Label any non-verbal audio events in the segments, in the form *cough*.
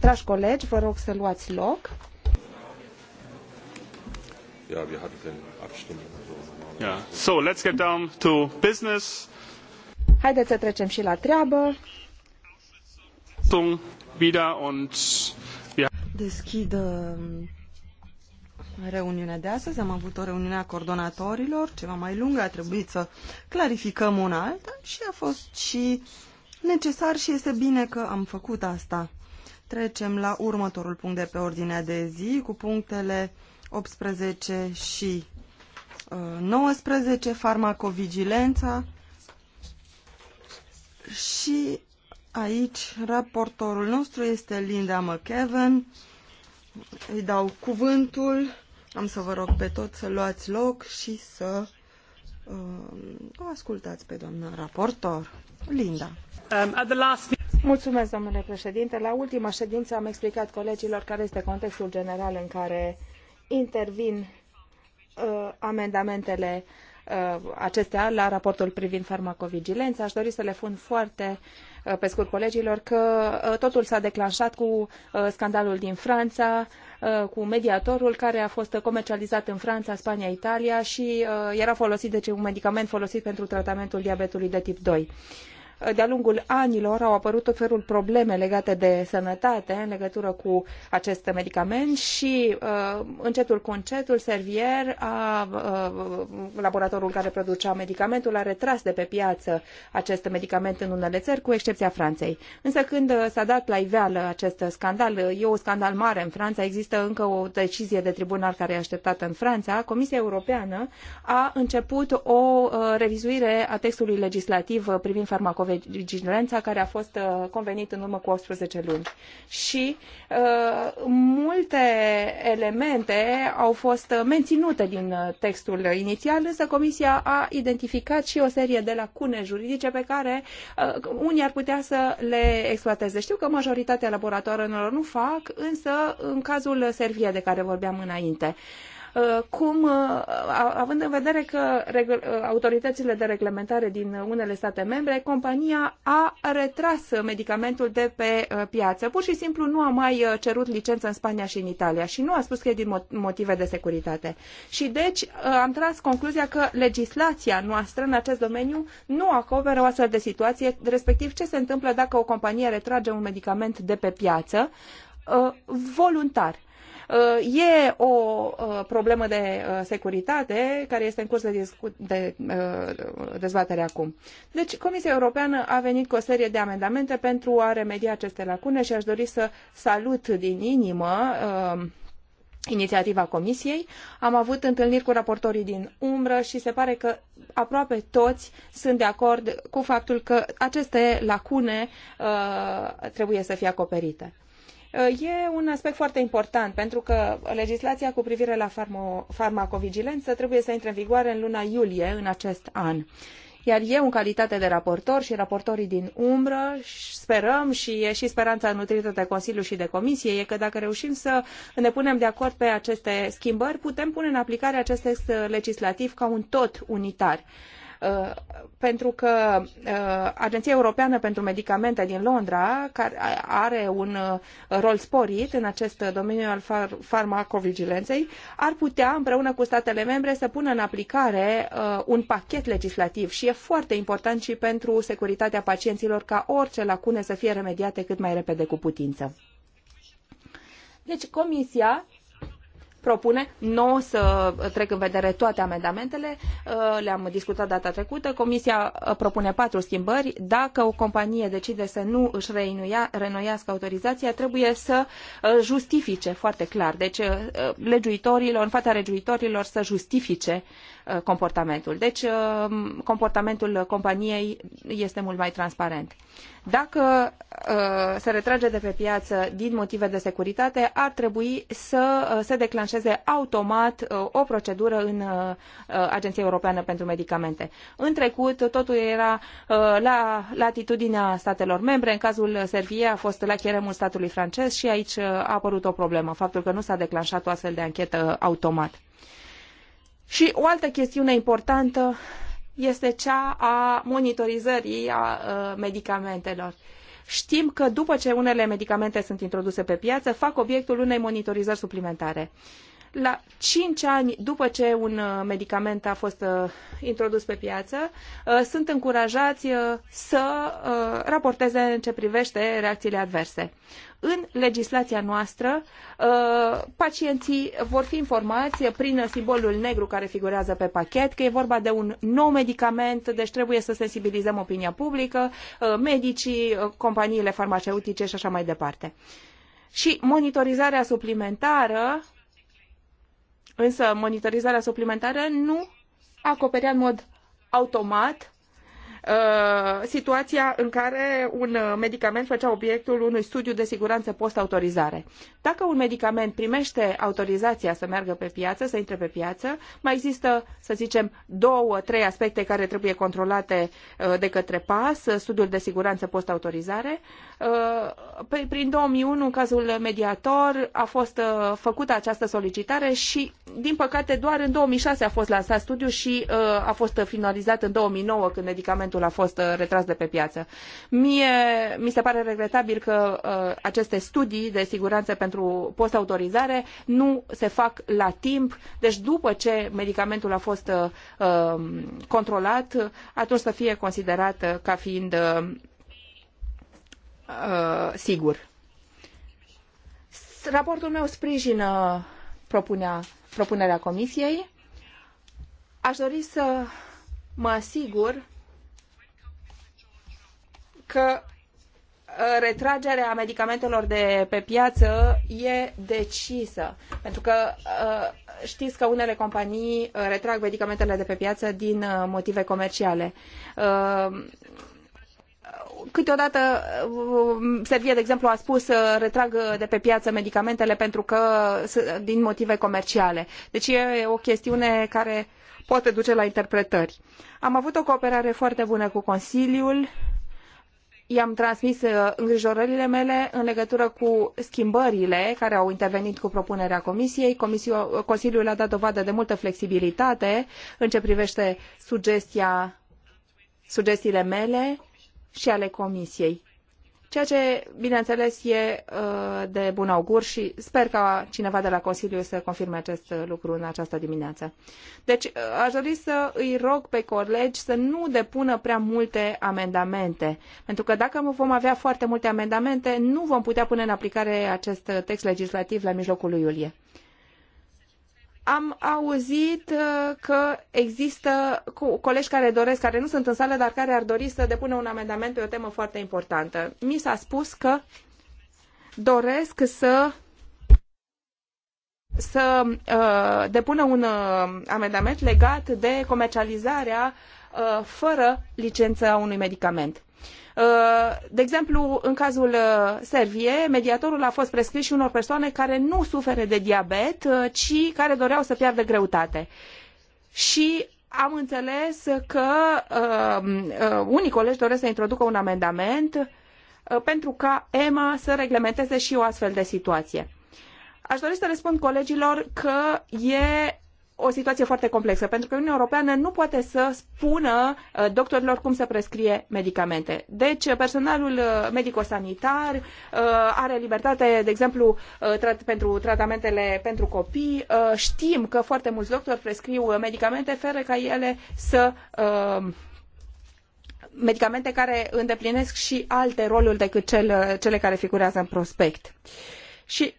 Dragi colegi, vă rog să luați loc. So, let's get down to business. Haideți să trecem și la treabă. Deschid um, reuniunea de astăzi. Am avut o reuniune a coordonatorilor, ceva mai lungă, a trebuit să clarificăm una alta și a fost și necesar și este bine că am făcut asta. Trecem la următorul punct de pe ordinea de zi cu punctele 18 și 19, uh, farmacovigilența și aici raportorul nostru este Linda McKeven. Îi dau cuvântul. Am să vă rog pe toți să luați loc și să Ehm, o ascultați pe doamna raportor. Linda. Ehm, Mulțumesc, domnule președinte. La ultima ședință am explicat colegilor care este contextul general în care intervin uh, amendamentele uh, acestea la raportul privind farmacovigilența. Aș dori să le spun foarte uh, pe scurt colegilor că uh, totul s-a declanșat cu uh, scandalul din Franța, Uh, cu mediatorul care a fost comercializat în Franța, Spania, Italia și uh, era folosit, deci un medicament folosit pentru tratamentul diabetului de tip 2 de-a lungul anilor au apărut tot felul probleme legate de sănătate în legătură cu acest medicament și uh, încetul cu încetul Servier, a, uh, laboratorul care producea medicamentul, a retras de pe piață acest medicament în unele țări, cu excepția Franței. Însă când s-a dat la iveală acest scandal, e un scandal mare în Franța, există încă o decizie de tribunal care e așteptată în Franța, Comisia Europeană a început o uh, revizuire a textului legislativ privind farmacovigilența vigilența care a fost uh, convenit în urmă cu 18 luni. Și uh, multe elemente au fost uh, menținute din textul inițial, însă Comisia a identificat și o serie de lacune juridice pe care unii ar putea să le exploateze. Știu că majoritatea laboratoarelor nu fac, însă în cazul Serviei de care vorbeam înainte, Uh, cum, uh, având în vedere că uh, autoritățile de reglementare din unele state membre, compania a retras medicamentul de pe piață. Pur și simplu nu a mai cerut licență în Spania și în Italia și nu a spus că e din motive de securitate. Și deci am tras concluzia că legislația noastră în acest domeniu nu acoperă o astfel de situație, respectiv ce se întâmplă dacă o companie retrage un medicament de pe piață voluntar. Uh, e o uh, problemă de uh, securitate care este în curs de, de dezbatere acum. Deci Comisia Europeană a venit cu o serie de amendamente pentru a remedia aceste lacune și aș dori să salut din inimă inițiativa Comisiei. Am avut întâlniri cu raportorii din umbră și se pare că aproape toți sunt de acord cu faptul că aceste lacune uh, trebuie să fie acoperite. E un aspect foarte important pentru că legislația cu privire la farmacovigilență trebuie să intre în vigoare în luna iulie în acest an iar eu, în calitate de raportor și raportorii din umbră, sperăm și e și speranța nutrită de Consiliu și de Comisie, e că dacă reușim să ne punem de acord pe aceste schimbări, putem pune în aplicare acest text legislativ ca un tot unitar. Uh, pentru că uh, Agenția Europeană pentru Medicamente din Londra, care are un uh, rol sporit în acest domeniu al far- farmacovigilenței, ar putea, împreună cu statele membre, să pună în aplicare un pachet legislativ și e foarte important și pentru securitatea pacienților ca orice lacune să fie remediate cât mai repede cu putință. Deci Comisia propune. Nu o să trec în vedere toate amendamentele, uh, le-am discutat data trecută. Comisia uh, propune patru schimbări. Dacă o companie decide să nu își reinuia, renoiască autorizația, trebuie să uh, justifice foarte clar. Deci legiuitorilor, în fața legiuitorilor să justifice Uh, comportamentul. Deci, uh, comportamentul companiei este mult mai transparent. Dacă uh, se retrage de pe piață din motive de securitate, ar trebui să se declanșeze automat o procedură în Agenția Europeană pentru Medicamente. În trecut, totul era la latitudinea statelor membre. În cazul Serviei a fost la cheremul statului francez și aici a apărut o problemă, faptul că nu s-a declanșat o astfel de anchetă automat. Și o altă chestiune importantă este cea a monitorizării a, medicamentelor. Știm că după ce unele medicamente sunt introduse pe piață, fac obiectul unei monitorizări suplimentare. Uh, la 5 ani după ce un uh, medicament a fost uh, introdus pe piață, uh, sunt încurajați să raporteze în ce privește reacțiile adverse. În legislația noastră, pacienții vor fi informați prin simbolul negru care figurează pe pachet că e vorba de un nou medicament, deci trebuie să sensibilizăm opinia publică, medicii, companiile farmaceutice și așa mai departe. Și monitorizarea suplimentară Însă monitorizarea suplimentară nu acoperea în mod automat Uh, situația în care un uh, medicament făcea obiectul unui studiu de siguranță post-autorizare. Dacă un medicament primește autorizația să meargă pe piață, să intre pe piață, mai există, să zicem, două, trei aspecte care trebuie controlate uh, de către PAS, studiul de siguranță post-autorizare. Prin 2001, în cazul mediator, a fost făcută această solicitare și, din păcate, doar în 2006 a fost lansat studiul și a fost finalizat în 2009 când medicamentul medicamentul a fost uh, retras de pe piață. Mie mi se pare regretabil că uh, aceste studii de siguranță pentru post-autorizare nu se fac la timp, deci după ce medicamentul a fost uh, um, controlat, atunci să fie considerat ca fiind sigur. Raportul meu sprijină propunea, propunerea comisiei. Aș dori să mă asigur că ă, retragerea medicamentelor de pe piață e decisă. Pentru că ă, știți că unele companii ă, retrag medicamentele de pe piață din motive comerciale câteodată Serbia, de exemplu, a spus să retrag de pe piață medicamentele pentru că din motive comerciale. Deci e o chestiune care poate duce la interpretări. Am avut o cooperare foarte bună cu Consiliul i-am transmis uh, îngrijorările mele în legătură cu schimbările care au intervenit cu propunerea Comisiei. Consiliul a dat dovadă de multă flexibilitate în ce privete sugestiile mele și ale Comisiei ceea ce, bineînțeles, e uh, de bun augur și sper ca cineva de la Consiliu să confirme acest lucru în această dimineață. Deci, uh, aș dori să îi rog pe colegi să nu depună prea multe amendamente, pentru că dacă vom avea foarte multe amendamente, nu vom putea pune în aplicare acest text legislativ la mijlocul lui iulie am auzit uh, că există colegi care doresc, care nu sunt în sală, dar care ar dori să depună un amendament pe o temă foarte importantă. Mi s-a spus că doresc să să uh, depună un uh, amendament legat de comercializarea uh, fără licență a unui medicament. Uh, de exemplu, în cazul uh, Serviei, mediatorul a fost prescris și unor persoane care nu suferă de diabet, uh, ci care doreau să piardă greutate. Și am înțeles că uh, unii colegi doresc să introducă un amendament pentru ca EMA să reglementeze și o astfel de situație. Aș dori să răspund colegilor că e o situație foarte complexă, pentru că Uniunea Europeană nu poate să spună uh, doctorilor cum să prescrie medicamente. Deci, uh, personalul uh, medico-sanitar are libertate, de exemplu, pentru tratamentele pentru copii. Știm că foarte mulți doctori prescriu medicamente fără ca ele să medicamente care îndeplinesc și alte roluri decât cele care figurează în prospect. Și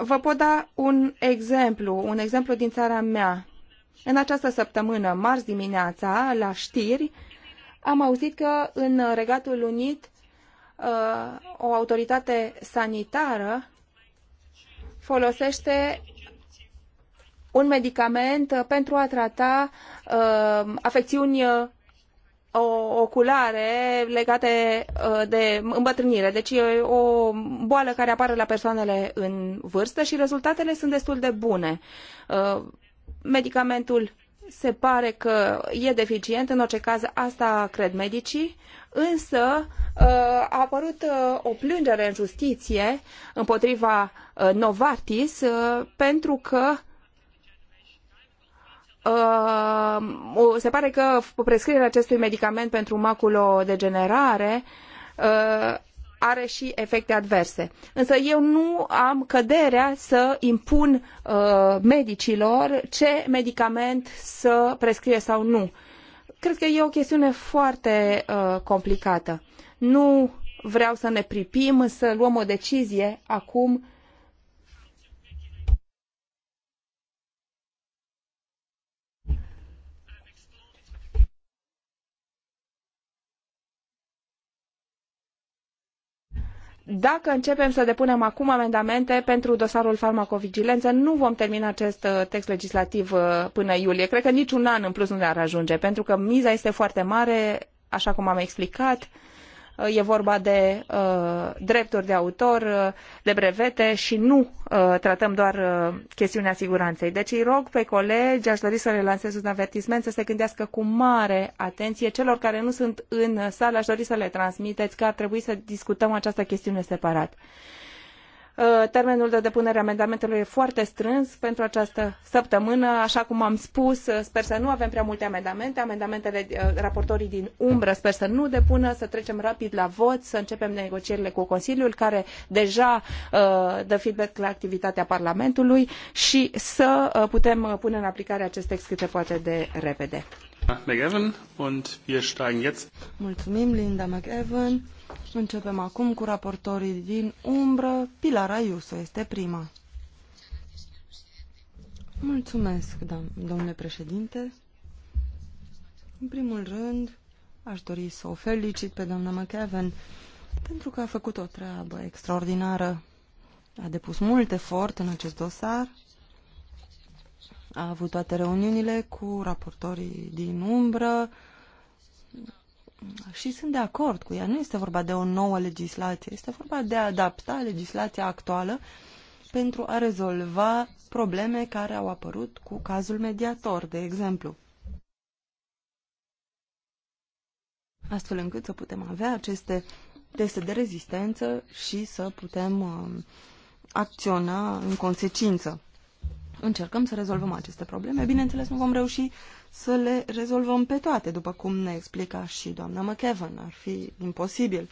Vă pot da un exemplu, un exemplu din țara mea. În această săptămână, marți dimineața, la știri, am auzit că în Regatul Unit uh, o autoritate sanitară folosește un medicament uh, pentru a trata uh, afecțiuni oculare legate uh, de îmbătrânire. Deci e o boală care apare la persoanele în vârstă și rezultatele sunt destul de bune. Uh, medicamentul se pare că e deficient, în orice caz asta cred medicii, însă uh, a apărut o plângere în justiție împotriva Novartis pentru că uh, se pare că prescrierea acestui medicament pentru maculodegenerare uh, are și efecte adverse. Însă eu nu am căderea să impun uh, medicilor ce medicament să prescrie sau nu. Cred că e o chestiune foarte uh, complicată. Nu vreau să ne pripim, să luăm o decizie acum Dacă începem să depunem acum amendamente pentru dosarul farmacovigilență, nu vom termina acest uh, text legislativ uh, până iulie. Cred că nici un an în plus nu ne-ar ajunge, pentru că miza este foarte mare, așa cum am explicat e vorba de uh, drepturi de autor, uh, de brevete și nu uh, tratăm doar chestiunea siguranței. Deci îi rog pe colegi, aș dori să le lansez un avertisment, să se gândească cu mare atenție. Celor care nu sunt în sală, aș dori să le transmiteți că ar trebui să discutăm această chestiune separat. Uh, termenul de depunere a amendamentelor e foarte strâns pentru această săptămână. Așa cum am spus, uh, sper să nu avem prea multe amendamente. Amendamentele uh, raportorii din umbră sper să nu depună, să trecem rapid la vot, să începem negocierile cu Consiliul, care deja dă feedback la activitatea Parlamentului și să putem pune în aplicare acest text cât se poate de repede. Mulțumim, Linda McEvan. Începem acum cu raportorii din umbră. Pilar Ayuso este prima. Mulțumesc, domnule președinte. În primul rând, aș dori să o felicit pe doamna McEwen pentru că a făcut o treabă extraordinară. A depus mult efort în acest dosar, a avut toate reuniunile cu raportorii din umbră, și sunt de acord cu ea. Nu este vorba de o nouă legislație, este vorba de a adapta legislația actuală pentru a rezolva probleme care au apărut cu cazul mediator, de exemplu. Astfel încât să putem avea aceste teste de rezistență și să putem um, acționa în consecință încercăm să rezolvăm aceste probleme. Bineînțeles, nu vom reuși să le rezolvăm pe toate, după cum ne explica și doamna McEvan. Ar fi imposibil.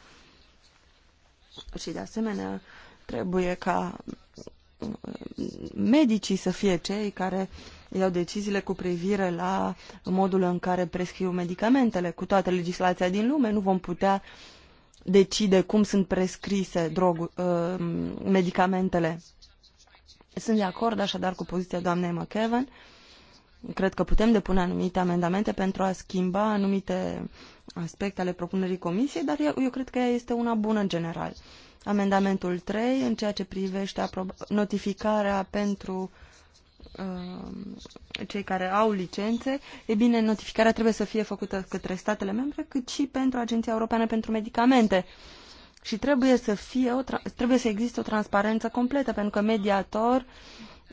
Și, de asemenea, trebuie ca mm, medicii să fie cei care iau deciziile cu privire la modul în care prescriu medicamentele. Cu toată legislația din lume nu vom putea decide cum sunt prescrise drog, uh, medicamentele sunt de acord așadar cu poziția doamnei McEvan. Cred că putem depune anumite amendamente pentru a schimba anumite aspecte ale propunerii comisiei, dar eu, eu cred că ea este una bună în general. Amendamentul 3, în ceea ce privește notificarea pentru um, cei care au licențe, e bine, notificarea trebuie să fie făcută către statele membre, cât și pentru Agenția Europeană pentru Medicamente. Uh, și trebuie să, fie o trebuie să existe o transparență completă, pentru că mediator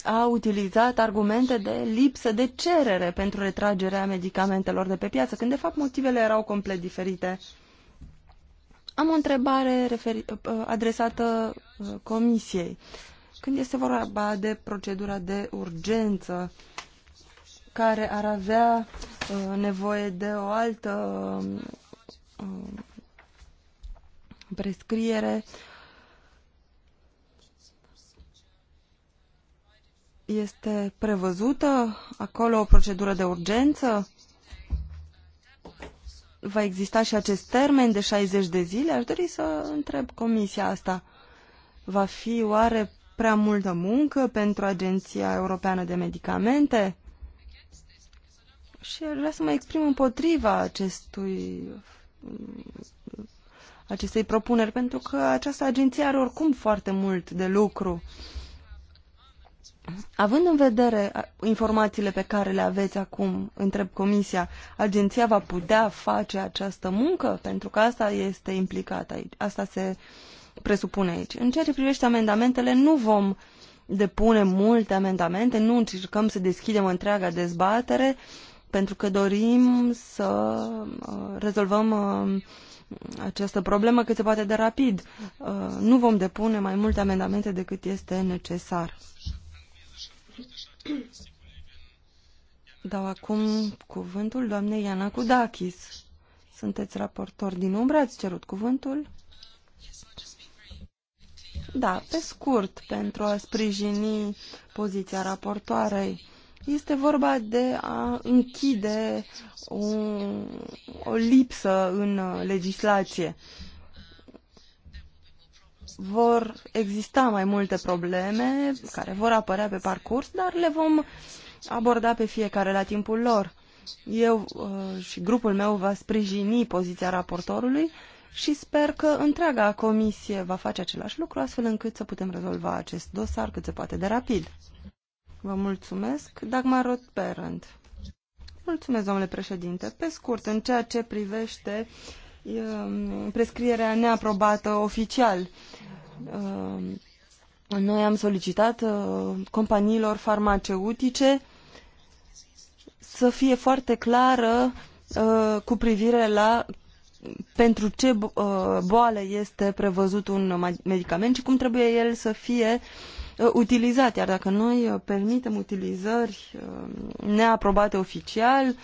a utilizat argumente de lipsă de cerere pentru retragerea medicamentelor de pe piață, când de fapt motivele erau complet diferite. Am o întrebare adresată uh, Comisiei. Când este vorba de procedura de urgență, care ar avea uh, nevoie de o altă uh, prescriere este prevăzută acolo o procedură de urgență? Va exista și acest termen de 60 de zile? Aș dori să întreb comisia asta. Va fi oare prea multă muncă pentru Agenția Europeană de Medicamente? Și lasă să mă exprim împotriva acestui acestei propuneri, pentru că această agenție are oricum foarte mult de lucru. Având în vedere informațiile pe care le aveți acum, întreb Comisia, agenția va putea face această muncă? Pentru că asta este implicat aici, asta se presupune aici. În ceea ce privește amendamentele, nu vom depune multe amendamente, nu încercăm să deschidem întreaga dezbatere, pentru că dorim să uh, rezolvăm uh, această problemă cât se poate de rapid. Uh, nu vom depune mai multe amendamente decât este necesar. Dau acum cuvântul doamnei Iana Kudakis. Sunteți raportor din umbră, ați cerut cuvântul? Da, pe scurt, pentru a sprijini poziția raportoarei este vorba de a închide o, o lipsă în uh, legislație. Vor exista mai multe probleme care vor apărea pe parcurs, dar le vom aborda pe fiecare la timpul lor. Eu uh, și grupul meu va sprijini poziția raportorului și sper că întreaga comisie va face același lucru, astfel încât să putem rezolva acest dosar cât se poate de rapid. Vă mulțumesc. Dagmar roth Mulțumesc, domnule președinte. Pe scurt, în ceea ce privește um, prescrierea neaprobată oficial, um, noi am solicitat uh, companiilor farmaceutice să fie foarte clară uh, cu privire la pentru ce uh, boală este prevăzut un medicament și cum trebuie el să fie uh, Uh, utilizat, iar dacă noi uh, permitem utilizări uh, neaprobate oficial,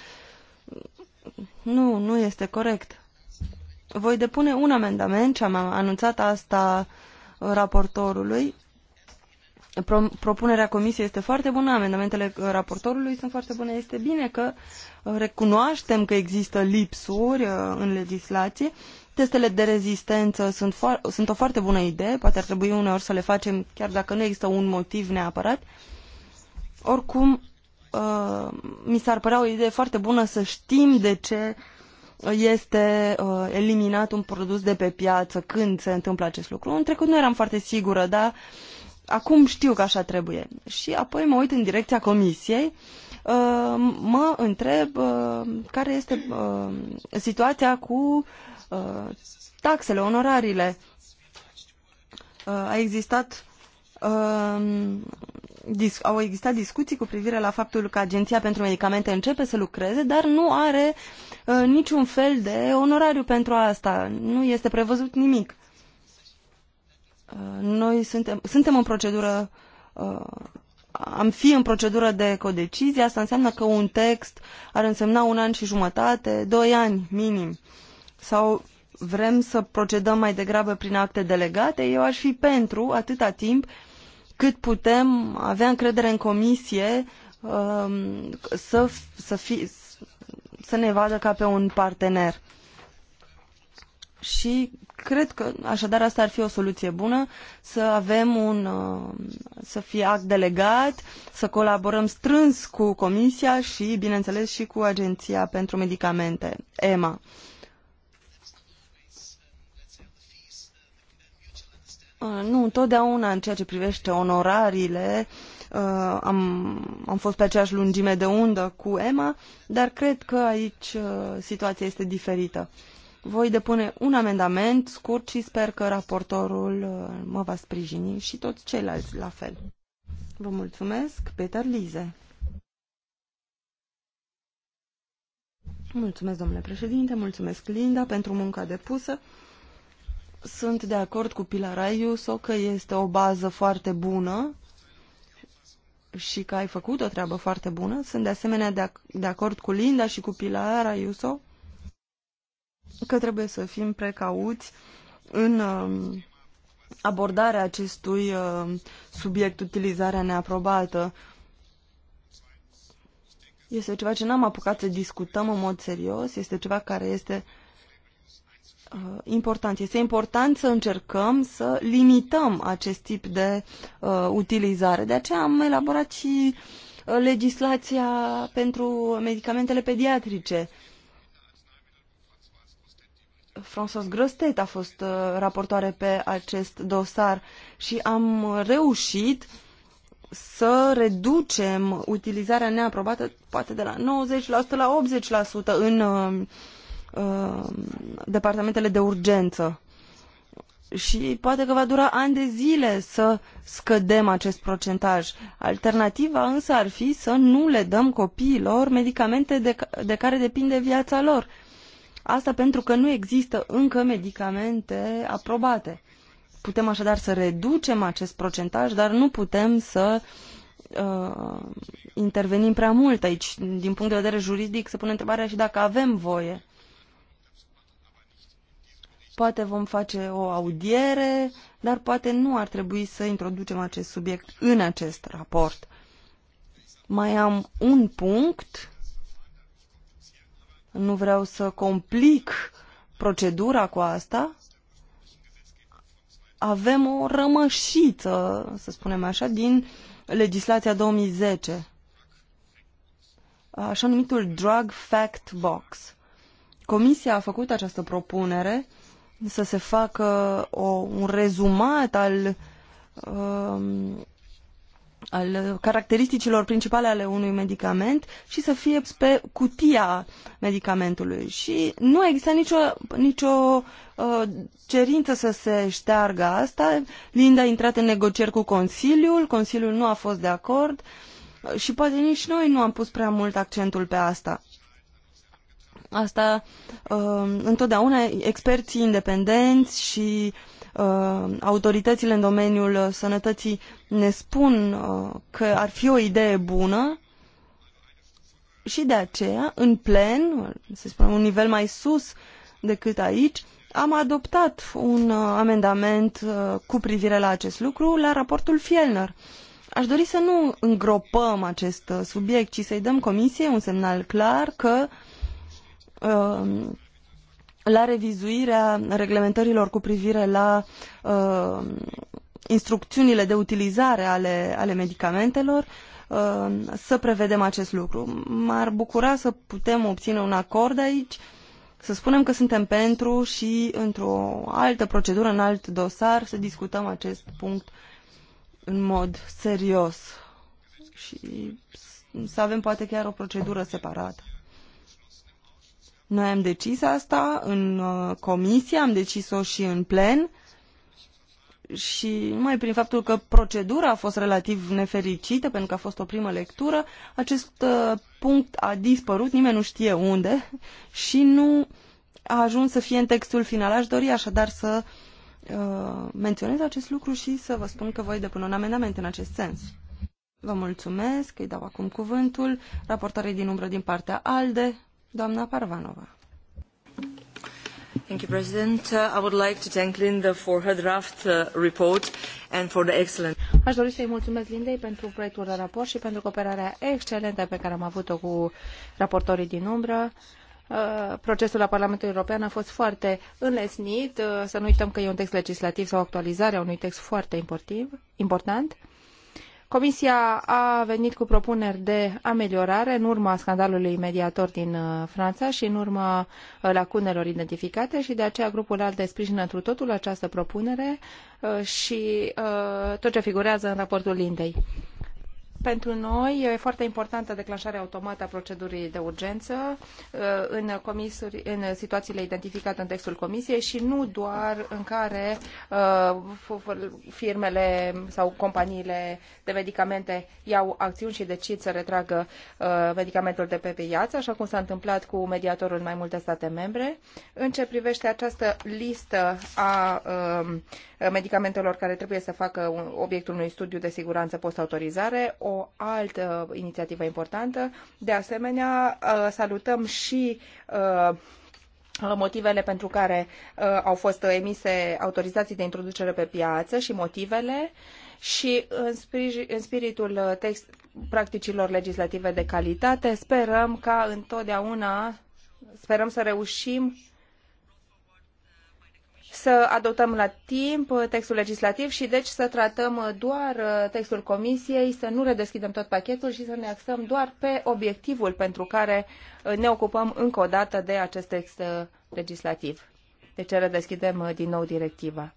nu, nu este corect. Voi depune un amendament și am anunțat asta raportorului. Pro propunerea comisiei este foarte bună, amendamentele raportorului sunt foarte bune. Este bine că recunoaștem că există lipsuri în legislație, Testele de rezistență sunt, sunt o foarte bună idee, poate ar trebui uneori să le facem chiar dacă nu există un motiv neapărat. Oricum, uh, mi s-ar părea o idee foarte bună să știm de ce este uh, eliminat un produs de pe piață când se întâmplă acest lucru. În trecut nu eram foarte sigură, dar acum știu că așa trebuie. Și apoi mă uit în direcția comisiei, uh, mă întreb uh, care este uh, situația cu uh, Uh, taxele, onorariile. Uh, a existat um, au existat discuții cu privire la faptul că Agenția pentru Medicamente începe să lucreze, dar nu are uh, niciun fel de onorariu pentru asta. Nu este prevăzut nimic. Noi suntem, suntem în procedură, am fi în procedură de codecizie, asta înseamnă că un text ar însemna un an și jumătate, doi ani minim. Uh, sau vrem să procedăm mai degrabă prin acte delegate, eu aș fi pentru atâta timp cât putem avea încredere în comisie um, să, să, fi, să ne vadă ca pe un partener. Și cred că, așadar, asta ar fi o soluție bună, să avem un, um, să fie act delegat, să colaborăm strâns cu Comisia și, bineînțeles, și cu Agenția pentru Medicamente, EMA. Uh, nu, întotdeauna în ceea ce privește onorariile uh, am, am fost pe aceeași lungime de undă cu Emma, dar cred că aici uh, situația este diferită. Voi depune un amendament scurt și sper că raportorul mă va sprijini și toți ceilalți la fel. Vă mulțumesc, Peter Lize. Mulțumesc, domnule președinte, mulțumesc, Linda, pentru munca depusă. Sunt de acord cu Pilar Iuso că este o bază foarte bună și că ai făcut o treabă foarte bună. Sunt de asemenea de, ac- de acord cu Linda și cu Pilar Ayuso că trebuie să fim precauți în uh, abordarea acestui uh, subiect, utilizarea neaprobată. Este ceva ce n-am apucat să discutăm în mod serios, este ceva care este uh, Uh, important. Este important să încercăm să limităm acest tip de uh, utilizare. De aceea am elaborat și uh, legislația pentru medicamentele pediatrice. François Grostet a fost uh, raportoare pe acest dosar și am reușit să reducem utilizarea neaprobată poate de la 90% la 80% în uh, Uh, departamentele de urgență. Și poate că va dura ani de zile să scădem acest procentaj. Alternativa însă ar fi să nu le dăm copiilor medicamente de, de care depinde viața lor. Asta pentru că nu există încă medicamente aprobate. Putem așadar să reducem acest procentaj, dar nu putem să uh, intervenim prea mult aici. Din punct de vedere juridic se pune întrebarea și dacă avem voie. Poate vom face o audiere, dar poate nu ar trebui să introducem acest subiect în acest raport. Mai am un punct. Nu vreau să complic procedura cu asta. Avem o rămășiță, să spunem așa, din legislația 2010 așa numitul Drug Fact Box. Comisia a făcut această propunere să se facă o, un rezumat al, uh, al caracteristicilor principale ale unui medicament și să fie pe cutia medicamentului. Și nu există nicio, nicio uh, cerință să se șteargă asta. Linda a intrat în negocieri cu Consiliul, Consiliul nu a fost de acord și poate nici noi nu am pus prea mult accentul pe asta Asta um, întotdeauna experții independenți și um, autoritățile în domeniul sănătății ne spun uh, că ar fi o idee bună și de aceea, în plen, să spunem, un nivel mai sus decât aici, am adoptat un uh, amendament uh, cu privire la acest lucru la raportul Fielner. Aș dori să nu îngropăm acest subiect, ci să-i dăm comisiei un semnal clar că uh, Um, la revizuirea reglementărilor cu privire la uh, instrucțiunile de utilizare ale, ale medicamentelor um, să prevedem acest lucru. M-ar bucura să putem obține un acord aici, să spunem că suntem pentru și într-o altă procedură, în alt dosar, să discutăm acest punct în mod serios și să avem poate chiar o procedură separată. Noi am decis asta în uh, comisie, am decis-o și în plen și numai prin faptul că procedura a fost relativ nefericită, pentru că a fost o primă lectură, acest uh, punct a dispărut, nimeni nu știe unde *laughs* și nu a ajuns să fie în textul final. Aș dori așadar să uh, menționez acest lucru și să vă spun că voi depune un amendament în acest sens. Vă mulțumesc, îi dau acum cuvântul, raportare din umbră din partea ALDE, Doamna Parvanova. Thank you, President. Uh, I would like to thank Linda for her draft uh, report and for the excellent. Aș dori să-i mulțumesc Lindei pentru proiectul de raport și pentru cooperarea excelentă pe care am avut-o cu raportorii din umbră uh, procesul la Parlamentul European a fost foarte înlesnit. Să nu uităm că e un text legislativ sau actualizare a unui text foarte important. Comisia a venit cu propuneri de ameliorare în urma scandalului mediator din uh, Franța și în urma uh, lacunelor identificate și de aceea grupul ALDE sprijină întru totul această propunere uh, și tot ce figurează în raportul Lindei. Pentru noi e foarte importantă declanșarea automată a procedurii de urgență uh, în, comisuri, în situațiile identificate în textul comisiei și nu doar în care uh, firmele sau companiile de medicamente iau acțiuni și decid să retragă uh, medicamentul de pe piață, așa cum s-a întâmplat cu mediatorul în mai multe state membre. În ce privește această listă a um, medicamentelor care trebuie să facă obiectul unui studiu de siguranță post-autorizare, o o altă inițiativă importantă. De asemenea, uh, salutăm și uh, motivele pentru care uh, au fost emise autorizații de introducere pe piață și motivele și în, spiritul text, practicilor legislative de calitate sperăm ca întotdeauna sperăm să reușim să adoptăm la timp textul legislativ și deci să tratăm doar textul comisiei, să nu redeschidem tot pachetul și să ne axăm doar pe obiectivul pentru care ne ocupăm încă o dată de acest text legislativ. Deci redeschidem din nou directiva.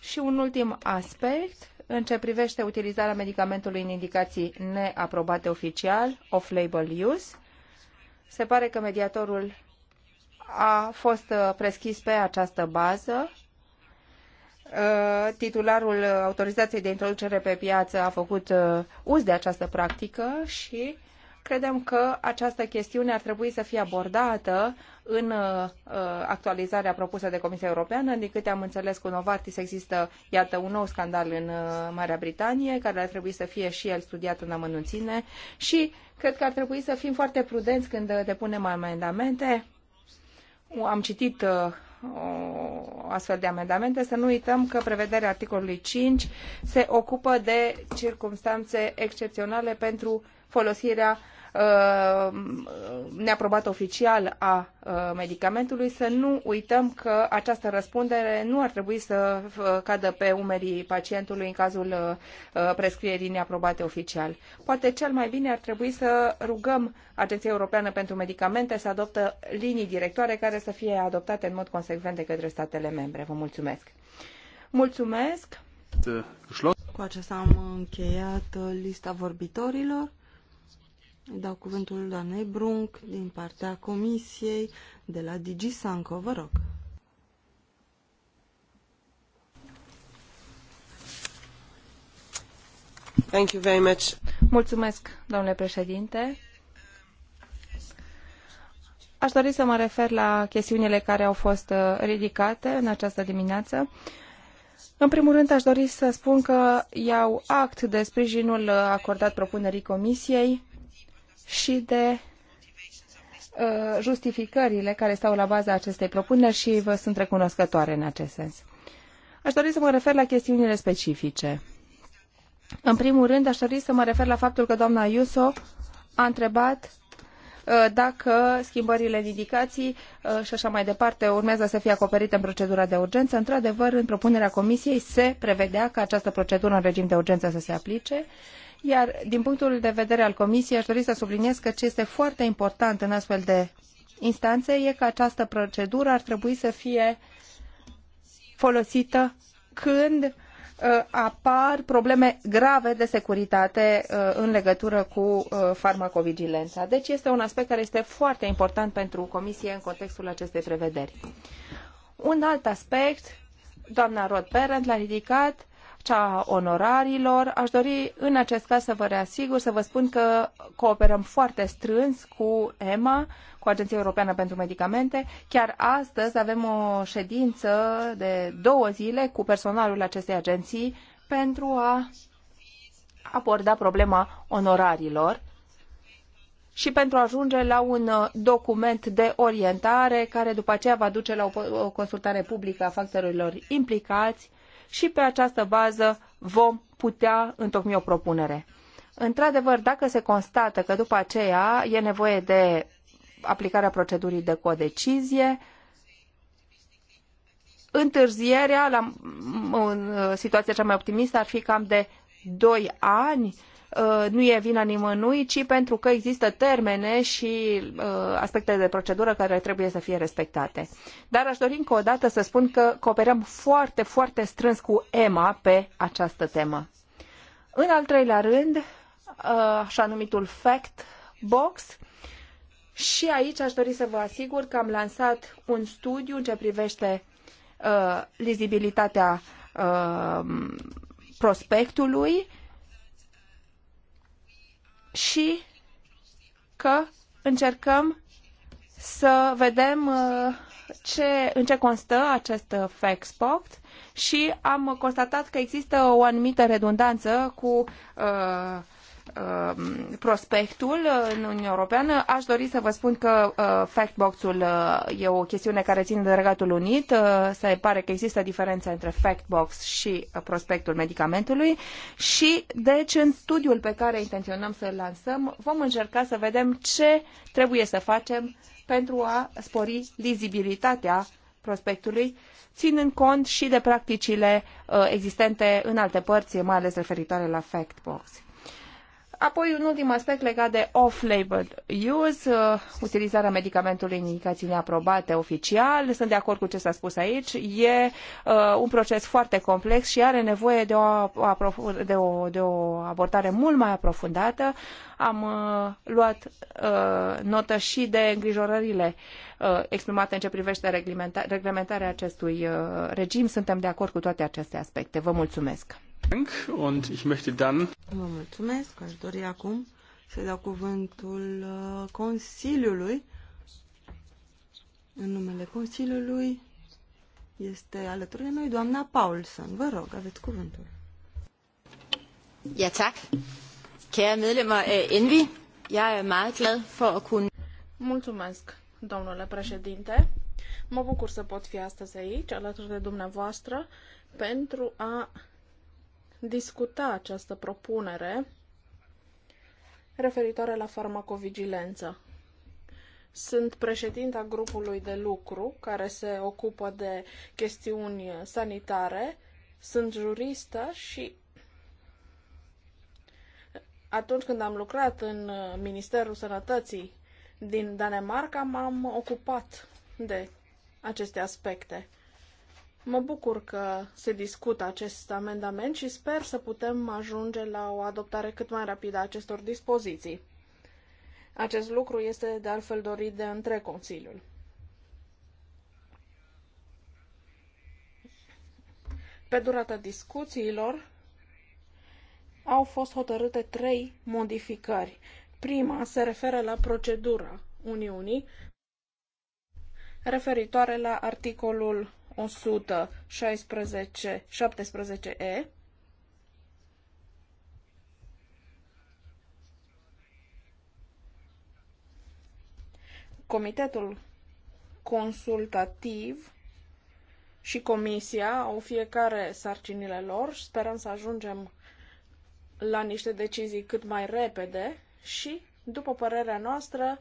Și un ultim aspect în ce privește utilizarea medicamentului în indicații neaprobate oficial, off-label use. Se pare că mediatorul a fost uh, prescris pe această bază. Uh, titularul autorizației de introducere pe piață a făcut uh, uz de această practică și credem că această chestiune ar trebui să fie abordată în actualizarea propusă de Comisia Europeană. Din câte am înțeles cu Novartis există, iată, un nou scandal în Marea Britanie, care ar trebui să fie și el studiat în amănunțime și cred că ar trebui să fim foarte prudenți când depunem amendamente am citit uh, o astfel de amendamente, să nu uităm că prevederea articolului 5 se ocupă de circumstanțe excepționale pentru folosirea Uh, neaprobat oficial a uh, medicamentului, să nu uităm că această răspundere nu ar trebui să uh, cadă pe umerii pacientului în cazul prescrierii neaprobate oficial. Poate cel mai bine ar trebui să rugăm Agenția Europeană pentru Medicamente să adoptă linii directoare care să fie adoptate în mod consecvent de către statele membre. Vă mulțumesc! Mulțumesc! Cu aceasta am încheiat lista vorbitorilor. Dau cuvântul doamnei Brunc din partea Comisiei de la Digi Sanco. Vă rog. Thank you very much. Mulțumesc, domnule președinte. Aș dori să mă refer la chestiunile care au fost uh, ridicate în această dimineață. În primul rând, aș dori să spun că iau act de sprijinul uh, acordat propunerii Comisiei și de uh, justificările care stau la baza acestei propuneri și vă sunt recunoscătoare în acest sens. Aș dori să mă refer la chestiunile specifice. În primul rând, aș dori să mă refer la faptul că doamna Iuso a întrebat Uh, dacă schimbările în indicații uh, și așa mai departe urmează să fie acoperite în procedura de urgență. Într-adevăr, în propunerea Comisiei se prevedea ca această procedură în regim de urgență să se aplice. Iar din punctul de vedere al Comisiei, aș dori să subliniez că ce este foarte important în astfel de instanțe e că această procedură ar trebui să fie folosită când Uh, apar probleme grave de securitate uh, în legătură cu uh, farmacovigilența. Deci este un aspect care este foarte important pentru Comisie în contextul acestei prevederi. Un alt aspect, doamna Rod Parent l-a ridicat, cea a onorarilor. Aș dori în acest caz să vă reasigur, să vă spun că cooperăm foarte strâns cu EMA, cu Agenția Europeană pentru Medicamente. Chiar astăzi avem o ședință de două zile cu personalul acestei agenții pentru a aborda problema onorarilor și pentru a ajunge la un document de orientare care după aceea va duce la o consultare publică a factorilor implicați și pe această bază vom putea întocmi o propunere. Într-adevăr, dacă se constată că după aceea e nevoie de aplicarea procedurii de codecizie, întârzierea, la, în uh, situația cea mai optimistă, ar fi cam de 2 ani Uh, nu e vina nimănui, ci pentru că există termene și uh, aspecte de procedură care trebuie să fie respectate. Dar aș dori încă o dată să spun că cooperăm foarte, foarte strâns cu EMA pe această temă. În al treilea rând, uh, așa numitul Fact Box, și aici aș dori să vă asigur că am lansat un studiu în ce privește uh, lizibilitatea uh, prospectului și că încercăm să vedem uh, ce, în ce constă acest uh, Faxpoct și am constatat că există o anumită redundanță cu uh, Um, prospectul în Uniunea Europeană. Aș dori să vă spun că uh, factbox-ul uh, e o chestiune care ține de Regatul Unit. Uh, se pare că există diferența între factbox și prospectul medicamentului și deci în studiul pe care intenționăm să-l lansăm vom încerca să vedem ce trebuie să facem pentru a spori lizibilitatea prospectului, ținând cont și de practicile existente în alte părți, mai ales referitoare la factbox. Apoi, un ultim aspect legat de off-label use, uh, utilizarea medicamentului în indicații neaprobate oficial. Sunt de acord cu ce s-a spus aici. E uh, un proces foarte complex și are nevoie de o, de o, de o abordare mult mai aprofundată. Am uh, luat notă și de îngrijorările exprimate în ce privește reglementarea acestui regim. Suntem de acord cu toate aceste aspecte. Vă mulțumesc! Und ich möchte dann... Vă mulțumesc, aș dori acum să dau cuvântul uh, Consiliului. În numele Consiliului este alături de noi doamna Paulsen. Vă rog, aveți cuvântul. Ja, tak. Kære medlemmer af Envi, jeg er meget glad for at kunne... Mulțumesc, domnule președinte. Mă bucur să pot fi astăzi aici, alături de dumneavoastră, pentru a discuta această propunere referitoare la farmacovigilență. Sunt președinta grupului de lucru care se ocupă de chestiuni sanitare, sunt juristă și atunci când am lucrat în Ministerul Sănătății din Danemarca, m-am ocupat de aceste aspecte. Mă bucur că se discută acest amendament și sper să putem ajunge la o adoptare cât mai rapidă a acestor dispoziții. Acest lucru este de altfel dorit de între Consiliul. Pe durata discuțiilor au fost hotărâte trei modificări. Prima se referă la procedura Uniunii referitoare la articolul 116, 17E. Comitetul consultativ și comisia au fiecare sarcinile lor și sperăm să ajungem la niște decizii cât mai repede și, după părerea noastră,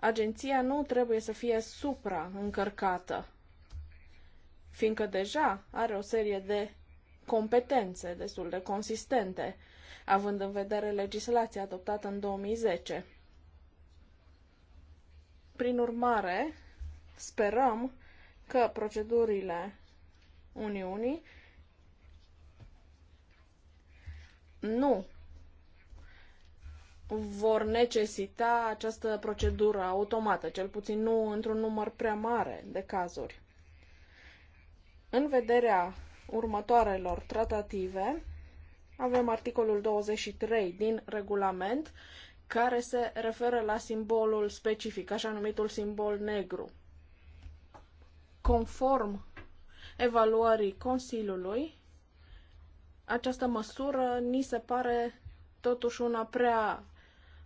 agenția nu trebuie să fie supraîncărcată fiindcă deja are o serie de competențe destul de consistente, având în vedere legislația adoptată în 2010. Prin urmare, sperăm că procedurile Uniunii nu vor necesita această procedură automată, cel puțin nu într-un număr prea mare de cazuri. În vederea următoarelor tratative, avem articolul 23 din regulament care se referă la simbolul specific, așa numitul simbol negru. Conform evaluării Consiliului, această măsură ni se pare totuși una prea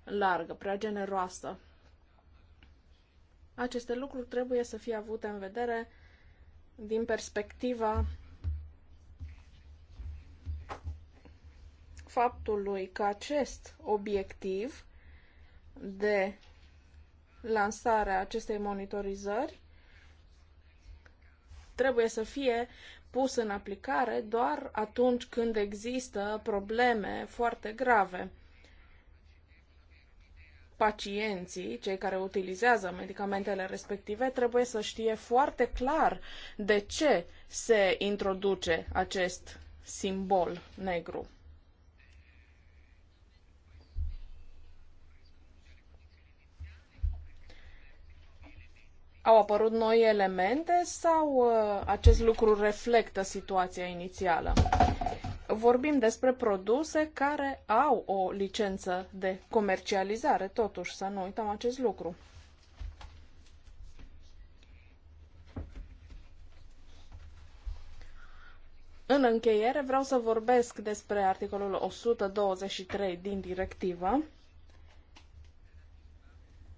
largă, prea generoasă. Aceste lucruri trebuie să fie avute în vedere din perspectiva faptului că acest obiectiv de lansare a acestei monitorizări trebuie să fie pus în aplicare doar atunci când există probleme foarte grave pacienții, cei care utilizează medicamentele respective, trebuie să știe foarte clar de ce se introduce acest simbol negru. Au apărut noi elemente sau uh, acest lucru reflectă situația inițială? vorbim despre produse care au o licență de comercializare, totuși, să nu uităm acest lucru. În încheiere vreau să vorbesc despre articolul 123 din directivă,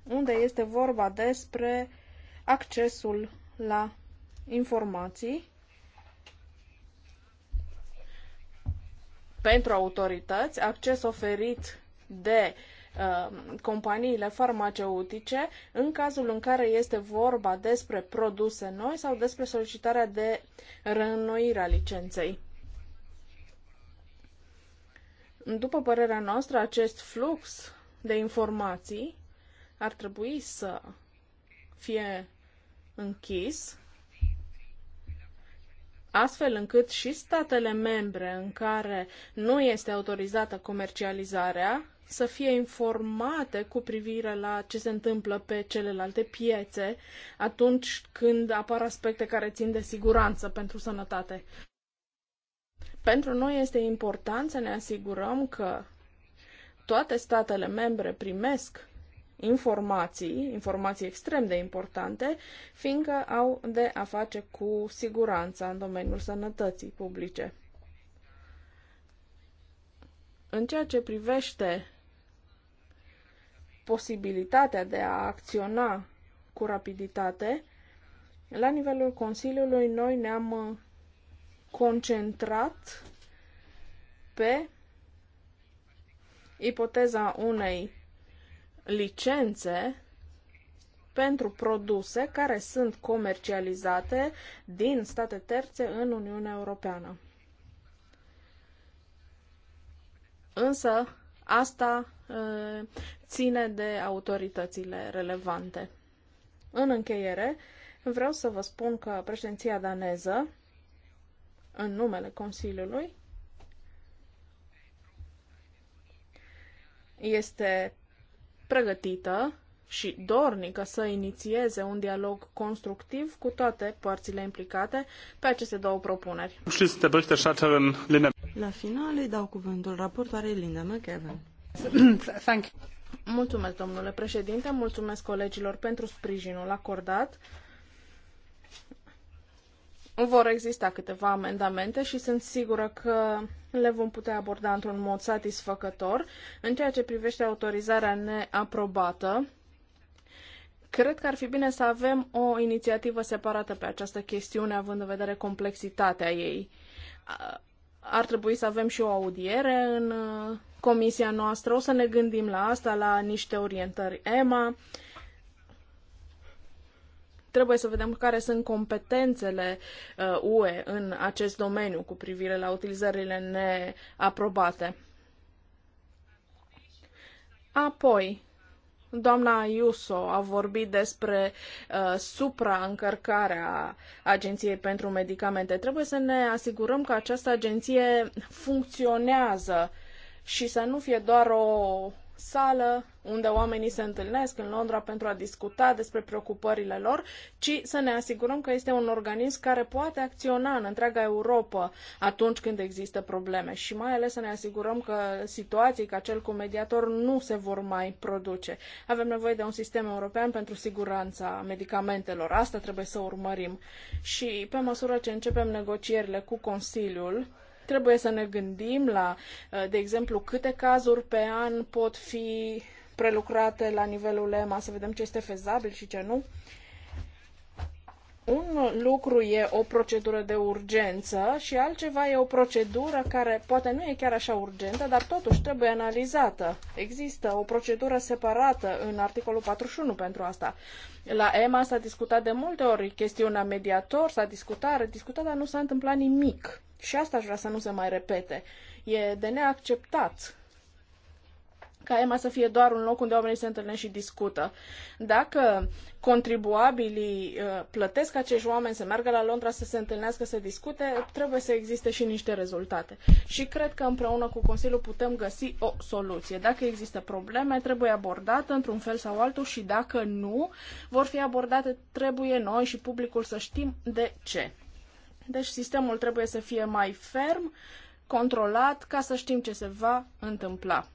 unde este vorba despre accesul la informații pentru autorități, acces oferit de uh, companiile farmaceutice în cazul în care este vorba despre produse noi sau despre solicitarea de reînnoire a licenței. După părerea noastră, acest flux de informații ar trebui să fie închis astfel încât și statele membre în care nu este autorizată comercializarea să fie informate cu privire la ce se întâmplă pe celelalte piețe atunci când apar aspecte care țin de siguranță pentru sănătate. Pentru noi este important să ne asigurăm că toate statele membre primesc informații, informații extrem de importante, fiindcă au de a face cu siguranța în domeniul sănătății publice. În ceea ce privește posibilitatea de a acționa cu rapiditate, la nivelul Consiliului noi ne-am uh, concentrat pe ipoteza unei licențe pentru produse care sunt comercializate din state terțe în Uniunea Europeană. Însă, asta ține de autoritățile relevante. În încheiere, vreau să vă spun că președinția daneză, în numele Consiliului, este pregătită și dornică să inițieze un dialog constructiv cu toate părțile implicate pe aceste două propuneri. La final îi dau cuvântul raportoarei Linda McEwen. Thank you. Mulțumesc, domnule președinte, mulțumesc colegilor pentru sprijinul acordat. Vor exista câteva amendamente și sunt sigură că le vom putea aborda într-un mod satisfăcător. În ceea ce privește autorizarea neaprobată, cred că ar fi bine să avem o inițiativă separată pe această chestiune, având în vedere complexitatea ei. Ar trebui să avem și o audiere în uh, comisia noastră. O să ne gândim la asta, la niște orientări EMA Trebuie să vedem care sunt competențele UE uh, în acest domeniu cu privire la utilizările neaprobate. Apoi, doamna Iuso a vorbit despre uh, supraîncărcarea Agenției pentru Medicamente. Trebuie să ne asigurăm că această agenție funcționează și să nu fie doar o sală unde oamenii se întâlnesc în Londra pentru a discuta despre preocupările lor, ci să ne asigurăm că este un organism care poate acționa în întreaga Europa atunci când există probleme și mai ales să ne asigurăm că situații ca cel cu mediator nu se vor mai produce. Avem nevoie de un sistem european pentru siguranța medicamentelor. Asta trebuie să urmărim. Și pe măsură ce începem negocierile cu Consiliul, Trebuie să ne gândim la, uh, de exemplu, câte cazuri pe an pot fi prelucrate la nivelul EMA, să vedem ce este fezabil și ce nu un lucru e o procedură de urgență și altceva e o procedură care poate nu e chiar așa urgentă, dar totuși trebuie analizată. Există o procedură separată în articolul 41 pentru asta. La EMA s-a discutat de multe ori chestiunea mediator, s-a discutat, discutat, dar nu s-a întâmplat nimic. Și asta aș vrea să nu se mai repete. E de neacceptat ca EMA să fie doar un loc unde oamenii se întâlnesc și discută. Dacă contribuabilii uh, plătesc acești oameni să meargă la Londra să se întâlnească, să discute, trebuie să existe și niște rezultate. Și cred că împreună cu Consiliul putem găsi o soluție. Dacă există probleme, trebuie abordată într-un fel sau altul și dacă nu vor fi abordate, trebuie noi și publicul să știm de ce. Deci sistemul trebuie să fie mai ferm, controlat, ca să știm ce se va întâmpla.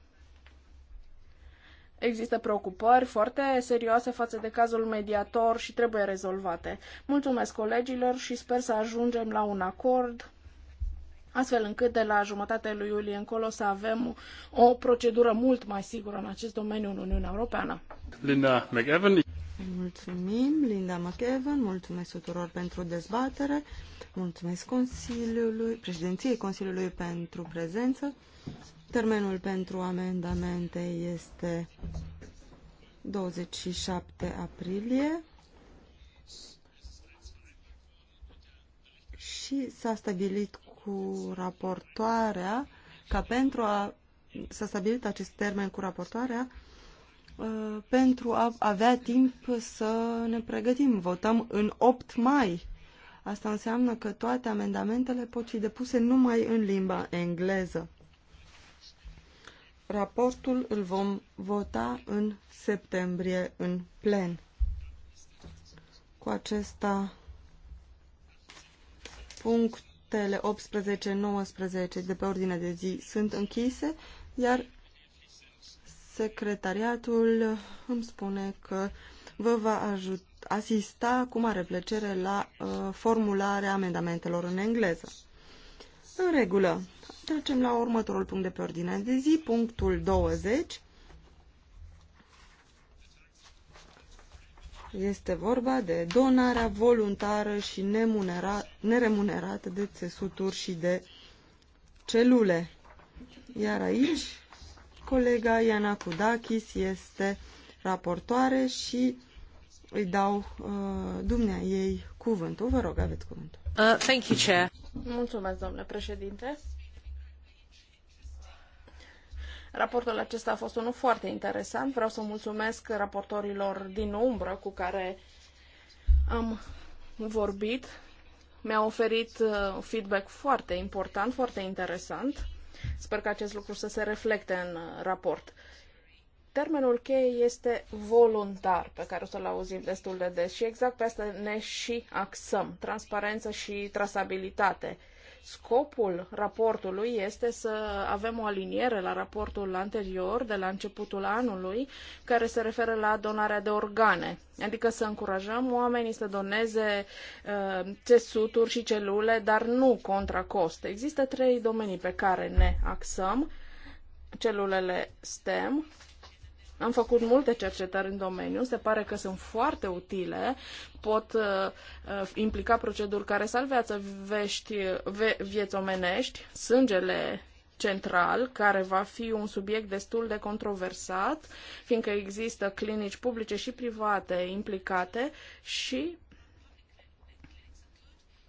Există preocupări foarte serioase față de cazul mediator și trebuie rezolvate. Mulțumesc colegilor și sper să ajungem la un acord astfel încât de la jumătatea lui iulie încolo să avem o procedură mult mai sigură în acest domeniu în Uniunea Europeană. Linda McEvan. Mulțumim, Linda McEvan, mulțumesc tuturor pentru dezbatere, mulțumesc Consiliului, președinției Consiliului pentru prezență. Termenul pentru amendamente este 27 aprilie și s-a stabilit cu raportoarea ca pentru a s-a stabilit acest termen cu raportoarea uh, pentru a avea timp să ne pregătim. Votăm în 8 mai. Asta înseamnă că toate amendamentele pot fi depuse numai în limba engleză. Raportul îl vom vota în septembrie în plen. Cu acesta punctele 18-19 de pe ordine de zi sunt închise, iar secretariatul îmi spune că vă va ajuta, asista cu mare plăcere la uh, formularea amendamentelor în engleză. În regulă. Trecem la următorul punct de pe ordinea de zi, punctul 20. Este vorba de donarea voluntară și neremunerată de țesuturi și de celule. Iar aici, colega Iana Kudakis este raportoare și îi dau uh, dumnea ei cuvântul. Vă rog, aveți cuvântul. Uh, thank you, Chair. Mulțumesc, domnule președinte. Raportul acesta a fost unul foarte interesant. Vreau să mulțumesc raportorilor din umbră cu care am vorbit. Mi-a oferit uh, feedback foarte important, foarte interesant. Sper că acest lucru să se reflecte în uh, raport. Termenul cheie este voluntar, pe care o să-l auzim destul de des și exact pe asta ne și axăm, transparență și trasabilitate. Scopul raportului este să avem o aliniere la raportul anterior, de la începutul anului, care se referă la donarea de organe, adică să încurajăm oamenii să doneze uh, țesuturi și celule, dar nu contra cost. Există trei domenii pe care ne axăm celulele STEM, am făcut multe cercetări în domeniu, se pare că sunt foarte utile, pot uh, uh, implica proceduri care salvează vești, ve, vieți omenești, sângele central, care va fi un subiect destul de controversat, fiindcă există clinici publice și private implicate și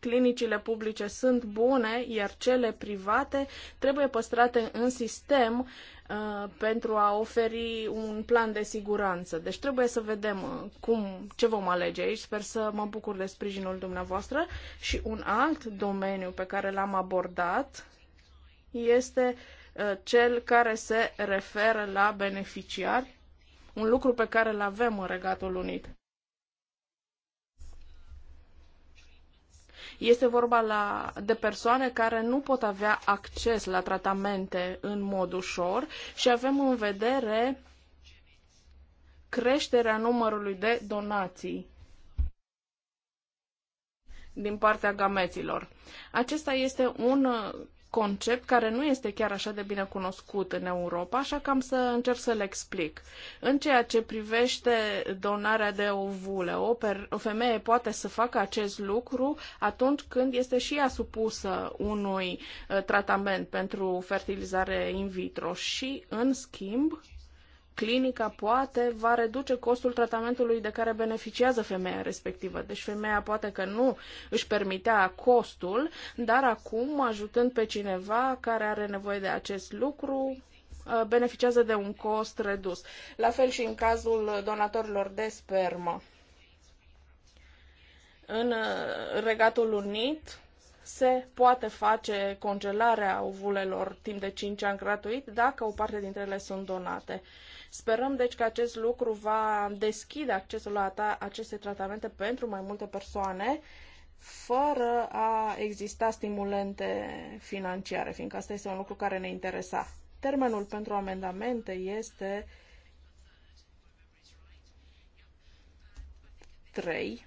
Clinicile publice sunt bune, iar cele private trebuie păstrate în sistem uh, pentru a oferi un plan de siguranță. Deci trebuie să vedem uh, cum, ce vom alege aici. Sper să mă bucur de sprijinul dumneavoastră. Și un alt domeniu pe care l-am abordat este uh, cel care se referă la beneficiari, un lucru pe care îl avem în Regatul Unit. Este vorba la, de persoane care nu pot avea acces la tratamente în mod ușor și avem în vedere creșterea numărului de donații din partea gameților. Acesta este un concept care nu este chiar așa de bine cunoscut în Europa, așa că am să încerc să-l explic. În ceea ce privește donarea de ovule, o, per- o femeie poate să facă acest lucru atunci când este și ea supusă unui uh, tratament pentru fertilizare in vitro și, în schimb, clinica poate va reduce costul tratamentului de care beneficiază femeia respectivă. Deci femeia poate că nu își permitea costul, dar acum, ajutând pe cineva care are nevoie de acest lucru, uh, beneficiază de un cost redus. La fel și în cazul donatorilor de spermă. În uh, Regatul Unit, se poate face congelarea ovulelor timp de 5 ani gratuit dacă o parte dintre ele sunt donate. Sperăm deci că acest lucru va deschide accesul la aceste tratamente pentru mai multe persoane fără a exista stimulente financiare, fiindcă asta este un lucru care ne interesa. Termenul pentru amendamente este 3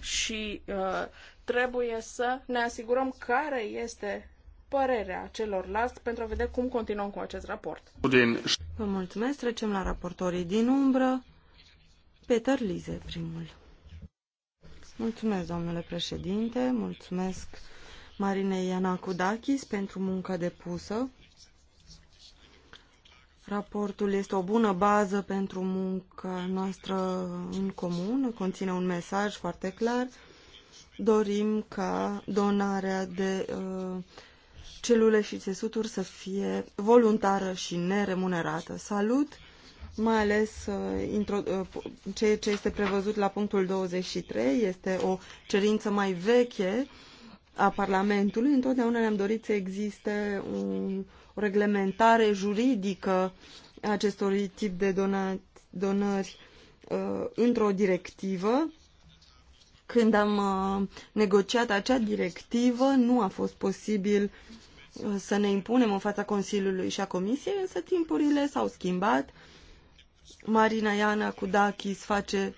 și uh, trebuie să ne asigurăm care este părerea celorlalți pentru a vedea cum continuăm cu acest raport. Vă mulțumesc. Trecem la raportorii din umbră. Peter Lize, primul. Mulțumesc, domnule președinte. Mulțumesc Marinei Ianacudakis pentru munca depusă. Raportul este o bună bază pentru munca noastră în comun, conține un mesaj foarte clar. Dorim ca donarea de uh, celule și țesuturi să fie voluntară și neremunerată. Salut mai ales uh, uh, ceea ce este prevăzut la punctul 23 este o cerință mai veche a Parlamentului. Întotdeauna ne-am dorit să existe un, o reglementare juridică a acestor tip de dona, donări uh, într-o directivă. Când am negociat acea directivă, nu a fost posibil uh, să ne impunem în fața Consiliului și a Comisiei, însă timpurile s-au schimbat. Marina Iana Kudakis face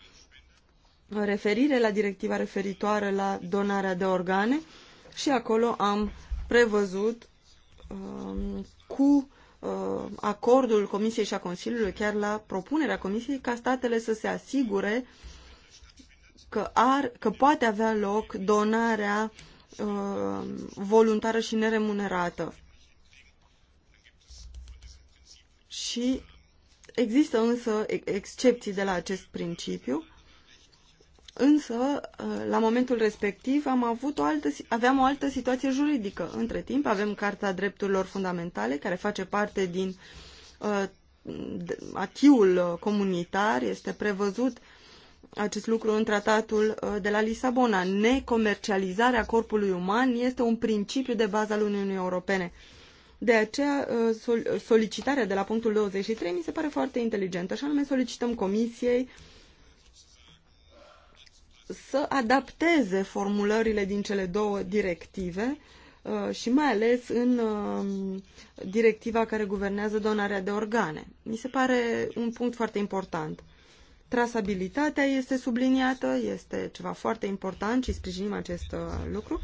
referire la directiva referitoare la donarea de organe și acolo am prevăzut um, cu uh, acordul Comisiei și a Consiliului, chiar la propunerea Comisiei, ca statele să se asigure că, ar, că poate avea loc donarea uh, Uh, voluntară și neremunerată. Și există însă excepții de la acest principiu, însă uh, la momentul respectiv am avut o altă, aveam o altă situație juridică. Între timp avem Carta Drepturilor Fundamentale, care face parte din uh, achiul uh, comunitar, este prevăzut acest lucru în tratatul uh, de la Lisabona. Necomercializarea corpului uman este un principiu de bază al Uniunii Europene. De aceea, uh, solicitarea de la punctul 23 mi se pare foarte inteligentă, și anume solicităm Comisiei să adapteze formulările din cele două directive uh, și mai ales în directiva care guvernează donarea de organe. Mi se pare un punct foarte important. Trasabilitatea este subliniată, este ceva foarte important și sprijinim acest uh, lucru.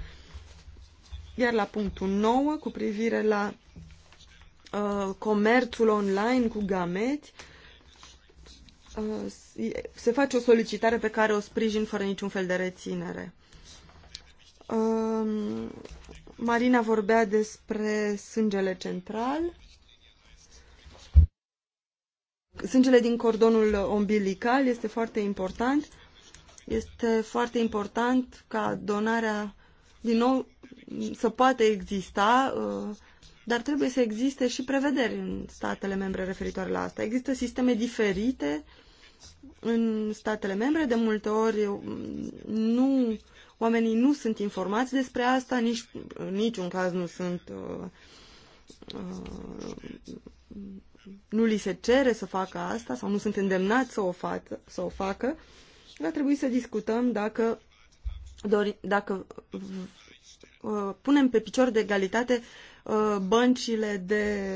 Iar la punctul 9, cu privire la uh, comerțul online cu gameti, uh, se face o solicitare pe care o sprijin fără niciun fel de reținere. Uh, Marina vorbea despre sângele central sângele din cordonul ombilical este foarte important. Este foarte important ca donarea din nou să poată exista, uh, dar trebuie să existe și prevederi în statele membre referitoare la asta. Există sisteme diferite în statele membre, de multe ori um, nu, oamenii nu sunt informați despre asta, nici, în niciun caz nu sunt uh, uh, nu li se cere să facă asta sau nu sunt îndemnați să o, față, să o facă, va trebui să discutăm dacă, dori, dacă uh, punem pe picior de egalitate uh, băncile de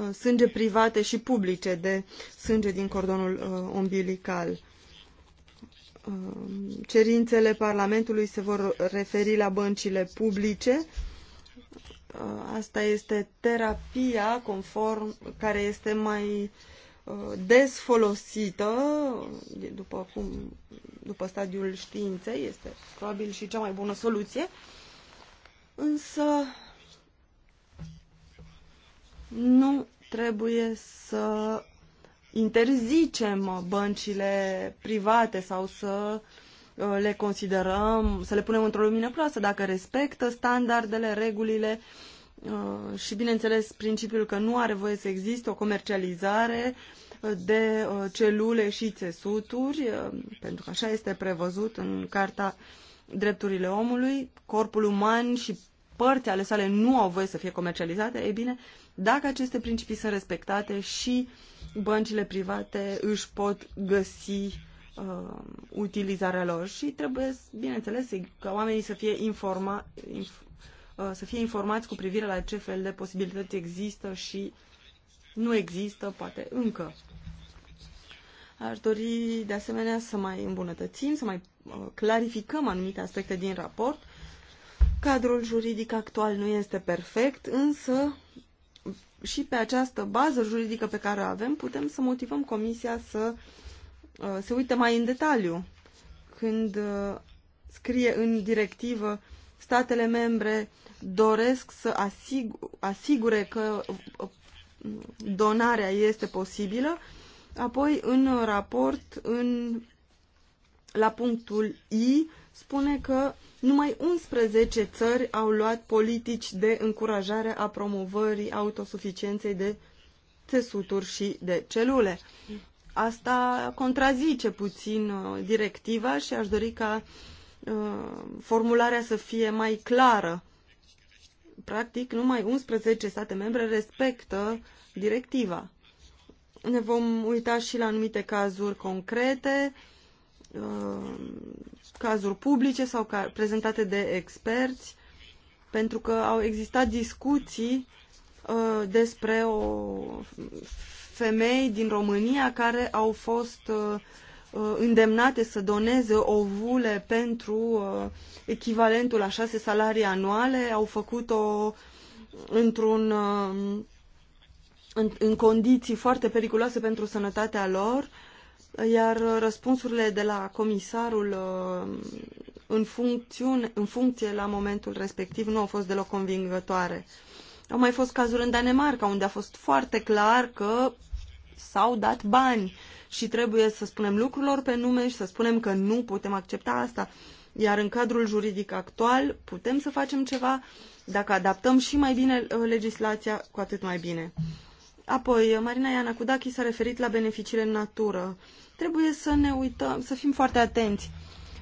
uh, sânge private și publice de sânge din cordonul uh, umbilical. Uh, cerințele Parlamentului se vor referi la băncile publice, Uh, asta este terapia conform care este mai uh, des folosită după, cum, după stadiul științei, este probabil și cea mai bună soluție, însă nu trebuie să interzicem băncile private sau să Uh, le considerăm, să le punem într-o lumină proastă, dacă respectă standardele, regulile uh, și, bineînțeles, principiul că nu are voie să existe o comercializare uh, de celule și țesuturi, pentru că așa este prevăzut în Carta Drepturile Omului, corpul uman și părți ale sale nu au voie să fie comercializate, e bine, dacă aceste principii sunt respectate și băncile private își pot găsi uh, utilizarea lor și trebuie, bineînțeles, ca oamenii să fie, informa, inf, uh, să fie informați cu privire la ce fel de posibilități există și nu există, poate încă. Aș dori, de asemenea, să mai îmbunătățim, să mai uh, clarificăm anumite aspecte din raport. Cadrul juridic actual nu este perfect, însă și pe această bază juridică pe care o avem, putem să motivăm Comisia să uh, Uh, se uită mai în detaliu când uh, scrie în directivă statele membre doresc să asigure că uh, donarea este posibilă, apoi în raport, în, la punctul I, spune că numai 11 țări au luat politici de încurajare a promovării autosuficienței de țesuturi și de celule. Asta contrazice puțin uh, directiva și aș dori ca uh, formularea să fie mai clară. Practic, numai 11 state membre respectă directiva. Ne vom uita și la anumite cazuri concrete, uh, cazuri publice sau prezentate de experți, pentru că au existat discuții despre o femei din România care au fost uh, uh, îndemnate să doneze ovule pentru uh, echivalentul a șase salarii anuale, au făcut-o într-un în, în condiții foarte periculoase pentru sănătatea lor, iar răspunsurile de la comisarul în, funcțiune, în funcție la momentul respectiv nu au fost deloc convingătoare. Au mai fost cazuri în Danemarca, unde a fost foarte clar că s-au dat bani și trebuie să spunem lucrurilor pe nume și să spunem că nu putem accepta asta. Iar în cadrul juridic actual putem să facem ceva, dacă adaptăm și mai bine uh, legislația, cu atât mai bine. Apoi, uh, Marina Cudachi s-a referit la beneficiile în natură. Trebuie să ne uităm, să fim foarte atenți.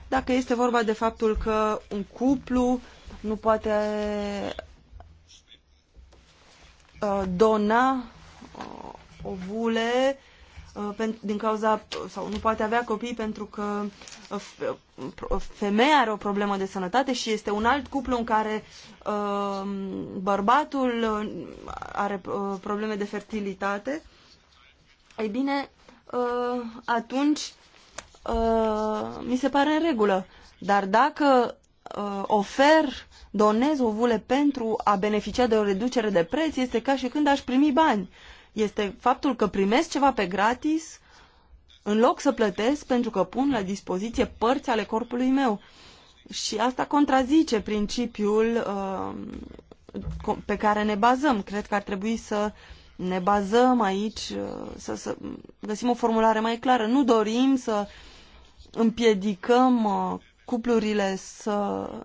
Dacă este vorba de faptul că un cuplu nu poate uh, dona ovule uh, din cauza sau nu poate avea copii pentru că uh, uh, femeia are o problemă de sănătate și este un alt cuplu în care bărbatul are probleme de fertilitate, ei bine, atunci mi se pare în regulă. Dar dacă ofer, donez ovule pentru a beneficia de o reducere de preț, este ca și când aș primi bani este faptul că primesc ceva pe gratis în loc să plătesc pentru că pun la dispoziție părți ale corpului meu. Și asta contrazice principiul uh, pe care ne bazăm. Cred că ar trebui să ne bazăm aici, uh, să, să găsim o formulare mai clară. Nu dorim să împiedicăm uh, cuplurile să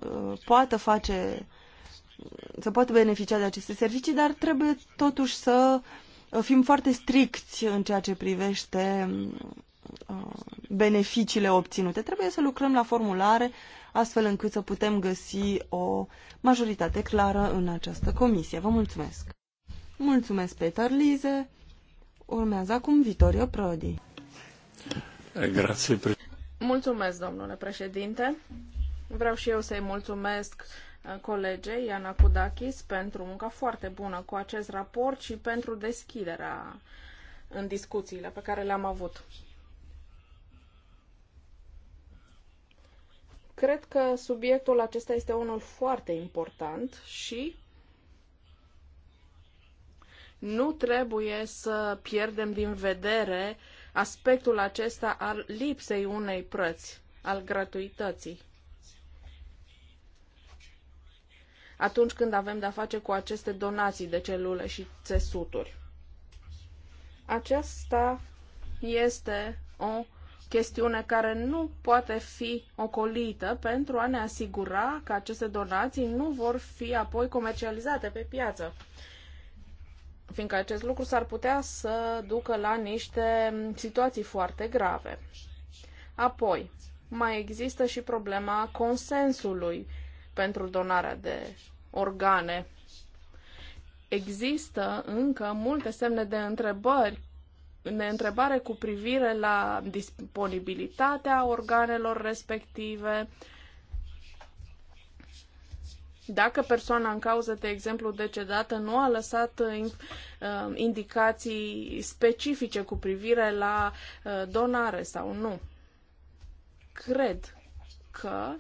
uh, poată face să poată beneficia de aceste servicii, dar trebuie totuși să fim foarte stricți în ceea ce privește uh, beneficiile obținute. Trebuie să lucrăm la formulare astfel încât să putem găsi o majoritate clară în această comisie. Vă mulțumesc! Mulțumesc, Peter Lize! Urmează acum Vitorio Prodi. Eh, grazie. Mulțumesc, domnule președinte! Vreau și eu să-i mulțumesc colegei Iana Kudakis pentru munca foarte bună cu acest raport și pentru deschiderea în discuțiile pe care le-am avut. Cred că subiectul acesta este unul foarte important și nu trebuie să pierdem din vedere aspectul acesta al lipsei unei prăți, al gratuității. atunci când avem de-a face cu aceste donații de celule și țesuturi. Aceasta este o chestiune care nu poate fi ocolită pentru a ne asigura că aceste donații nu vor fi apoi comercializate pe piață. Fiindcă acest lucru s-ar putea să ducă la niște situații foarte grave. Apoi, mai există și problema consensului pentru donarea de organe. Există încă multe semne de întrebări ne întrebare cu privire la disponibilitatea organelor respective, dacă persoana în cauză, de exemplu, decedată, nu a lăsat uh, uh, indicații specifice cu privire la uh, donare sau nu. Cred că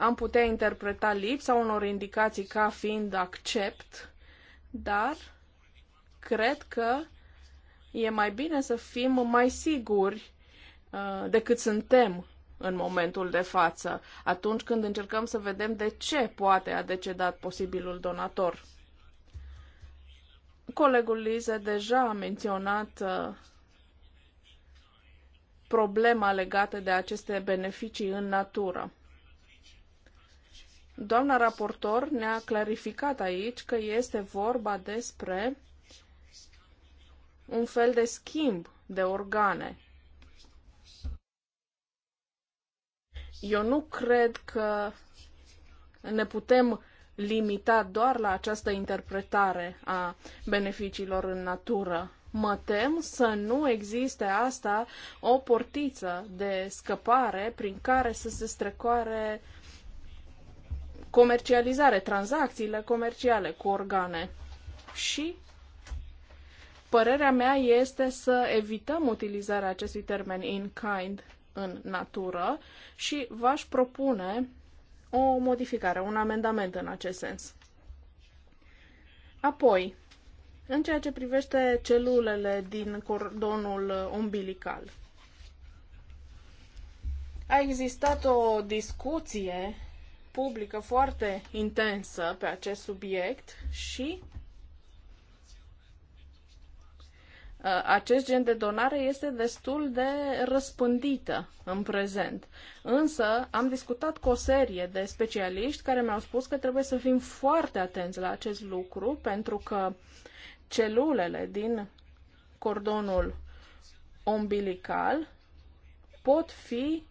am putea interpreta lipsa unor indicații ca fiind accept, dar cred că e mai bine să fim mai siguri uh, decât suntem în momentul de față, atunci când încercăm să vedem de ce poate a decedat posibilul donator. Colegul Lize deja a menționat uh, problema legată de aceste beneficii în natură. Doamna raportor ne-a clarificat aici că este vorba despre un fel de schimb de organe. Eu nu cred că ne putem limita doar la această interpretare a beneficiilor în natură. Mă tem să nu existe asta o portiță de scăpare prin care să se strecoare uh, comercializare, tranzacțiile comerciale cu organe. Și părerea mea este să evităm utilizarea acestui termen in kind în natură și v-aș propune o modificare, un amendament în acest sens. Apoi, în ceea ce privește celulele din cordonul umbilical, a existat o discuție publică foarte intensă pe acest subiect și uh, acest gen de donare este destul de răspândită în prezent. Însă am discutat cu o serie de specialiști care mi-au spus că trebuie să fim foarte atenți la acest lucru pentru că celulele din cordonul ombilical pot fi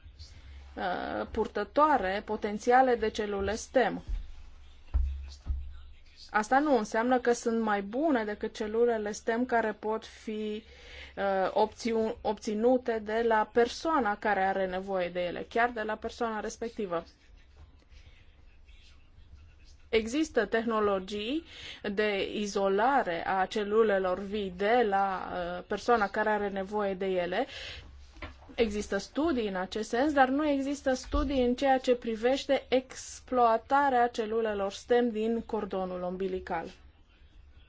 Uh, purtătoare potențiale de celule STEM. Asta nu înseamnă că sunt mai bune decât celulele STEM care pot fi uh, obținute de la persoana care are nevoie de ele, chiar de la persoana respectivă. Există tehnologii de izolare a celulelor vii de la uh, persoana care are nevoie de ele, Există studii în acest sens, dar nu există studii în ceea ce privește exploatarea celulelor stem din cordonul umbilical.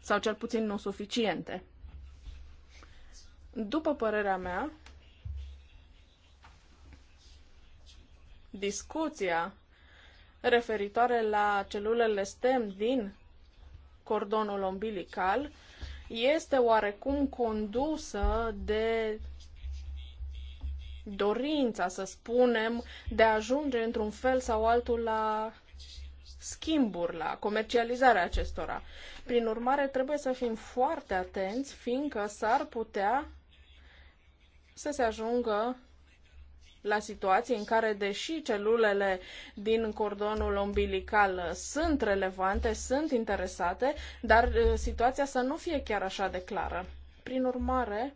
Sau cel puțin nu suficiente. După părerea mea, discuția referitoare la celulele stem din cordonul umbilical este oarecum condusă de dorința, să spunem, de a ajunge într-un fel sau altul la schimburi, la comercializarea acestora. Prin urmare, trebuie să fim foarte atenți, fiindcă s-ar putea să se ajungă la situații în care, deși celulele din cordonul umbilical sunt relevante, sunt interesate, dar uh, situația să nu fie chiar așa de clară. Prin urmare,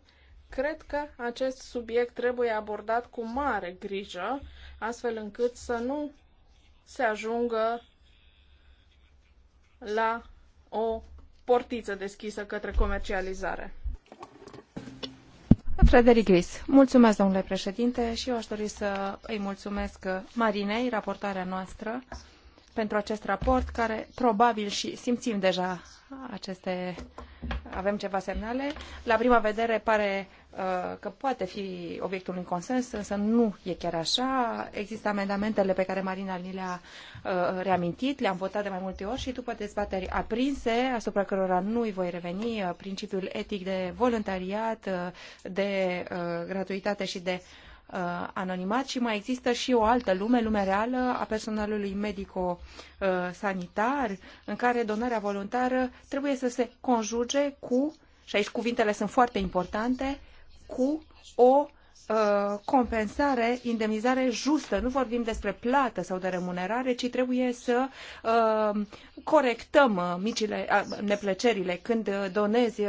Cred că acest subiect trebuie abordat cu mare grijă, astfel încât să nu se ajungă la o portiță deschisă către comercializare. Frederic Gris. Mulțumesc, domnule președinte, și eu aș dori să îi mulțumesc Marinei, raportarea noastră, pentru acest raport, care probabil și simțim deja aceste, avem ceva semnale. La prima vedere pare uh, că poate fi obiectul unui consens, însă nu e chiar așa. Există amendamentele pe care Marina ni le-a uh, reamintit, le-am votat de mai multe ori și după dezbateri aprinse, asupra cărora nu îi voi reveni, uh, principiul etic de voluntariat, uh, de uh, gratuitate și de Uh, anonimat și mai există și o altă lume, lumea reală a personalului medico-sanitar, uh, în care donarea voluntară trebuie să se conjuge cu, și aici cuvintele sunt foarte importante, cu o Uh, compensare, indemnizare justă. Nu vorbim despre plată sau de remunerare, ci trebuie să uh, corectăm uh, micile uh, neplăcerile. Când uh, donezi uh,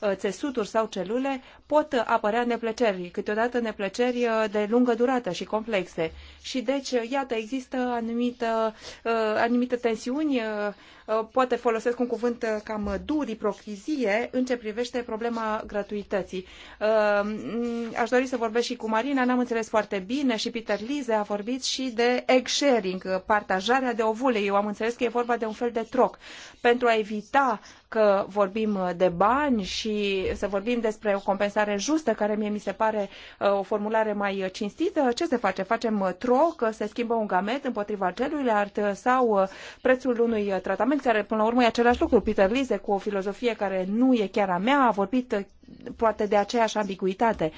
uh, țesuturi sau celule, pot apărea neplăceri, câteodată neplăceri uh, de lungă durată și complexe. Și deci, uh, iată, există anumită, uh, anumite tensiuni, uh, poate folosesc un cuvânt cam dur, iprochizie, în ce privește problema gratuității. Uh, aș dori să vorbesc vorbesc și cu Marina, n-am înțeles foarte bine și Peter Lise a vorbit și de egg sharing, partajarea de ovule. Eu am înțeles că e vorba de un fel de troc. Pentru a evita că vorbim de bani și să vorbim despre o compensare justă, care mie mi se pare uh, o formulare mai cinstită, ce se face? Facem uh, troc, uh, se schimbă un gamet împotriva celuilalt sau prețul unui tratament, care până la urmă e același lucru. Peter Lise cu o filozofie care nu e chiar a mea, a vorbit poate de aceeași ambiguitate.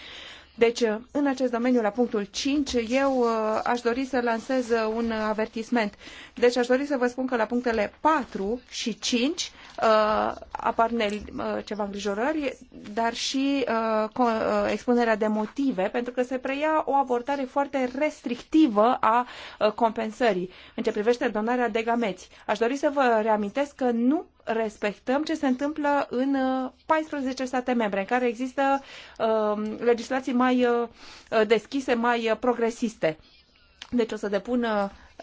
Deci, uh, în acest domeniu, la punctul 5, eu uh, aș dori să lansez uh, un avertisment. Deci, aș dori să vă spun că la punctele 4 și 5 apar ceva îngrijorări, dar și expunerea de motive, pentru că se preia o abordare foarte restrictivă a compensării în ce privește donarea de gameți. Aș dori să vă reamintesc că nu respectăm ce se întâmplă în 14 uh, state membre, în care există um, legislații mai uh, deschise, mai uh, progresiste. Deci o să depun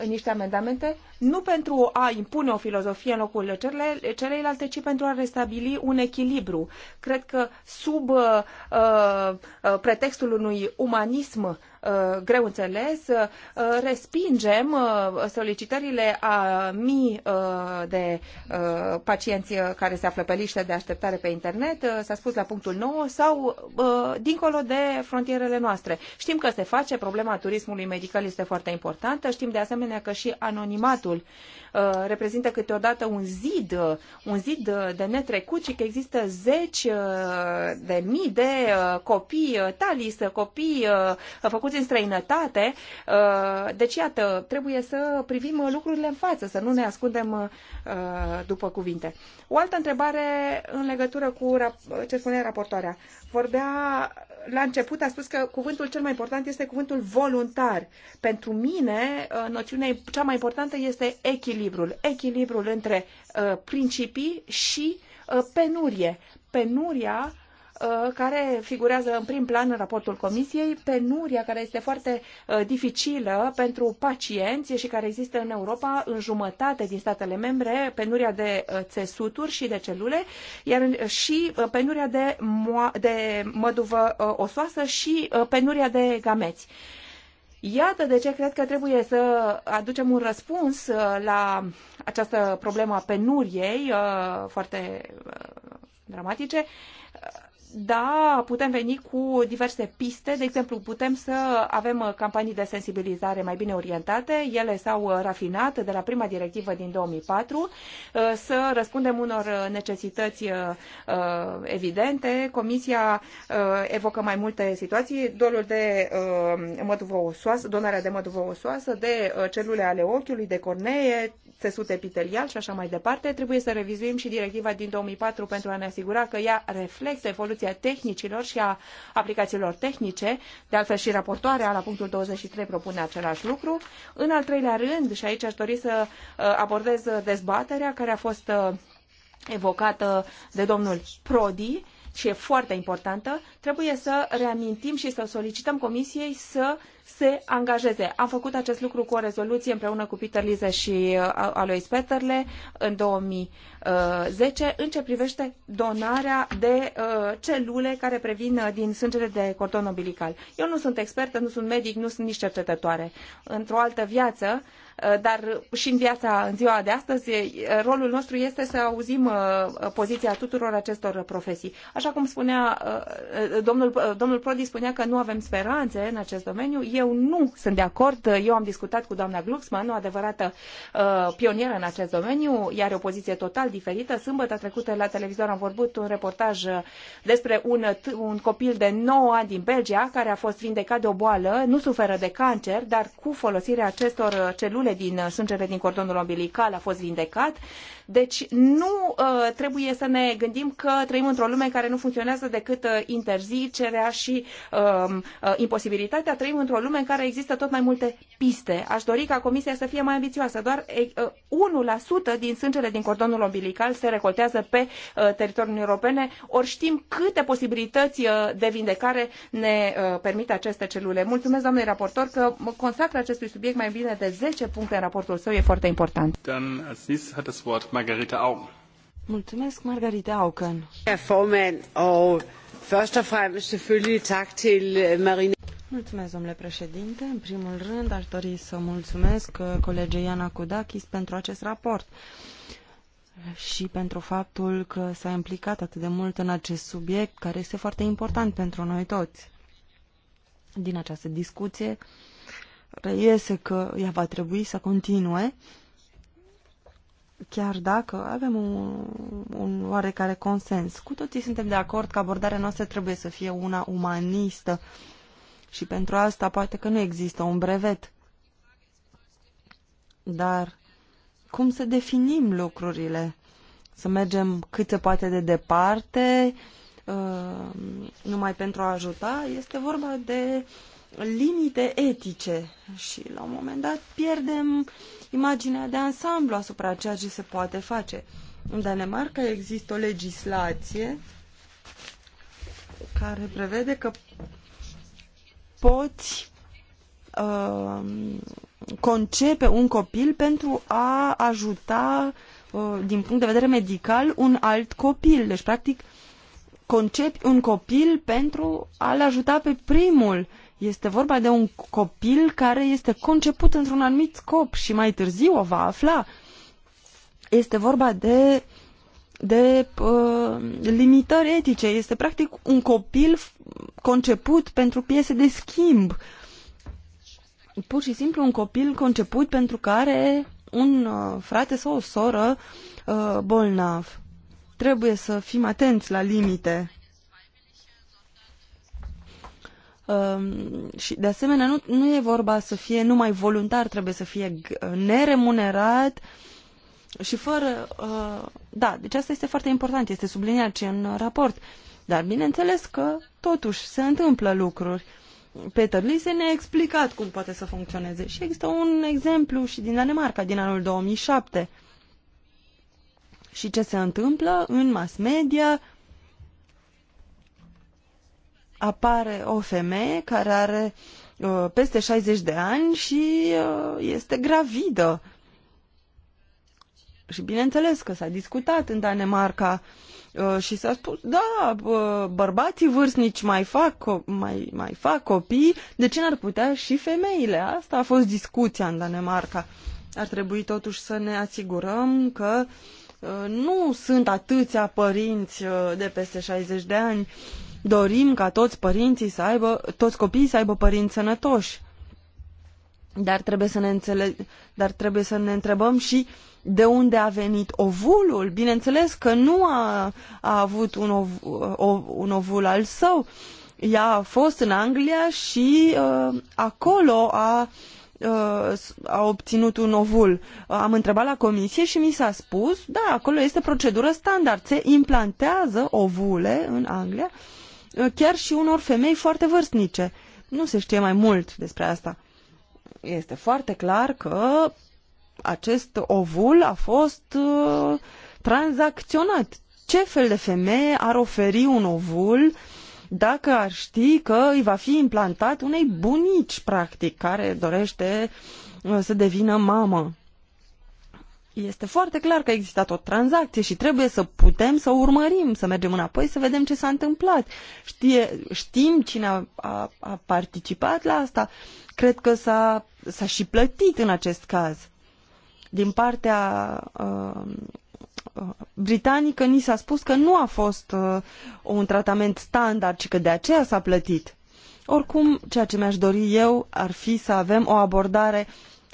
niște amendamente, nu pentru a impune o filozofie în locul cele, celeilalte, ci pentru a restabili un echilibru. Cred că sub uh, uh, pretextul unui umanism Uh, greu înțeles, uh, respingem uh, solicitările a mii de pacienți care se află pe liște de așteptare pe internet, s-a spus la punctul 9, sau dincolo de frontierele noastre. Știm că se face, problema turismului medical este foarte importantă, știm de asemenea că și anonimatul Uh, reprezintă câteodată un zid, uh, un zid uh, de netrecut și că există zeci de mii de copii talis, copii făcuți în străinătate. Deci, iată, trebuie să privim lucrurile în față, să nu ne ascundem după cuvinte. O altă întrebare în legătură cu ce spunea raportoarea. Vorbea la început a spus că cuvântul cel mai important este cuvântul voluntar. Pentru mine, uh, noțiunea cea mai importantă este echilibrul. Echilibrul între uh, principii și uh, penurie. Penuria Uh, care figurează în prim plan în raportul Comisiei, penuria care este foarte uh, dificilă pentru pacienți și care există în Europa în jumătate din statele membre, penuria de uh, țesuturi și de celule, iar și penuria de, de măduvă osoasă și penuria de gameți. Iată de ce cred că trebuie să aducem un răspuns la această problemă a penuriei foarte dramatice da, putem veni cu diverse piste, de exemplu, putem să avem uh, campanii de sensibilizare mai bine orientate, ele s-au uh, rafinat de la prima directivă din 2004, uh, să răspundem unor necesități evidente. Comisia evocă mai multe situații, dolul de măduvă osoasă, donarea de măduvă osoasă, de celule ale ochiului, de cornee, țesut epitelial și așa mai departe. Trebuie să revizuim și directiva din 2004 pentru a ne asigura că ea reflectă evoluția protecția tehnicilor și a aplicațiilor tehnice, de altfel și raportoarea la punctul 23 propune același lucru. În al treilea rând, și aici aș dori să uh, abordez dezbaterea care a fost uh, evocată de domnul Prodi, și e foarte importantă, trebuie să reamintim și să solicităm Comisiei să se angajeze. Am făcut acest lucru cu o rezoluție împreună cu Peter Lise și uh, Alois Peterle în 2010 uh, în ce privește donarea de uh, celule care previn din sângele de cordon umbilical. Eu nu sunt expertă, nu sunt medic, nu sunt nici cercetătoare. Într-o altă viață, dar și în viața în ziua de astăzi, rolul nostru este să auzim poziția tuturor acestor profesii. Așa cum spunea domnul, domnul Prodi spunea că nu avem speranțe în acest domeniu, eu nu sunt de acord. Eu am discutat cu doamna Glucksmann, o adevărată uh, pionieră în acest domeniu, iar o poziție total diferită. Sâmbătă trecută la televizor am vorbit un reportaj despre un, un copil de 9 ani din Belgia care a fost vindecat de o boală, nu suferă de cancer, dar cu folosirea acestor celule din sângele din cordonul umbilical a fost vindecat deci nu uh, trebuie să ne gândim că trăim într-o lume care nu funcționează decât uh, interzicerea și um, uh, imposibilitatea. Trăim într-o lume în care există tot mai multe piste. Aș dori ca Comisia să fie mai ambițioasă. Doar 1% din sângele din cordonul umbilical se recoltează pe teritoriul Uniunii Europene, ori știm câte posibilități de vindecare ne permit aceste celule. Mulțumesc, doamnei raportor, că consacră acestui subiect mai bine de 10 puncte în raportul său. E foarte important. hat das Wort. Mulțumesc, Margarita formand, og oh, først og fremmest selvfølgelig tak til eh, Marina. Mulțumesc, domnule președinte. În primul rând, aș dori să mulțumesc eh, colegei Iana Kudakis pentru acest raport și pentru faptul că s-a implicat atât de mult în acest subiect, care este foarte important pentru noi toți. Din această discuție reiese că ea va trebui să continue chiar dacă avem un, un oarecare consens. Cu toții suntem de acord că abordarea noastră trebuie să fie una umanistă și pentru asta poate că nu există un brevet. Dar cum să definim lucrurile? Să mergem cât se poate de departe, uh, numai pentru a ajuta? Este vorba de limite etice și la un moment dat pierdem imaginea de ansamblu asupra ceea ce se poate face. În Danemarca există o legislație care prevede că poți uh, concepe un copil pentru a ajuta uh, din punct de vedere medical un alt copil. Deci, practic, concepi un copil pentru a-l ajuta pe primul uh, este vorba de un copil care este conceput într-un anumit scop și mai târziu o va afla. Este vorba de, de uh, limitări etice. Este practic un copil conceput pentru piese de schimb. Pur și simplu un copil conceput pentru care un uh, frate sau o soră uh, bolnav. Trebuie să fim atenți la limite. Um, și de asemenea nu, nu e vorba să fie numai voluntar, trebuie să fie uh, neremunerat și fără... Uh, da, deci asta este foarte important, este subliniat și în raport. Dar bineînțeles că totuși se întâmplă lucruri. Peter Lise ne-a explicat cum poate să funcționeze și există un exemplu și din Danemarca din anul 2007. Și ce se întâmplă în mass media, apare o femeie care are uh, peste 60 de ani și uh, este gravidă. Și bineînțeles că s-a discutat în Danemarca uh, și s-a spus, da, bărbații vârstnici mai fac, mai, mai fac copii, de ce n-ar putea și femeile? Asta a fost discuția în Danemarca. Ar trebui totuși să ne asigurăm că uh, nu sunt atâția părinți uh, de peste 60 de ani dorim ca toți părinții să aibă, toți copiii să aibă părinți sănătoși. Dar trebuie să ne, înțele- dar trebuie să ne întrebăm și de unde a venit ovulul. Bineînțeles că nu a, a avut un, ov, o, un ovul al său. Ea a fost în Anglia și uh, acolo a, uh, a obținut un ovul. Am întrebat la comisie și mi s-a spus, da, acolo este procedură standard. Se implantează ovule în Anglia Uh, chiar și unor femei foarte vârstnice. Nu se știe mai mult despre asta. Este foarte clar că acest ovul a fost uh, tranzacționat. Ce fel de femeie ar oferi un ovul dacă ar ști că îi va fi implantat unei bunici, practic, care dorește uh, să devină mamă? este foarte clar că a existat o tranzacție și trebuie să putem să urmărim, să mergem înapoi, să vedem ce s-a întâmplat. Știe, știm cine a, a, a participat la asta. Cred că s-a, s-a și plătit în acest caz. Din partea uh, uh, britanică ni s-a spus că nu a fost uh, un tratament standard, ci că de aceea s-a plătit. Oricum, ceea ce mi-aș dori eu ar fi să avem o abordare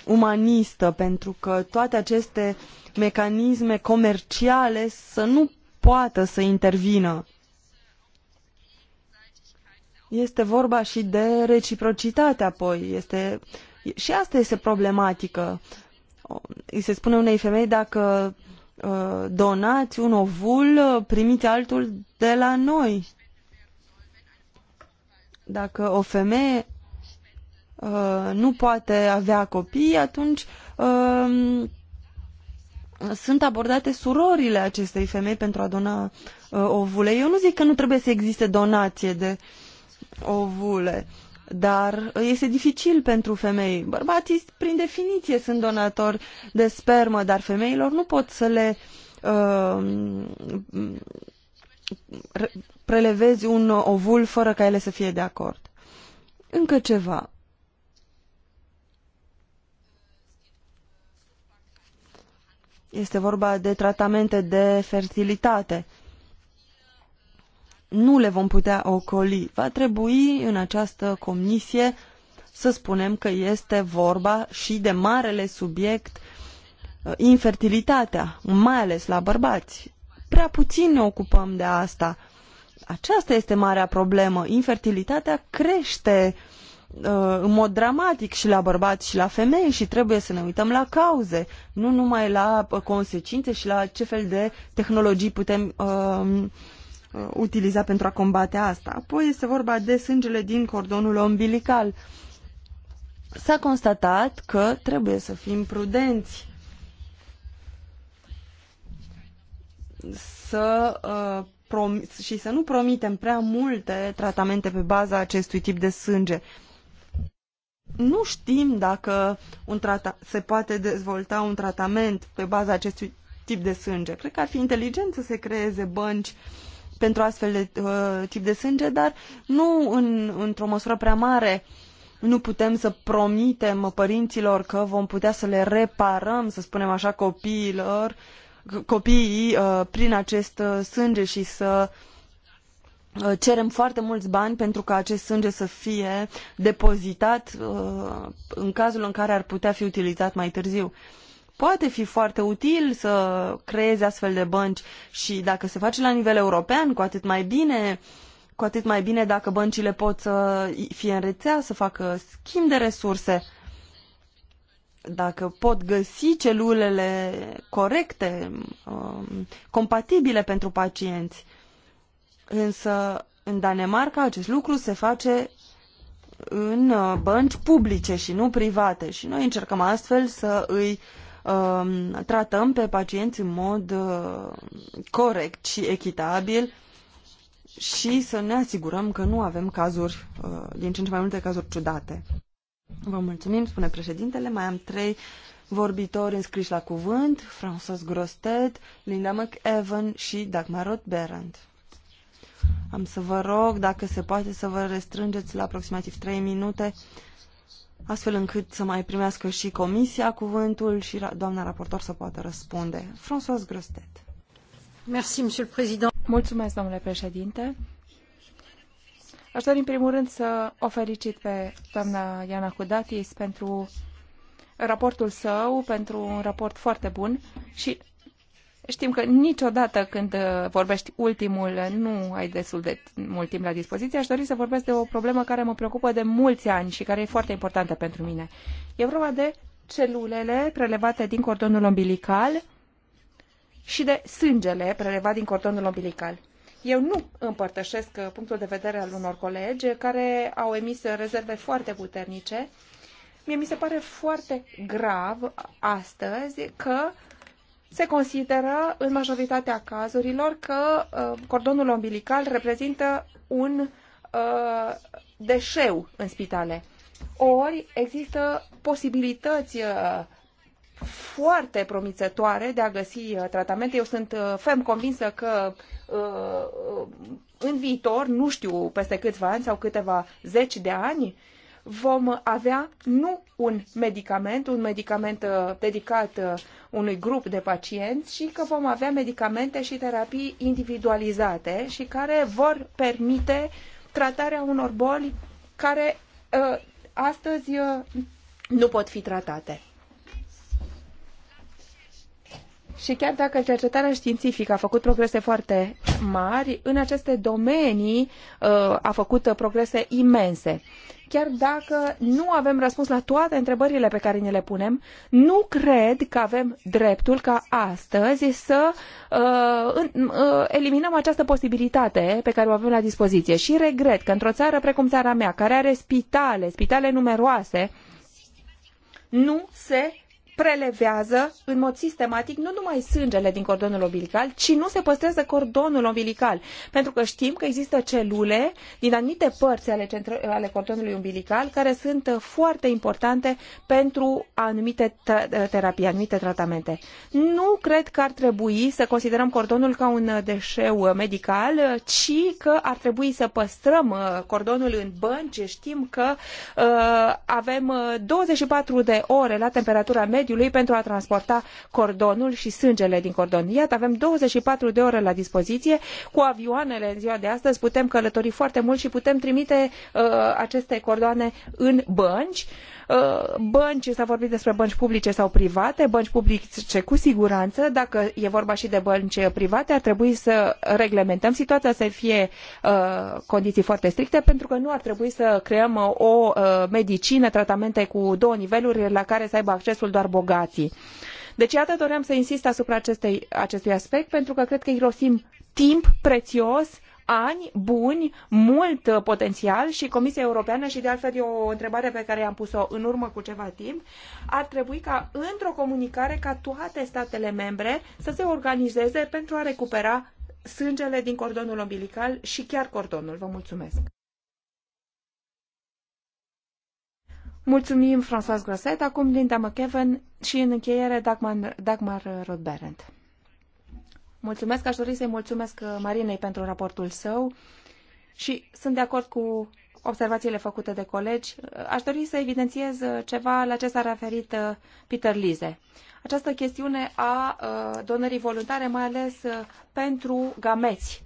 umanistă, pentru că toate aceste mecanisme comerciale să nu poată să intervină. Este vorba și de reciprocitate apoi. Este, și asta este problematică. Îi se spune unei femei dacă uh, donați un ovul, primiți altul de la noi. Dacă o femeie Uh, nu poate avea copii, atunci uh, sunt abordate surorile acestei femei pentru a dona uh, ovule. Eu nu zic că nu trebuie să existe donație de ovule dar este dificil pentru femei. Bărbații, prin definiție, sunt donatori de spermă, dar femeilor nu pot să le uh, prelevezi un ovul fără ca ele să fie de acord. Încă ceva. Este vorba de tratamente de fertilitate. Nu le vom putea ocoli. Va trebui în această comisie să spunem că este vorba și de marele subiect uh, infertilitatea, mai ales la bărbați. Prea puțin ne ocupăm de asta. Aceasta este marea problemă. Infertilitatea crește uh, Uh, în mod dramatic și la bărbați și la femei și trebuie să ne uităm la cauze, nu numai la uh, consecințe și la ce fel de tehnologii putem uh, uh, utiliza pentru a combate asta. Apoi este vorba de sângele din cordonul umbilical. S-a constatat că trebuie să fim prudenți să uh, și să nu promitem prea multe tratamente pe baza acestui tip de sânge. Uh, nu știm dacă un trata- se poate dezvolta un tratament pe baza acestui tip de sânge. Cred că ar fi inteligent să se creeze bănci pentru astfel de uh, tip de sânge, dar nu în, într-o măsură prea mare. Nu putem să promitem părinților că vom putea să le reparăm, să spunem așa, copiilor, copiii uh, prin acest uh, sânge și să uh, Uh, cerem foarte muli bani pentru ca acest sânge să fie depozitat uh, în cazul în care ar putea fi utilizat mai târziu. Poate fi foarte util să creeze astfel de bănci și dacă se face la nivel european, cu atât mai bine, cu atât mai bine dacă băncile pot să fie în rețea, să facă schimb de resurse, dacă pot găsi celulele corecte, um, compatibile pentru pacienți Însă, în Danemarca, acest lucru se face în uh, bănci publice și nu private și noi încercăm astfel să îi uh, tratăm pe pacienți în mod uh, corect și echitabil și să ne asigurăm că nu avem cazuri, uh, din ce în ce mai multe cazuri ciudate. Vă mulțumim, spune președintele. Mai am trei vorbitori înscriși la cuvânt, François Grosted, Linda McEvan și Dagmarot berendt am să vă rog, dacă se poate, să vă restrângeți la aproximativ 3 minute, astfel încât să mai primească și comisia cuvântul și doamna raportor să poată răspunde. François Grostet. Merci, monsieur le président. Mulțumesc, domnule președinte. Aș dori, în primul rând, să o felicit pe doamna Iana Cudatis pentru raportul său, pentru un raport foarte bun și Știm că niciodată când uh, vorbești ultimul uh, nu ai destul de mult timp la dispoziție. Aș dori să vorbesc de o problemă care mă preocupă de mulți ani și care e foarte importantă pentru mine. E vorba de celulele prelevate din cordonul umbilical și de sângele prelevat din cordonul umbilical. Eu nu împărtășesc uh, punctul de vedere al unor colegi care au emis rezerve foarte puternice. Mie mi se pare foarte grav astăzi că uh, se consideră în majoritatea cazurilor că uh, cordonul umbilical reprezintă un uh, deșeu în spitale. Ori există posibilități uh, foarte promițătoare de a găsi uh, tratamente. Eu sunt uh, ferm convinsă că uh, în viitor, nu știu peste câțiva ani sau câteva zeci de ani, vom avea nu un medicament, un medicament uh, dedicat uh, unui grup de pacienți, ci că vom avea medicamente și terapii individualizate și care vor permite tratarea unor boli care uh, astăzi nu pot fi tratate. Și chiar dacă cercetarea științifică a făcut progrese foarte mari, în aceste domenii a făcut progrese imense chiar dacă nu avem răspuns la toate întrebările pe care ni le punem, nu cred că avem dreptul ca astăzi să uh, uh, eliminăm această posibilitate pe care o avem la dispoziție. Și regret că într-o țară precum țara mea, care are spitale, spitale numeroase, nu se prelevează în mod sistematic nu numai sângele din cordonul umbilical, ci nu se păstrează cordonul umbilical. Pentru că știm că există celule din anumite părți ale, ale cordonului umbilical care sunt foarte importante pentru anumite terapii, anumite tratamente. Nu cred că ar trebui să considerăm cordonul ca un deșeu medical, ci că ar trebui să păstrăm uh, cordonul în bănci. Știm că uh, avem 24 uh, de ore la temperatura medie mediului pentru a transporta cordonul și sângele din cordon. Iată, avem 24 de ore la dispoziție. Cu avioanele în ziua de astăzi putem călători foarte mult și putem trimite uh, aceste cordoane în bănci. Uh, Uh, bănci, s-a vorbit despre bănci publice sau private, bănci publice cu siguranță, dacă e vorba și de bănci private, ar trebui să reglementăm situația să fie uh, condiții foarte stricte, pentru că nu ar trebui să creăm uh, o medicină, tratamente cu două niveluri la care să aibă accesul doar bogații. Deci, iată, doream să insist asupra acestei, acestui aspect, pentru că cred că irosim timp prețios ani buni, mult uh, potențial și Comisia Europeană, și de altfel e o întrebare pe care i-am pus-o în urmă cu ceva timp, ar trebui ca într-o comunicare ca toate statele membre să se organizeze pentru a recupera sângele din cordonul umbilical și chiar cordonul. Vă mulțumesc! Mulțumim, François Groset, acum Linda McKeven și în încheiere Dagmar, Dagmar Rodberent. Mulțumesc, aș dori să-i mulțumesc uh, Marinei pentru raportul său și sunt de acord cu observațiile făcute de colegi. Uh, aș dori să evidențiez uh, ceva la ce s-a referit Peter Lize. Această chestiune a donării voluntare, mai ales pentru gameți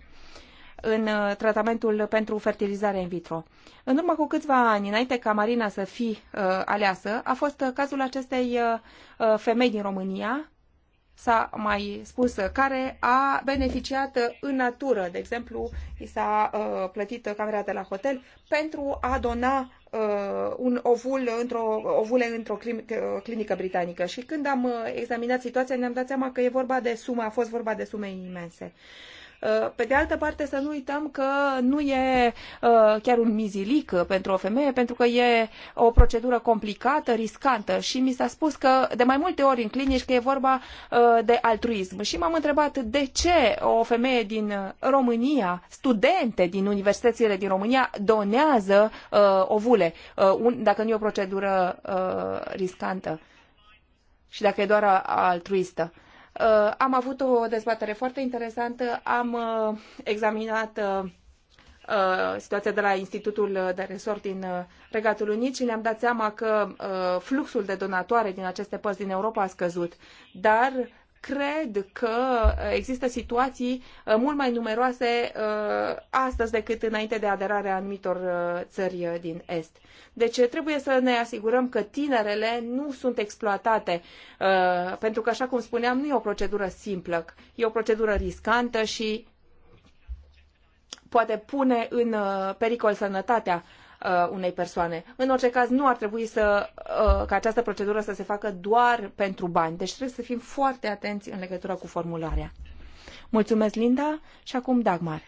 în tratamentul pentru fertilizare in vitro. În urmă cu câțiva ani, înainte ca Marina să fi uh, aleasă, a fost cazul acestei uh, femei din România s-a mai spus, care a beneficiat în natură, de exemplu, i s-a uh, plătit camera de la hotel pentru a dona uh, un ovul într-o, ovule într-o uh, clinică britanică. Și când am uh, examinat situația, ne-am dat seama că e vorba de sume, a fost vorba de sume imense. Uh, Uh, pe de altă parte, să nu uităm că nu e uh, chiar un mizilic uh, pentru o femeie, pentru că e o procedură complicată, riscantă și mi s-a spus că de mai multe ori în clinici că e vorba de altruism. Și m-am întrebat de ce o femeie din România, studente din universitățile din România, donează ovule, dacă nu e o procedură riscantă și dacă e doar altruistă. Uh, am avut o dezbatere foarte interesantă, am uh, examinat uh, situația de la Institutul de Resort din Regatul Unit și ne-am dat seama că fluxul de donatoare din aceste părți din Europa a scăzut, dar cred că există situații uh, mult mai numeroase uh, astăzi decât înainte de aderarea anumitor uh, țări din Est. Deci trebuie să ne asigurăm că tinerele nu sunt exploatate, pentru că, așa cum spuneam, nu e o procedură simplă, e o procedură riscantă și poate pune în pericol sănătatea Uh, unei persoane. În orice caz, nu ar trebui să, uh, ca această procedură să se facă doar pentru bani. Deci trebuie să fim foarte atenți în legătură cu formularea. Mulțumesc, Linda, și acum Dagmar.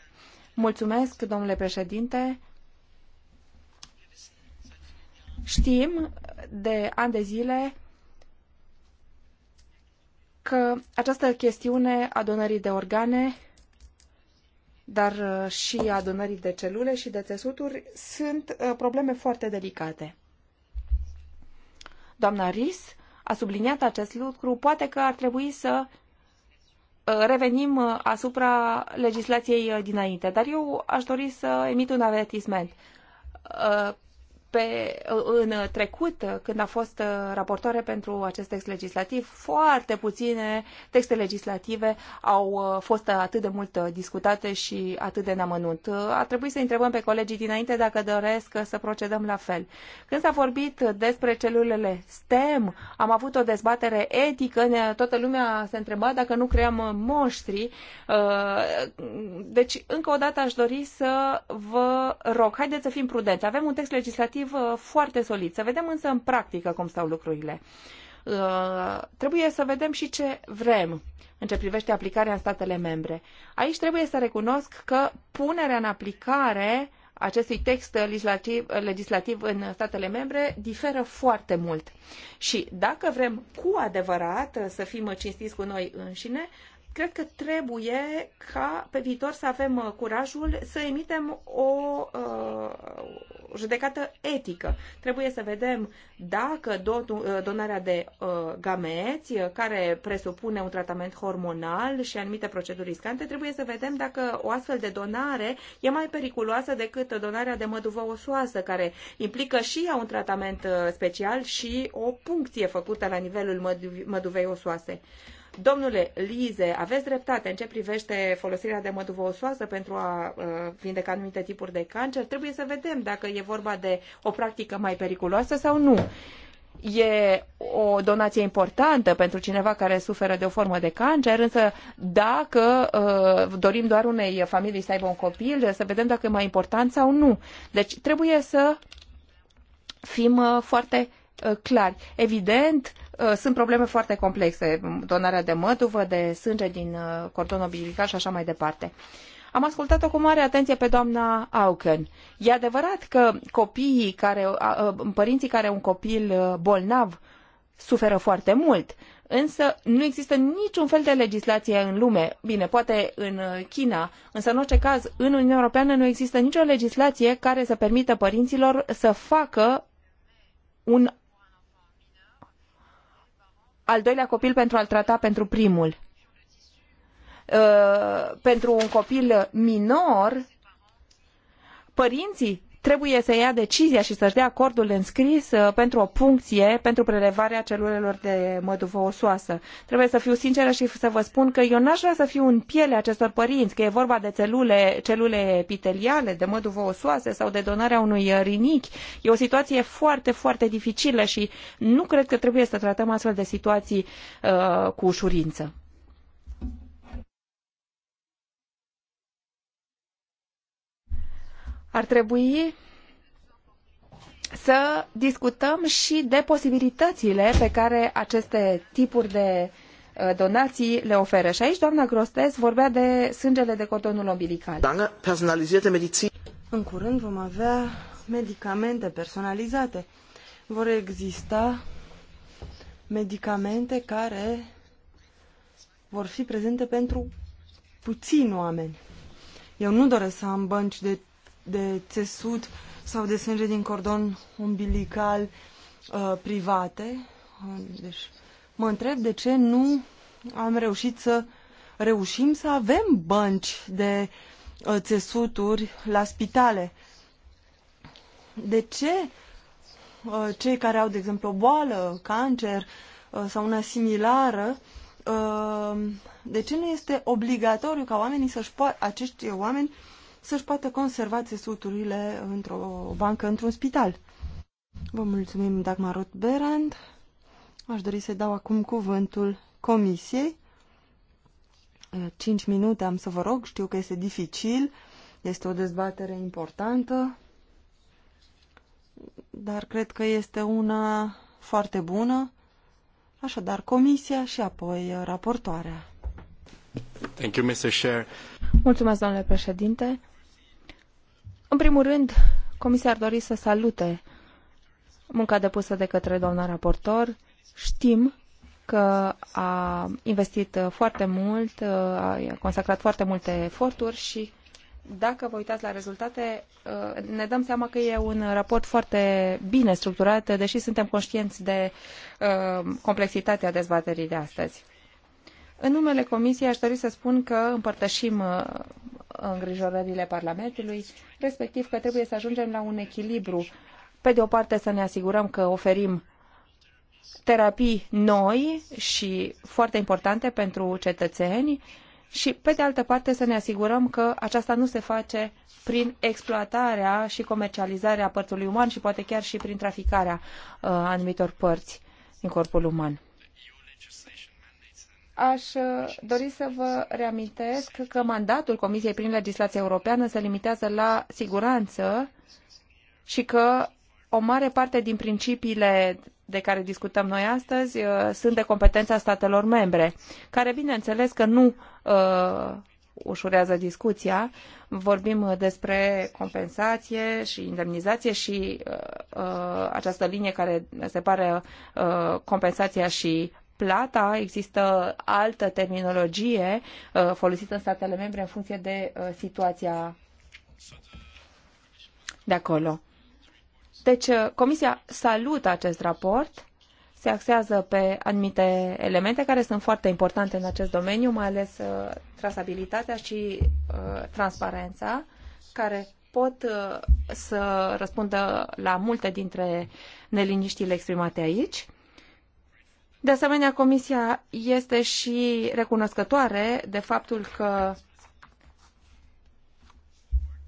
Mulțumesc, domnule președinte. Știm de ani de zile că această chestiune a donării de organe dar uh, și adunării de celule și de țesuturi, sunt uh, probleme foarte delicate. Doamna Ris a subliniat acest lucru, poate că ar trebui să uh, revenim asupra legislației dinainte, dar eu aș dori să emit un avertisment pe, în trecut, când a fost raportoare pentru acest text legislativ, foarte puține texte legislative au uh, fost atât de mult discutate și atât de neamănunt. A trebuit să întrebăm pe colegii dinainte dacă doresc să procedăm la fel. Când s-a vorbit despre celulele STEM, am avut o dezbatere etică, toată lumea se întreba dacă nu creăm moștri. Uh, deci, încă o dată aș dori să vă rog, haideți să fim prudenți. Avem un text legislativ legislativ uh, foarte solid. Să vedem însă în practică cum stau lucrurile. Uh, trebuie să vedem și ce vrem în ce privește aplicarea în statele membre. Aici trebuie să recunosc că punerea în aplicare acestui text legislativ, legislativ în statele membre diferă foarte mult. Și dacă vrem cu adevărat să fim cinstiți cu noi înșine, cred că trebuie ca pe viitor să avem uh, curajul să emitem o uh, judecată etică. Trebuie să vedem dacă uh, donarea de uh, gameți, uh, care presupune un tratament hormonal și anumite proceduri riscante, trebuie să vedem dacă o astfel de donare e mai periculoasă decât donarea de măduvă osoasă, care implică și ea un tratament special și o puncție făcută la nivelul măduvei osoase. Uh, Domnule Lize, aveți dreptate în ce privește folosirea de măduvă osoasă pentru a uh, vindeca anumite tipuri de cancer. Trebuie să vedem dacă e vorba de o practică mai periculoasă sau nu. E o donație importantă pentru cineva care suferă de o formă de cancer, însă dacă uh, dorim doar unei familii să aibă un copil, să vedem dacă e mai important sau nu. Deci trebuie să fim uh, foarte Uh, clari. Evident, uh, sunt probleme foarte complexe, donarea de măduvă, de sânge din uh, cordon umbilical și așa mai departe. Am ascultat-o cu mare atenție pe doamna Auken. E adevărat că copiii care, părinții care au un copil bolnav suferă foarte mult, însă nu există niciun fel de legislație în lume. Bine, poate în China, însă în orice caz, în Uniunea Europeană nu există nicio legislație care să permită părinților să facă un al doilea copil pentru a-l trata pentru primul. Uh, pentru un copil minor, părinții trebuie să ia decizia și să-și dea acordul înscris uh, pentru o puncție, pentru prelevarea celulelor de măduvă osoasă. Trebuie să fiu sinceră și să vă spun că eu n-aș vrea să fiu în pielea acestor părinți, că e vorba de celule, celule epiteliale, de măduvă osoasă sau de donarea unui rinichi. E o situație foarte, foarte dificilă și nu cred că trebuie să tratăm astfel de situații uh, cu ușurință. Ar trebui să discutăm și de posibilitățile pe care aceste tipuri de uh, donații le oferă. Și aici doamna Grostes vorbea de sângele de cordonul umbilical. În curând vom avea medicamente personalizate. Vor exista medicamente care vor fi prezente pentru puțini oameni. Eu nu doresc să am bănci de de țesut sau de sânge din cordon umbilical uh, private. Uh, deci, mă întreb de ce nu am reușit să reușim să avem bănci de uh, țesuturi la spitale. De ce uh, cei care au, de exemplu, o boală, cancer uh, sau una similară, uh, de ce nu este obligatoriu ca oamenii să-și poată, acești oameni să-și poată conserva țesuturile într-o bancă, într-un spital. Vă mulțumim, Dagmarot Berand. Aș dori să dau acum cuvântul comisiei. Eh, cinci minute am să vă rog, știu că este dificil, este o dezbatere importantă, dar cred că este una foarte bună. Așadar, comisia și apoi eh, raportoarea. Thank you, Mr. Chair. Mulțumesc, domnule președinte. În primul rând, Comisia ar dori să salute munca depusă de către doamna raportor. Știm că a investit foarte mult, a consacrat foarte multe eforturi și dacă vă uitați la rezultate, ne dăm seama că e un raport foarte bine structurat, deși suntem conștienți de uh, complexitatea dezbaterii de astăzi. În numele Comisiei aș dori să spun că împărtășim uh, îngrijorările Parlamentului, respectiv că trebuie să ajungem la un echilibru. Pe de o parte să ne asigurăm că oferim terapii noi și foarte importante pentru cetățeni și, pe de altă parte, să ne asigurăm că aceasta nu se face prin exploatarea și comercializarea părțului uman și poate chiar și prin traficarea uh, anumitor părți din corpul uman. Aș uh, dori să vă reamintesc că mandatul Comisiei prin legislația europeană se limitează la siguranță și că o mare parte din principiile de care discutăm noi astăzi uh, sunt de competența statelor membre, care bineînțeles că nu uh, ușurează discuția. Vorbim uh, despre compensație și indemnizație și uh, această linie care separă uh, compensația și plata, există altă terminologie uh, folosită în statele membre în funcție de uh, situația de acolo. Deci, uh, Comisia salută acest raport, se axează pe anumite elemente care sunt foarte importante în acest domeniu, mai ales trasabilitatea și transparența, care pot să răspundă la multe dintre neliniștile exprimate aici. De asemenea, Comisia este și recunoscătoare de faptul că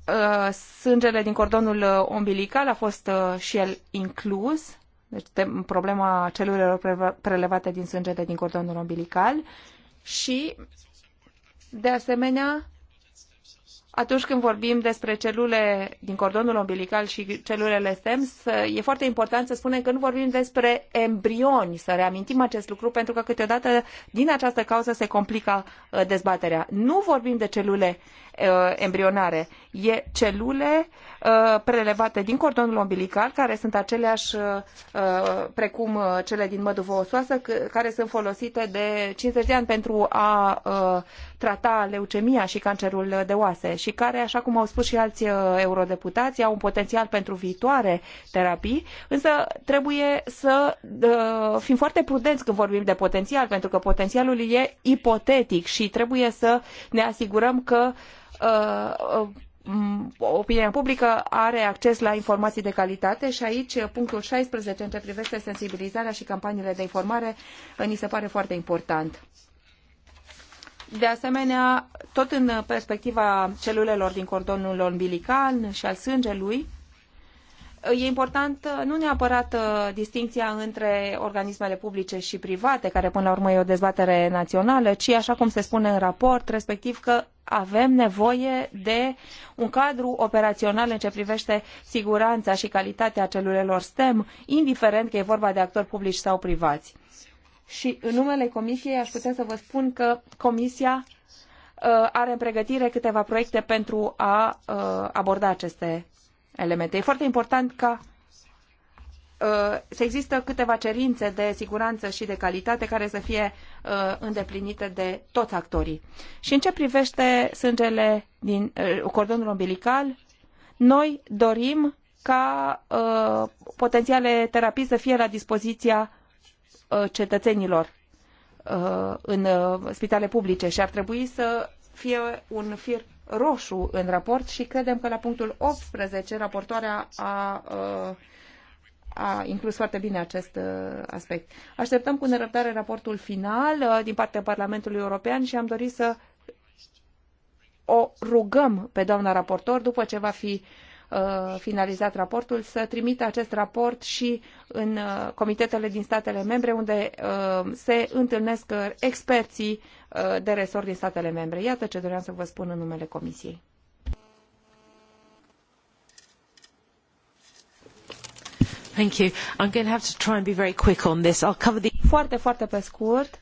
uh, sângele din cordonul umbilical a fost uh, și el inclus, deci problema celulelor prelevate din sângele din cordonul umbilical și, de asemenea, atunci când vorbim despre celule din cordonul umbilical și celulele stem, e foarte important să spunem că nu vorbim despre embrioni, să reamintim acest lucru, pentru că câteodată din această cauză se complică uh, dezbaterea. Nu vorbim de celule uh, embrionare, e celule Uh, prelevate din cordonul umbilical, care sunt aceleași uh, uh, precum cele din măduvă osoasă, care sunt folosite de 50 de ani pentru a trata leucemia și cancerul de oase și care, așa cum au spus și alți eurodeputați, au un potențial pentru viitoare terapii, însă trebuie să fim foarte prudenți când vorbim de potențial, pentru că potențialul e ipotetic și trebuie să ne asigurăm că opinia publică are acces la informații de calitate și aici punctul 16 în ce privește sensibilizarea și campaniile de informare uh, ni se pare foarte important. De asemenea, tot în perspectiva celulelor din cordonul ombilical și al sângelui, e important uh, nu neapărat uh, distinția între organismele publice și private, care până la urmă e o dezbatere națională, ci așa cum se spune în raport, respectiv că avem nevoie de un cadru operațional în ce privește siguranța și calitatea celulelor STEM, indiferent că e vorba de actori publici sau privați. Și în numele Comisiei aș putea să vă spun că Comisia uh, are în pregătire câteva proiecte pentru a aborda aceste elemente. E foarte important ca uh, să există câteva cerințe de siguranță și de calitate care să fie uh, îndeplinite de toți actorii. Și în ce privește sângele din uh, cordonul umbilical, noi dorim ca potențiale terapii să fie la dispoziția cetățenilor în spitale publice și ar trebui să fie un fir roșu în raport și credem că la punctul 18 raportoarea a, uh, a inclus foarte bine acest uh, aspect. Așteptăm cu nerăbdare raportul final uh, din partea Parlamentului European și am dorit să o rugăm pe doamna raportor după ce va fi uh, Uh, finalizat raportul, să trimită acest raport și în uh, comitetele din statele membre, unde uh, se întâlnesc experții de resort din statele membre. Iată ce doream să vă spun în numele Comisiei. Thank you. I'm going to have to try and be very quick on this. I'll cover the... Foarte, foarte pe scurt.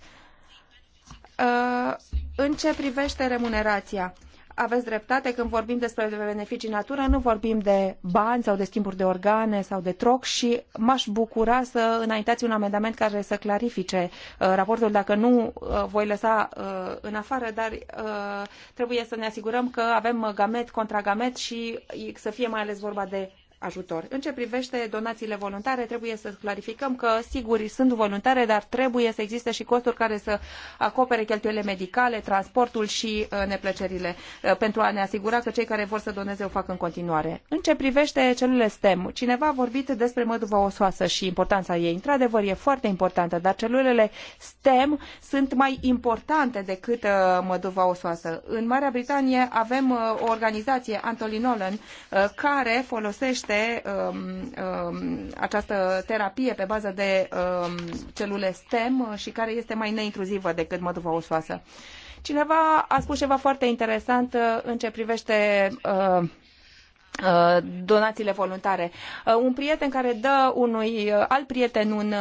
Uh, în ce privește remunerația, aveți dreptate când vorbim despre beneficii natură, nu vorbim de bani sau de schimburi de organe sau de troc și m-aș bucura să înaintați un amendament care să clarifice uh, raportul. Dacă nu, uh, voi lăsa uh, în afară, dar trebuie să ne asigurăm că avem gamet contra gamet și să fie mai ales vorba de ajutor. În ce privește donațiile voluntare, trebuie să clarificăm că, sigur, sunt voluntare, dar trebuie să existe și costuri care să acopere cheltuielile medicale, transportul și uh, neplăcerile uh, pentru a ne asigura că cei care vor să doneze o fac în continuare. În ce privește celulele STEM, cineva a vorbit despre măduva osoasă și importanța ei. Într-adevăr, e foarte importantă, dar celulele STEM sunt mai importante decât uh, măduva osoasă. În Marea Britanie avem o organizație, Antolin Nolan, care folosește pe um, um, această terapie pe bază de um, celule STEM și care este mai neintruzivă decât măduva osoasă. Cineva a spus ceva foarte interesant uh, în ce privește uh, Uh, donațiile voluntare. Uh, un prieten care dă unui uh, alt prieten un,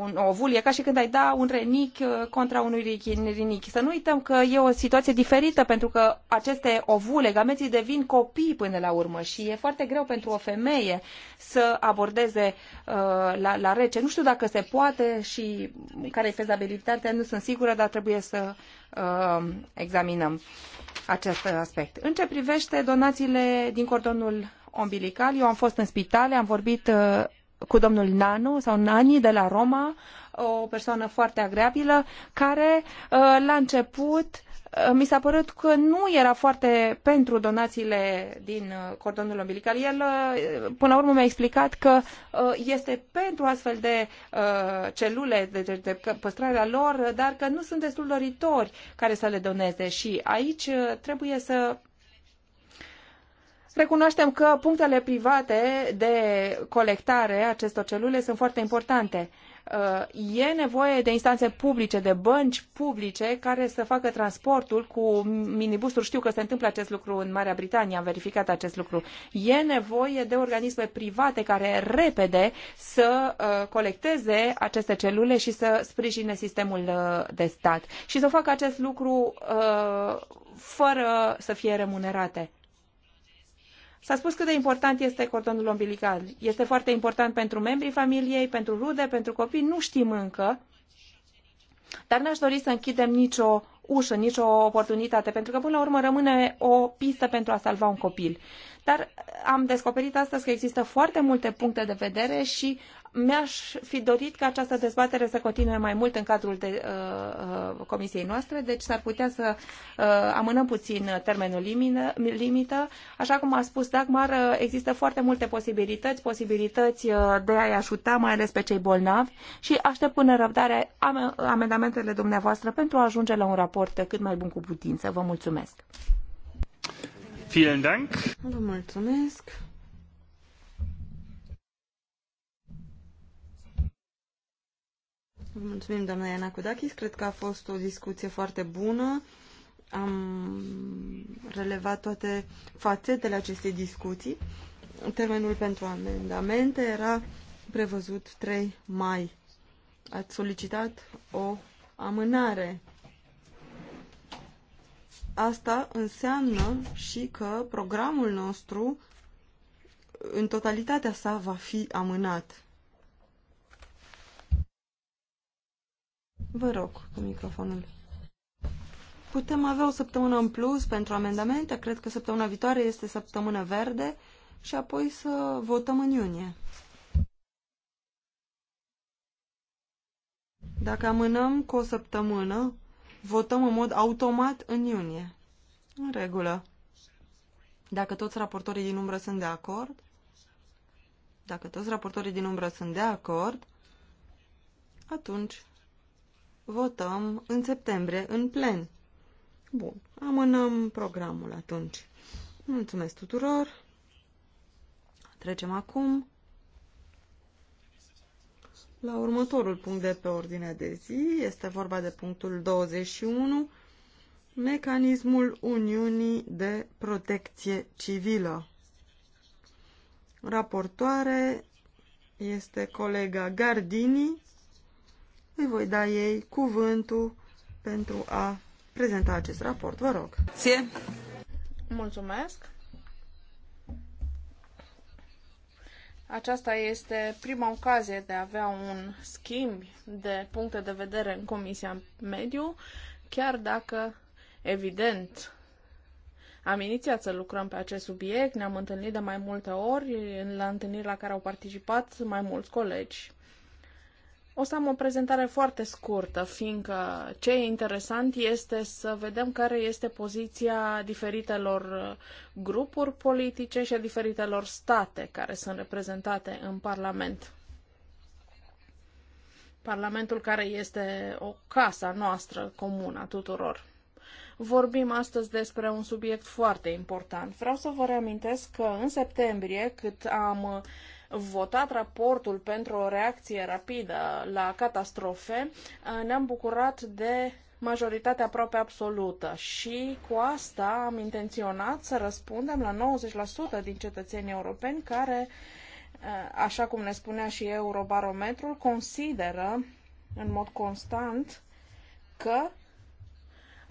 un ovul e ca și când ai da un renic contra unui rinichi. Să nu uităm că e o situație diferită pentru că aceste ovule, gameții devin copii până la urmă și e foarte greu pentru o femeie să abordeze la, la rece. Nu știu dacă se poate și care e fezabilitatea, nu sunt sigură, dar trebuie să Uh, examinăm acest aspect. În ce privește donațiile din cordonul ombilical, eu am fost în spitale, am vorbit uh, cu domnul Nano sau Nani de la Roma, o persoană foarte agreabilă, care uh, la început Uh, mi s-a părut că nu era foarte pentru donațiile din uh, cordonul umbilical. El, uh, până la urmă, mi-a explicat că este pentru astfel de celule, de, de păstrarea lor, dar că nu sunt destul doritori care să le doneze. Și aici trebuie să Recunoaștem că punctele private de colectare acestor celule sunt foarte importante. Uh, e nevoie de instanțe publice, de bănci publice care să facă transportul cu minibusuri. Știu că se întâmplă acest lucru în Marea Britanie, am verificat acest lucru. E nevoie de organisme private care repede să uh, colecteze aceste celule și să sprijine sistemul uh, de stat și să facă acest lucru fără să fie remunerate. S-a spus cât de important este cordonul umbilical. Este foarte important pentru membrii familiei, pentru rude, pentru copii. Nu știm încă, dar n-aș dori să închidem nicio ușă, nicio oportunitate, pentru că până la urmă rămâne o pistă pentru a salva un copil. Dar am descoperit astăzi că există foarte multe puncte de vedere și mi-aș fi dorit ca această dezbatere să continue mai mult în cadrul de, uh, uh comisiei noastre, deci s-ar putea să uh, amânăm puțin termenul limită. Așa cum a spus Dagmar, uh, există foarte multe posibilități, posibilități uh, de a-i ajuta, mai ales pe cei bolnavi și aștept până răbdare am, amendamentele dumneavoastră pentru a ajunge la un raport cât mai bun cu putință. Vă mulțumesc! Vielen Dank. Vă mulțumesc! Vă mulțumim, doamna Iana Kudakis. Cred că a fost o discuție foarte bună. Am relevat toate fațetele acestei discuții. Termenul pentru amendamente era prevăzut 3 mai. Ați solicitat o amânare. Asta înseamnă și că programul nostru în totalitatea sa va fi amânat. Vă rog, cu microfonul. Putem avea o săptămână în plus pentru amendamente. Cred că săptămâna viitoare este săptămână verde și apoi să votăm în iunie. Dacă amânăm cu o săptămână, votăm în mod automat în iunie. În regulă. Dacă toți raportorii din umbră sunt de acord, dacă toți raportorii din umbră sunt de acord, atunci votăm în septembrie, în plen. Bun, amânăm programul atunci. Mulțumesc tuturor. Trecem acum la următorul punct de pe ordinea de zi. Este vorba de punctul 21, mecanismul Uniunii de protecție civilă. Raportoare este colega Gardini îi voi da ei cuvântul pentru a prezenta acest raport. Vă rog. Ție. Mulțumesc. Aceasta este prima ocazie de a avea un schimb de puncte de vedere în Comisia Mediu, chiar dacă, evident, am inițiat să lucrăm pe acest subiect, ne-am întâlnit de mai multe ori, la întâlniri la care au participat mai mulți colegi o să am o prezentare foarte scurtă, fiindcă ce e interesant este să vedem care este poziția diferitelor uh, grupuri politice și a diferitelor state care sunt reprezentate în Parlament. Parlamentul care este o casa noastră comună a tuturor. Vorbim astăzi despre un subiect foarte important. Vreau să vă reamintesc că în septembrie, cât am uh, votat raportul pentru o reacție rapidă la catastrofe, eh, ne-am bucurat de majoritatea aproape absolută și cu asta am intenționat să răspundem la 90% din cetățenii europeni care, eh, așa cum ne spunea și Eurobarometrul, consideră în mod constant că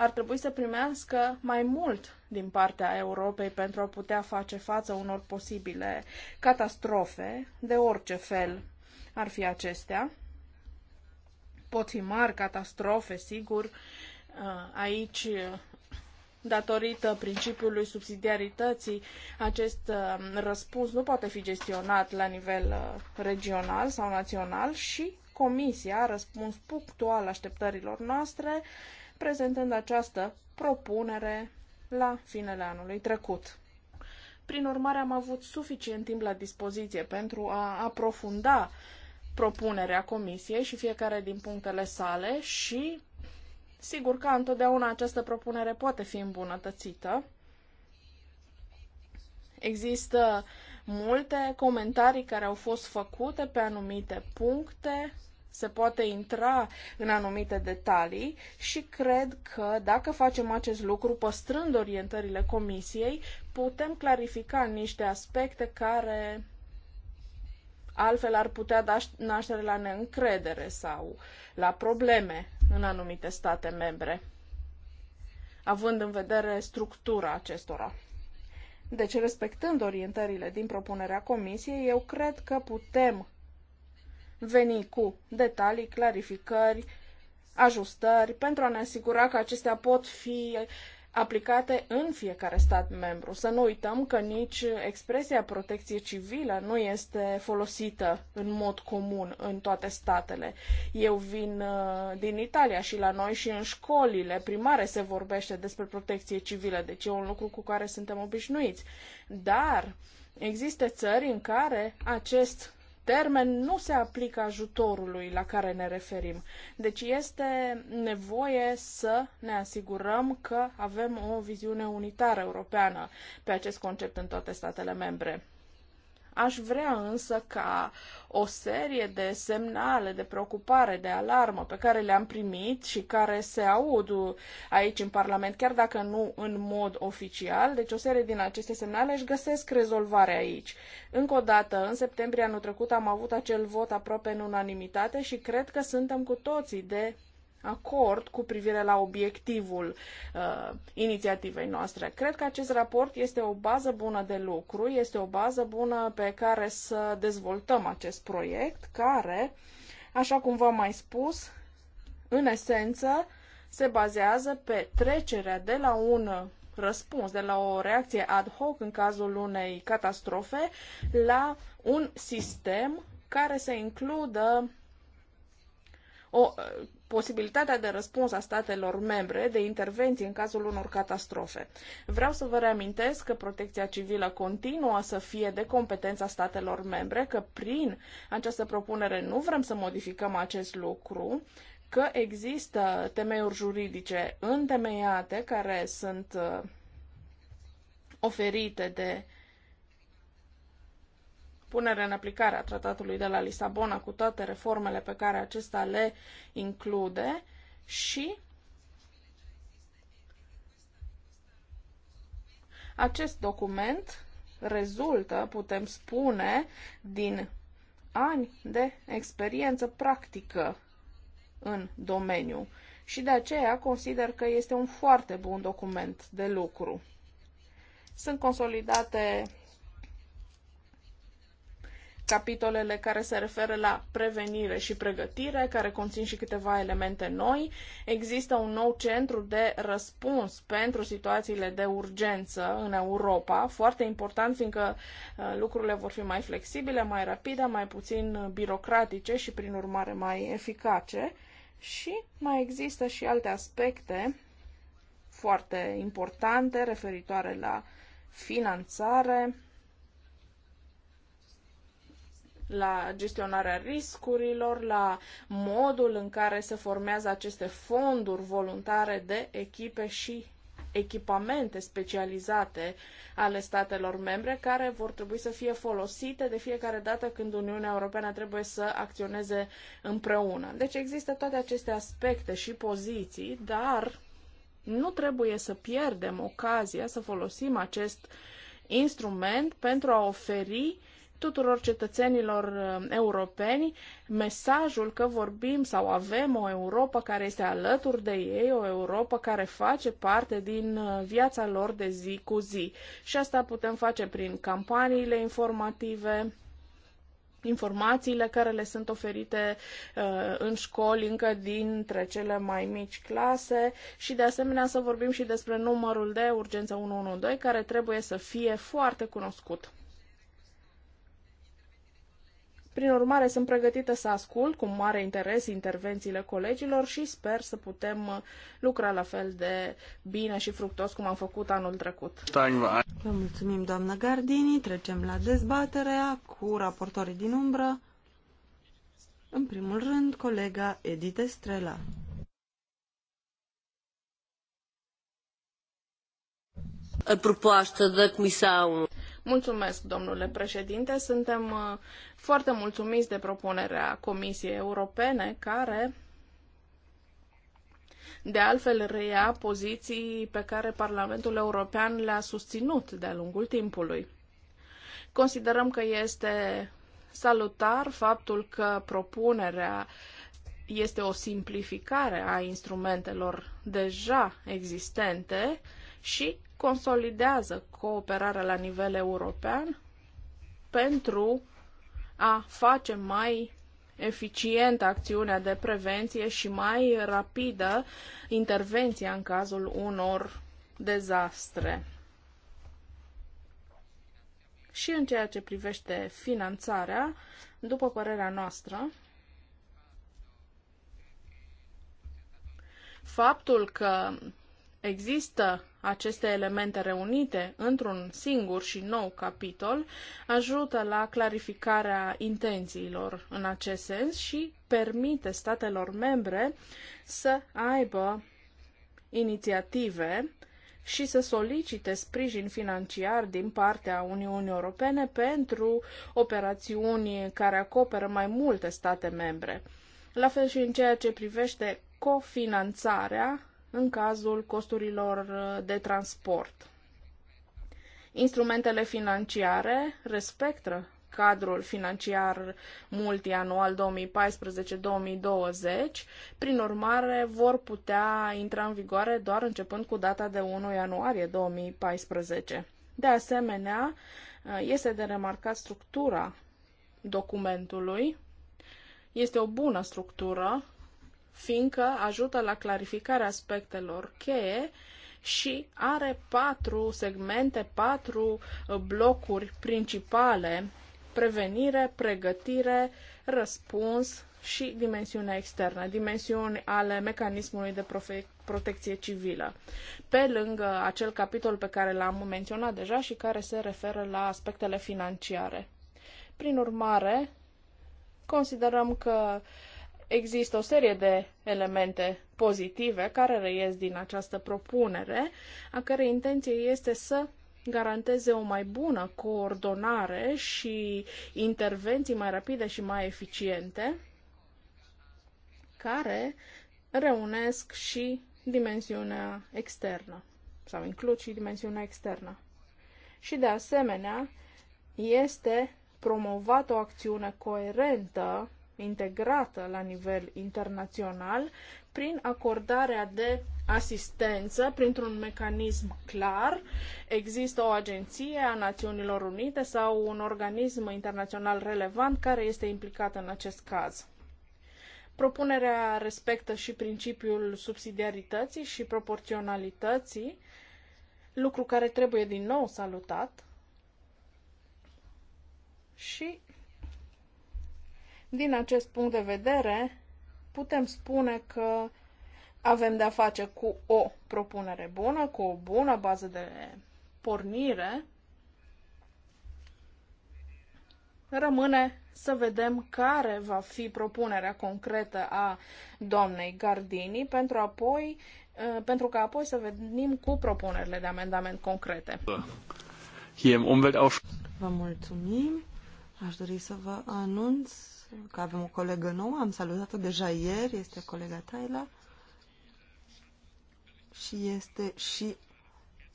ar trebui să primească mai mult din partea Europei pentru a putea face față unor posibile catastrofe, de orice fel ar fi acestea. Pot fi mari catastrofe, sigur. Uh, aici, uh, datorită principiului subsidiarității, acest uh, răspuns nu poate fi gestionat la nivel regional sau național și Comisia a răspuns punctual așteptărilor noastre prezentând această propunere la finele anului trecut. Prin urmare, am avut suficient timp la dispoziție pentru a aprofunda propunerea comisiei și fiecare din punctele sale și sigur că întotdeauna această propunere poate fi îmbunătățită. Există multe comentarii care au fost făcute pe anumite puncte se poate intra în anumite detalii și cred că dacă facem acest lucru păstrând orientările comisiei, putem clarifica niște aspecte care altfel ar putea da naștere la neîncredere sau la probleme în anumite state membre, având în vedere structura acestora. Deci, respectând orientările din propunerea Comisiei, eu cred că putem veni cu detalii, clarificări, ajustări pentru a ne asigura că acestea pot fi aplicate în fiecare stat membru. Să nu uităm că nici expresia protecție civilă nu este folosită în mod comun în toate statele. Eu vin uh, din Italia și la noi și în școlile primare se vorbește despre protecție civilă, deci e un lucru cu care suntem obișnuiți. Dar există țări în care acest termen nu se aplică ajutorului la care ne referim. Deci este nevoie să ne asigurăm că avem o viziune unitară europeană pe acest concept în toate statele membre. Aș vrea însă ca o serie de semnale de preocupare, de alarmă pe care le-am primit și care se aud aici în Parlament, chiar dacă nu în mod oficial, deci o serie din aceste semnale își găsesc rezolvare aici. Încă o dată, în septembrie anul trecut am avut acel vot aproape în unanimitate și cred că suntem cu toții de acord cu privire la obiectivul uh, inițiativei noastre. Cred că acest raport este o bază bună de lucru, este o bază bună pe care să dezvoltăm acest proiect, care, așa cum v-am mai spus, în esență se bazează pe trecerea de la un răspuns, de la o reacție ad hoc în cazul unei catastrofe, la un sistem care să includă o posibilitatea de răspuns a statelor membre de intervenții în cazul unor catastrofe. Vreau să vă reamintesc că protecția civilă continuă să fie de competența statelor membre, că prin această propunere nu vrem să modificăm acest lucru, că există temeiuri juridice întemeiate care sunt uh, oferite de uh, punerea în aplicare a tratatului de la Lisabona cu toate reformele pe care acesta le include și acest document rezultă, putem spune, din ani de experiență practică în domeniu și de aceea consider că este un foarte bun document de lucru. Sunt consolidate capitolele care se referă la prevenire și pregătire, care conțin și câteva elemente noi. Există un nou centru de răspuns pentru situațiile de urgență în Europa, foarte important fiindcă uh, lucrurile vor fi mai flexibile, mai rapide, mai puțin uh, birocratice și prin urmare mai eficace. Și mai există și alte aspecte foarte importante referitoare la finanțare, la gestionarea riscurilor, la modul în care se formează aceste fonduri voluntare de echipe și echipamente specializate ale statelor membre care vor trebui să fie folosite de fiecare dată când Uniunea Europeană trebuie să acționeze împreună. Deci există toate aceste aspecte și poziții, dar nu trebuie să pierdem ocazia să folosim acest instrument pentru a oferi tuturor cetățenilor uh, europeni mesajul că vorbim sau avem o Europa care este alături de ei, o Europa care face parte din uh, viața lor de zi cu zi. Și asta putem face prin campaniile informative, informațiile care le sunt oferite uh, în școli încă dintre cele mai mici clase și de asemenea să vorbim și despre numărul de urgență 112 care trebuie să fie foarte cunoscut. Prin urmare, sunt pregătită să ascult cu mare interes intervențiile colegilor și sper să putem uh, lucra la fel de bine și fructos cum am făcut anul trecut. Vă mulțumim, doamnă Gardini. Trecem la dezbaterea cu raportorii din umbră. În primul rând, colega Edith Estrela. A proposta da Comissão. Mulțumesc, domnule președinte. Suntem uh, foarte mulțumiți de propunerea Comisiei Europene, care de altfel reia poziții pe care Parlamentul European le-a susținut de-a lungul timpului. Considerăm că este salutar faptul că propunerea este o simplificare a instrumentelor deja existente și consolidează cooperarea la nivel european pentru a face mai eficientă acțiunea de prevenție și mai rapidă intervenția în cazul unor dezastre. Și în ceea ce privește finanțarea, după părerea noastră, faptul că există aceste elemente reunite într-un singur și nou capitol ajută la clarificarea intențiilor în acest sens și permite statelor membre să aibă inițiative și să solicite sprijin financiar din partea Uniunii Europene pentru operațiuni care acoperă mai multe state membre. La fel și în ceea ce privește cofinanțarea în cazul costurilor uh, de transport. Instrumentele financiare respectă cadrul financiar multianual 2014-2020, prin urmare vor putea intra în vigoare doar începând cu data de 1 ianuarie 2014. De asemenea, uh, este de remarcat structura documentului. Este o bună structură fiindcă ajută la clarificarea aspectelor cheie și are patru segmente, patru uh, blocuri principale, prevenire, pregătire, răspuns și dimensiunea externă, dimensiuni ale mecanismului de protecție civilă. Pe lângă acel capitol pe care l-am menționat deja și care se referă la aspectele financiare. Prin urmare, considerăm că există o serie de elemente pozitive care reies din această propunere, a cărei intenție este să garanteze o mai bună coordonare și intervenții mai rapide și mai eficiente, care reunesc și dimensiunea externă sau includ și dimensiunea externă. Și de asemenea, este promovată o acțiune coerentă integrată la nivel internațional prin acordarea de asistență printr-un mecanism clar. Există o agenție a Națiunilor Unite sau un organism internațional relevant care este implicat în acest caz. Propunerea respectă și principiul subsidiarității și proporționalității, lucru care trebuie din nou salutat. Și din acest punct de vedere, putem spune că avem de-a face cu o propunere bună, cu o bună bază de pornire. Rămâne să vedem care va fi propunerea concretă a doamnei Gardini pentru apoi eh, pentru că apoi să venim cu propunerile de amendament concrete. Vă mulțumim. Aș dori să vă anunț că avem o colegă nouă, am salutat-o deja ieri, este colega Taila și este și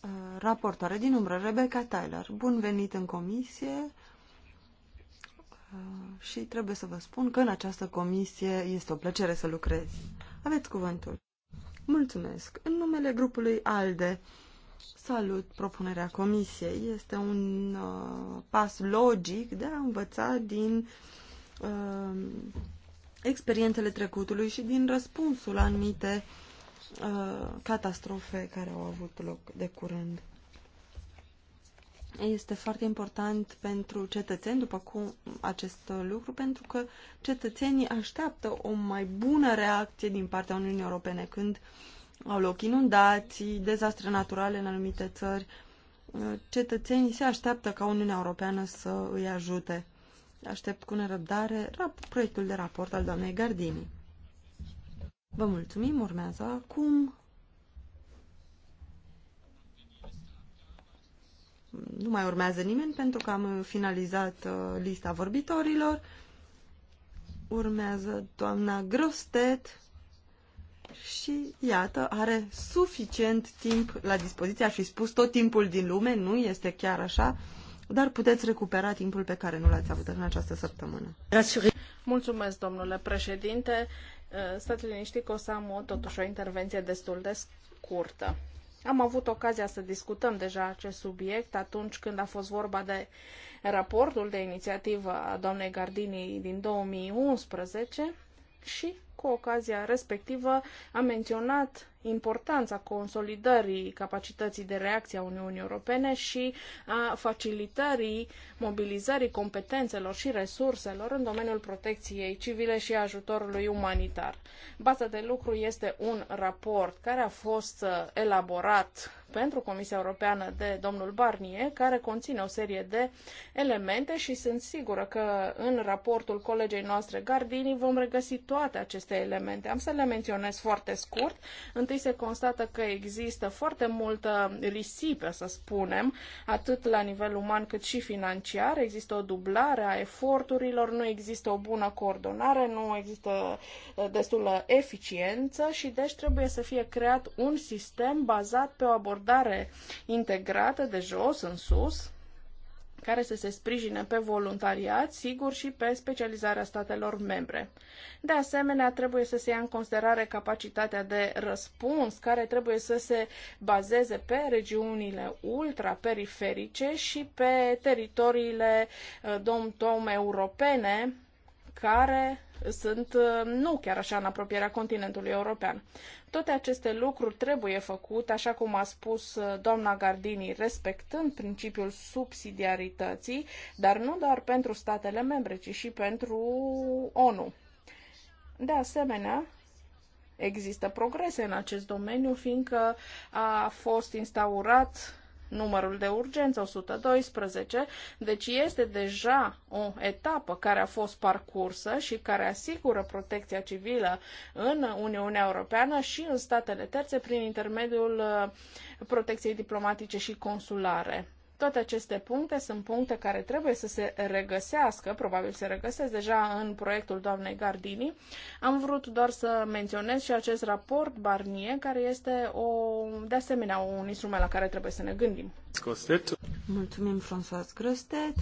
uh, raportoare din umbră, Rebecca Tyler. Bun venit în comisie uh, și trebuie să vă spun că în această comisie este o plăcere să lucrez. Aveți cuvântul. Mulțumesc. În numele grupului ALDE, Salut propunerea comisiei. Este un uh, pas logic de a învăța din uh, experiențele trecutului și din răspunsul la anumite uh, catastrofe care au avut loc de curând. Este foarte important pentru cetățeni, după cum acest lucru, pentru că cetățenii așteaptă o mai bună reacție din partea Uniunii Europene când uh, au loc inundații, dezastre naturale în anumite țări. Uh, cetățenii se așteaptă ca Uniunea Europeană să îi ajute. Aștept cu nerăbdare proiectul de raport al doamnei Gardini. Vă mulțumim, urmează acum nu mai urmează nimeni pentru că am finalizat uh, lista vorbitorilor. Urmează doamna Grostet și iată, are suficient timp la dispoziție, aș fi spus tot timpul din lume, nu este chiar așa, dar puteți recupera timpul pe care nu l-ați avut în această săptămână. Mulțumesc, domnule președinte. Stați liniștit că o să am o, totuși o intervenție destul de scurtă. Am avut ocazia să discutăm deja acest subiect atunci când a fost vorba de raportul de inițiativă a doamnei Gardini din 2011 și cu ocazia respectivă a menționat importanța consolidării capacității de reacție a Uniunii Europene și a facilitării mobilizării competențelor și resurselor în domeniul protecției civile și ajutorului umanitar. Baza de lucru este un raport care a fost elaborat pentru Comisia Europeană de domnul Barnier, care conține o serie de elemente și sunt sigură că în raportul colegei noastre Gardini vom regăsi toate aceste elemente. Am să le menționez foarte scurt. Întâi întâi se constată că există foarte multă risipă, să spunem, atât la nivel uman cât și financiar. Există o dublare a eforturilor, nu există o bună coordonare, nu există destulă eficiență și deci trebuie să fie creat un sistem bazat pe o abordare integrată de jos în sus, care să se sprijine pe voluntariat, sigur, și pe specializarea statelor membre. De asemenea, trebuie să se ia în considerare capacitatea de răspuns, care trebuie să se bazeze pe regiunile ultraperiferice și pe teritoriile uh, dom-tom europene, care sunt uh, nu chiar așa în apropierea continentului european. Toate aceste lucruri trebuie făcute, așa cum a spus uh, doamna Gardini, respectând principiul subsidiarității, dar nu doar pentru statele membre, ci și pentru ONU. De asemenea, există progrese în acest domeniu, fiindcă a fost instaurat numărul de urgență 112, deci este deja o etapă care a fost parcursă și care asigură protecția civilă în Uniunea Europeană și în statele terțe prin intermediul uh, protecției diplomatice și consulare. Toate aceste puncte sunt puncte care trebuie să se regăsească, probabil se regăsesc deja în proiectul doamnei Gardini. Am vrut doar să menționez și acest raport Barnier, care este o, de asemenea un instrument la care trebuie să ne gândim. Grostet. Mulțumim, François Crăstet.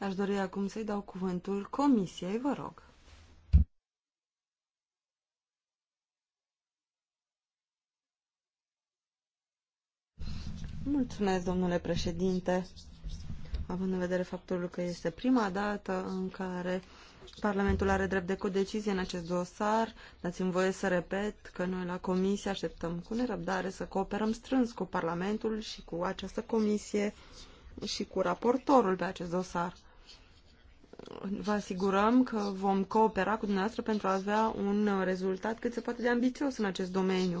Aș dori acum să-i dau cuvântul Comisiei, vă rog. Mulțumesc, domnule președinte, având în vedere faptul că este prima dată în care Parlamentul are drept de codecizie în acest dosar. Dați-mi voie să repet că noi la Comisie așteptăm cu nerăbdare să cooperăm strâns cu Parlamentul și cu această Comisie și cu raportorul pe acest dosar vă asigurăm că vom coopera cu dumneavoastră pentru a avea un rezultat cât se poate de ambițios în acest domeniu.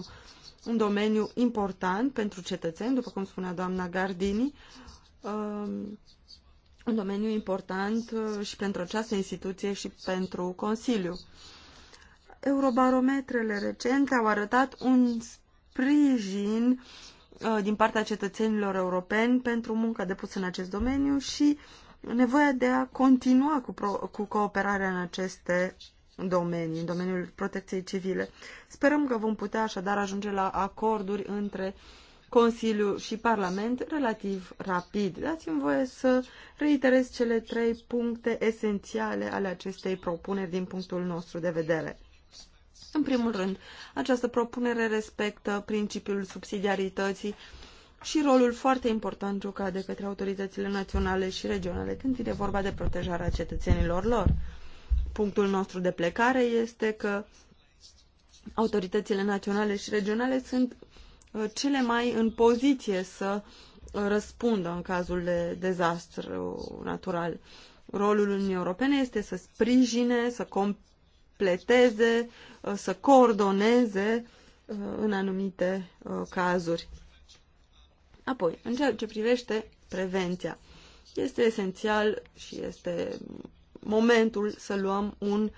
Un domeniu important pentru cetățeni, după cum spunea doamna Gardini, um, un domeniu important uh, și pentru această instituție și pentru Consiliu. Eurobarometrele recente au arătat un sprijin uh, din partea cetățenilor europeni pentru munca depusă în acest domeniu și uh, nevoia de a continua cu, pro, cu cooperarea în aceste domenii, în domeniul protecției civile. Sperăm că vom putea așadar ajunge la acorduri între Consiliu și Parlament relativ rapid. Dați-mi voie să reiterez cele trei puncte esențiale ale acestei propuneri din punctul nostru de vedere. În primul rând, această propunere respectă principiul subsidiarității și rolul foarte important jucat de către autoritățile naționale și regionale când vine vorba de protejarea cetățenilor lor. Punctul nostru de plecare este că autoritățile naționale și regionale sunt uh, cele mai în poziție să uh, răspundă în cazul de dezastru natural. Rolul Uniunii Europene este să sprijine, să completeze, uh, să coordoneze în anumite cazuri. Apoi, în ceea ce privește prevenția, este esențial și este momentul să luăm un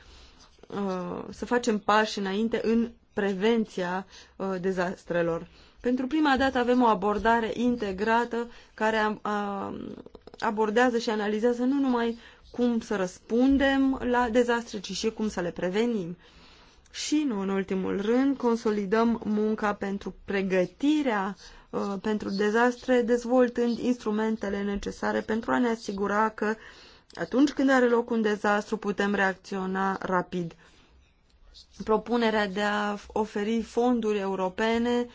uh, să facem pași înainte în prevenția uh, dezastrelor. Pentru prima dată avem o abordare integrată care abordează și analizează nu numai cum să răspundem la dezastre, ci și cum să le prevenim. Și, nu în ultimul rând, consolidăm munca pentru pregătirea uh, Uh, pentru dezastre, dezvoltând instrumentele necesare pentru a ne asigura că atunci când are loc un dezastru putem reacționa rapid. Propunerea de a oferi fonduri europene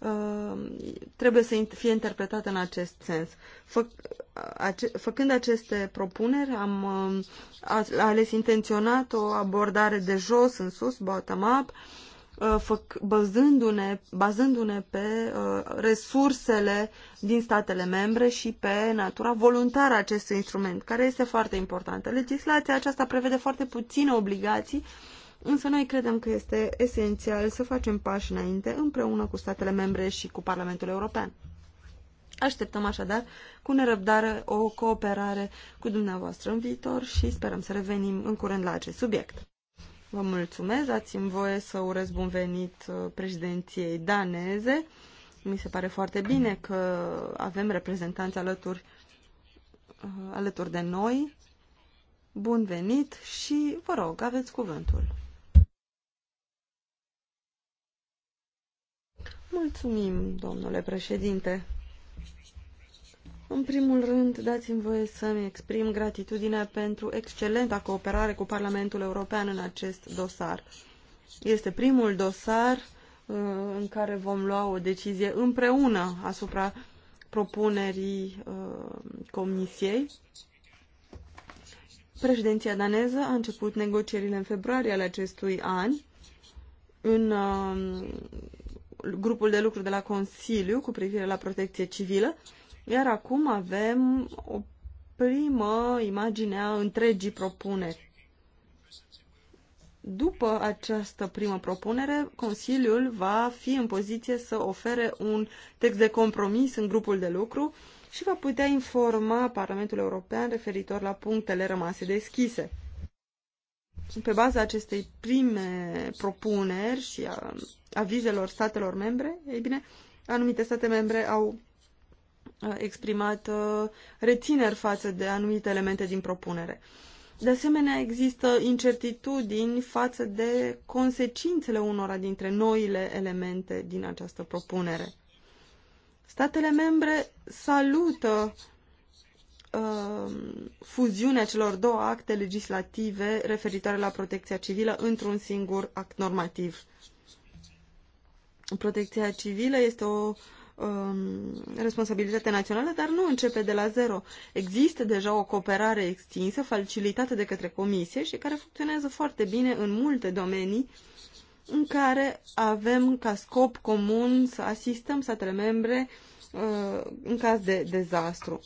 uh, trebuie să fie interpretată în acest sens. Fă, ace, făcând aceste propuneri, am uh, ales intenționat o abordare de jos în sus, bottom-up, Uh, bazându-ne, bazându-ne pe uh, resursele din statele membre și pe natura voluntară a acestui instrument, care este foarte importantă. Legislația aceasta prevede foarte puține obligații, însă noi credem că este esențial să facem pași înainte împreună cu statele membre și cu Parlamentul European. Așteptăm așadar cu nerăbdare o cooperare cu dumneavoastră în viitor și sperăm să revenim în curând la acest subiect. Vă mulțumesc, dați-mi voie să urez bun venit uh, președinției daneze. Mi se pare foarte bine că avem reprezentanți alături, uh, alături de noi. Bun venit și vă rog, aveți cuvântul. Mulțumim, domnule președinte. În primul rând, dați-mi voie să-mi exprim gratitudinea pentru excelenta cooperare cu Parlamentul European în acest dosar. Este primul dosar uh, în care vom lua o decizie împreună asupra propunerii uh, Comisiei. Președinția daneză a început negocierile în februarie ale acestui an în uh, grupul de lucru de la Consiliu cu privire la protecție civilă iar acum avem o primă imagine a întregii propuneri. După această primă propunere, Consiliul va fi în poziție să ofere un text de compromis în grupul de lucru și va putea informa Parlamentul European referitor la punctele rămase deschise. Pe baza acestei prime propuneri și a avizelor statelor membre, ei bine, anumite state membre au exprimat uh, rețineri față de anumite elemente din propunere. De asemenea, există incertitudini față de consecințele unora dintre noile elemente din această propunere. Statele membre salută uh, fuziunea celor două acte legislative referitoare la protecția civilă într-un singur act normativ. Protecția civilă este o uh, Um, responsabilitate națională, dar nu începe de la zero. Există deja o cooperare extinsă, facilitată de către comisie și care funcționează foarte bine în multe domenii în care avem ca scop comun să asistăm statele membre uh, în caz de dezastru.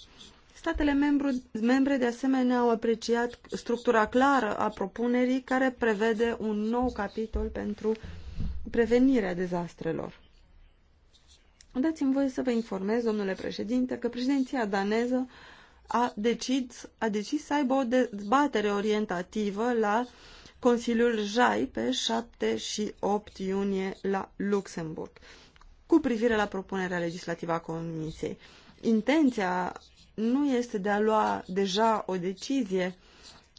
Statele membru, membre, de asemenea, au apreciat structura clară a propunerii care prevede un nou capitol pentru prevenirea dezastrelor. Dați-mi voie să vă informez, domnule președinte, că președinția daneză a decis, a decis să aibă o dezbatere orientativă la Consiliul JAI pe 7 și 8 iunie la Luxemburg cu privire la propunerea legislativă a Comisiei. Intenția nu este de a lua deja o decizie,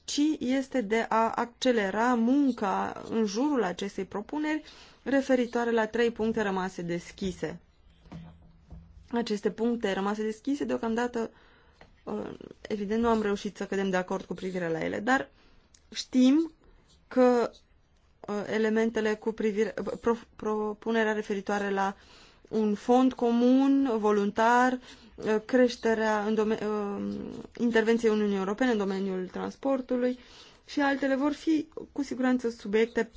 ci este de a accelera munca în jurul acestei propuneri referitoare la trei puncte rămase deschise aceste puncte rămase deschise, deocamdată, uh, evident, nu am reușit să cădem de acord cu privire la ele, dar știm că uh, elementele cu privire, pro, propunerea referitoare la un fond comun, voluntar, uh, creșterea în dome- intervenției Uniunii Europene în domeniul transportului și altele vor fi cu siguranță subiecte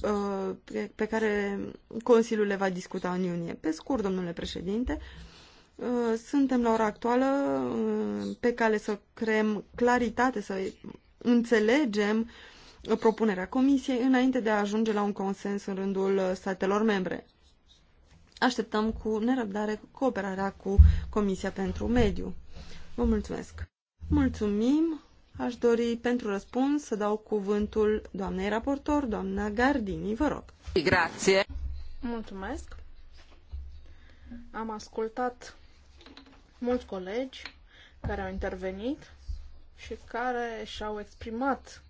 pe care Consiliul le va discuta în iunie. Pe scurt, domnule președinte, Uh, suntem la ora actuală uh, pe cale să creăm claritate, să înțelegem uh, propunerea Comisiei înainte de a ajunge la un consens în rândul statelor membre. Așteptăm cu nerăbdare cooperarea cu Comisia pentru Mediu. Vă mulțumesc! Mulțumim! Aș dori pentru răspuns să dau cuvântul doamnei raportor, doamna Gardini, vă rog. Grație! Mulțumesc! Am ascultat mulți colegi care au intervenit și care și-au exprimat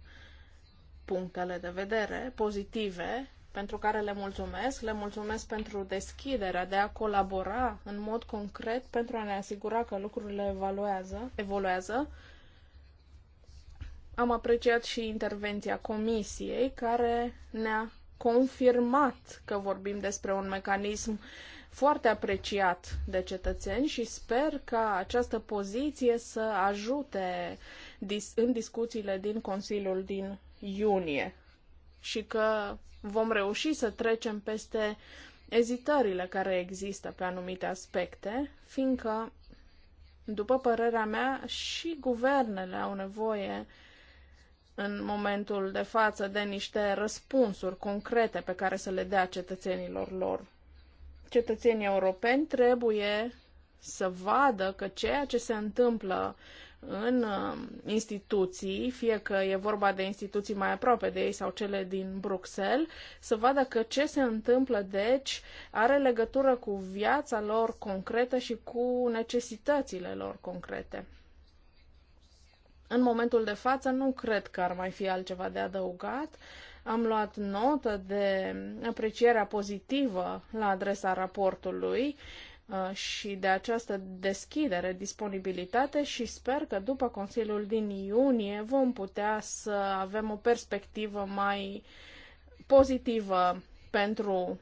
punctele de vedere pozitive, pentru care le mulțumesc. Le mulțumesc pentru deschiderea de a colabora în mod concret pentru a ne asigura că lucrurile evaluează, evoluează. Am apreciat și intervenția comisiei care ne-a confirmat că vorbim despre un mecanism uh, foarte apreciat de cetățeni și sper ca această poziție să ajute în discuțiile din Consiliul din iunie și că vom reuși să trecem peste ezitările care există pe anumite aspecte, fiindcă, după părerea mea, și guvernele au nevoie în momentul de față de niște răspunsuri concrete pe care să le dea cetățenilor lor cetățenii europeni trebuie să vadă că ceea ce se întâmplă în um, instituții, fie că e vorba de instituții mai aproape de ei sau cele din Bruxelles, să vadă că ce se întâmplă, deci, are legătură cu viața lor concretă și cu necesitățile lor concrete. În momentul de față nu cred că ar mai fi altceva de adăugat. Am luat notă de aprecierea pozitivă la adresa raportului uh, și de această deschidere, disponibilitate și sper că după Consiliul din iunie vom putea să avem o perspectivă mai pozitivă pentru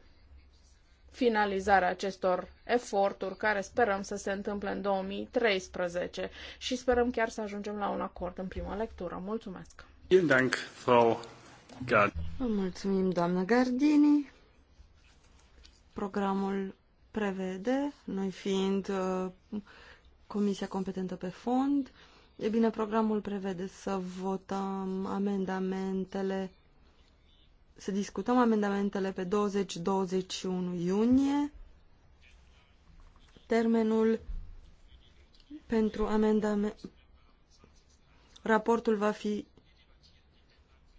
finalizarea acestor eforturi care sperăm să se întâmple în 2013 și sperăm chiar să ajungem la un acord în prima lectură. Mulțumesc! Vielen Dank, Frau Vă mulțumim, doamnă Gardini. Programul prevede, noi fiind uh, comisia competentă pe fond, e bine, programul prevede să votăm amendamentele, să discutăm amendamentele pe 20-21 iunie. Termenul pentru amendament, raportul va fi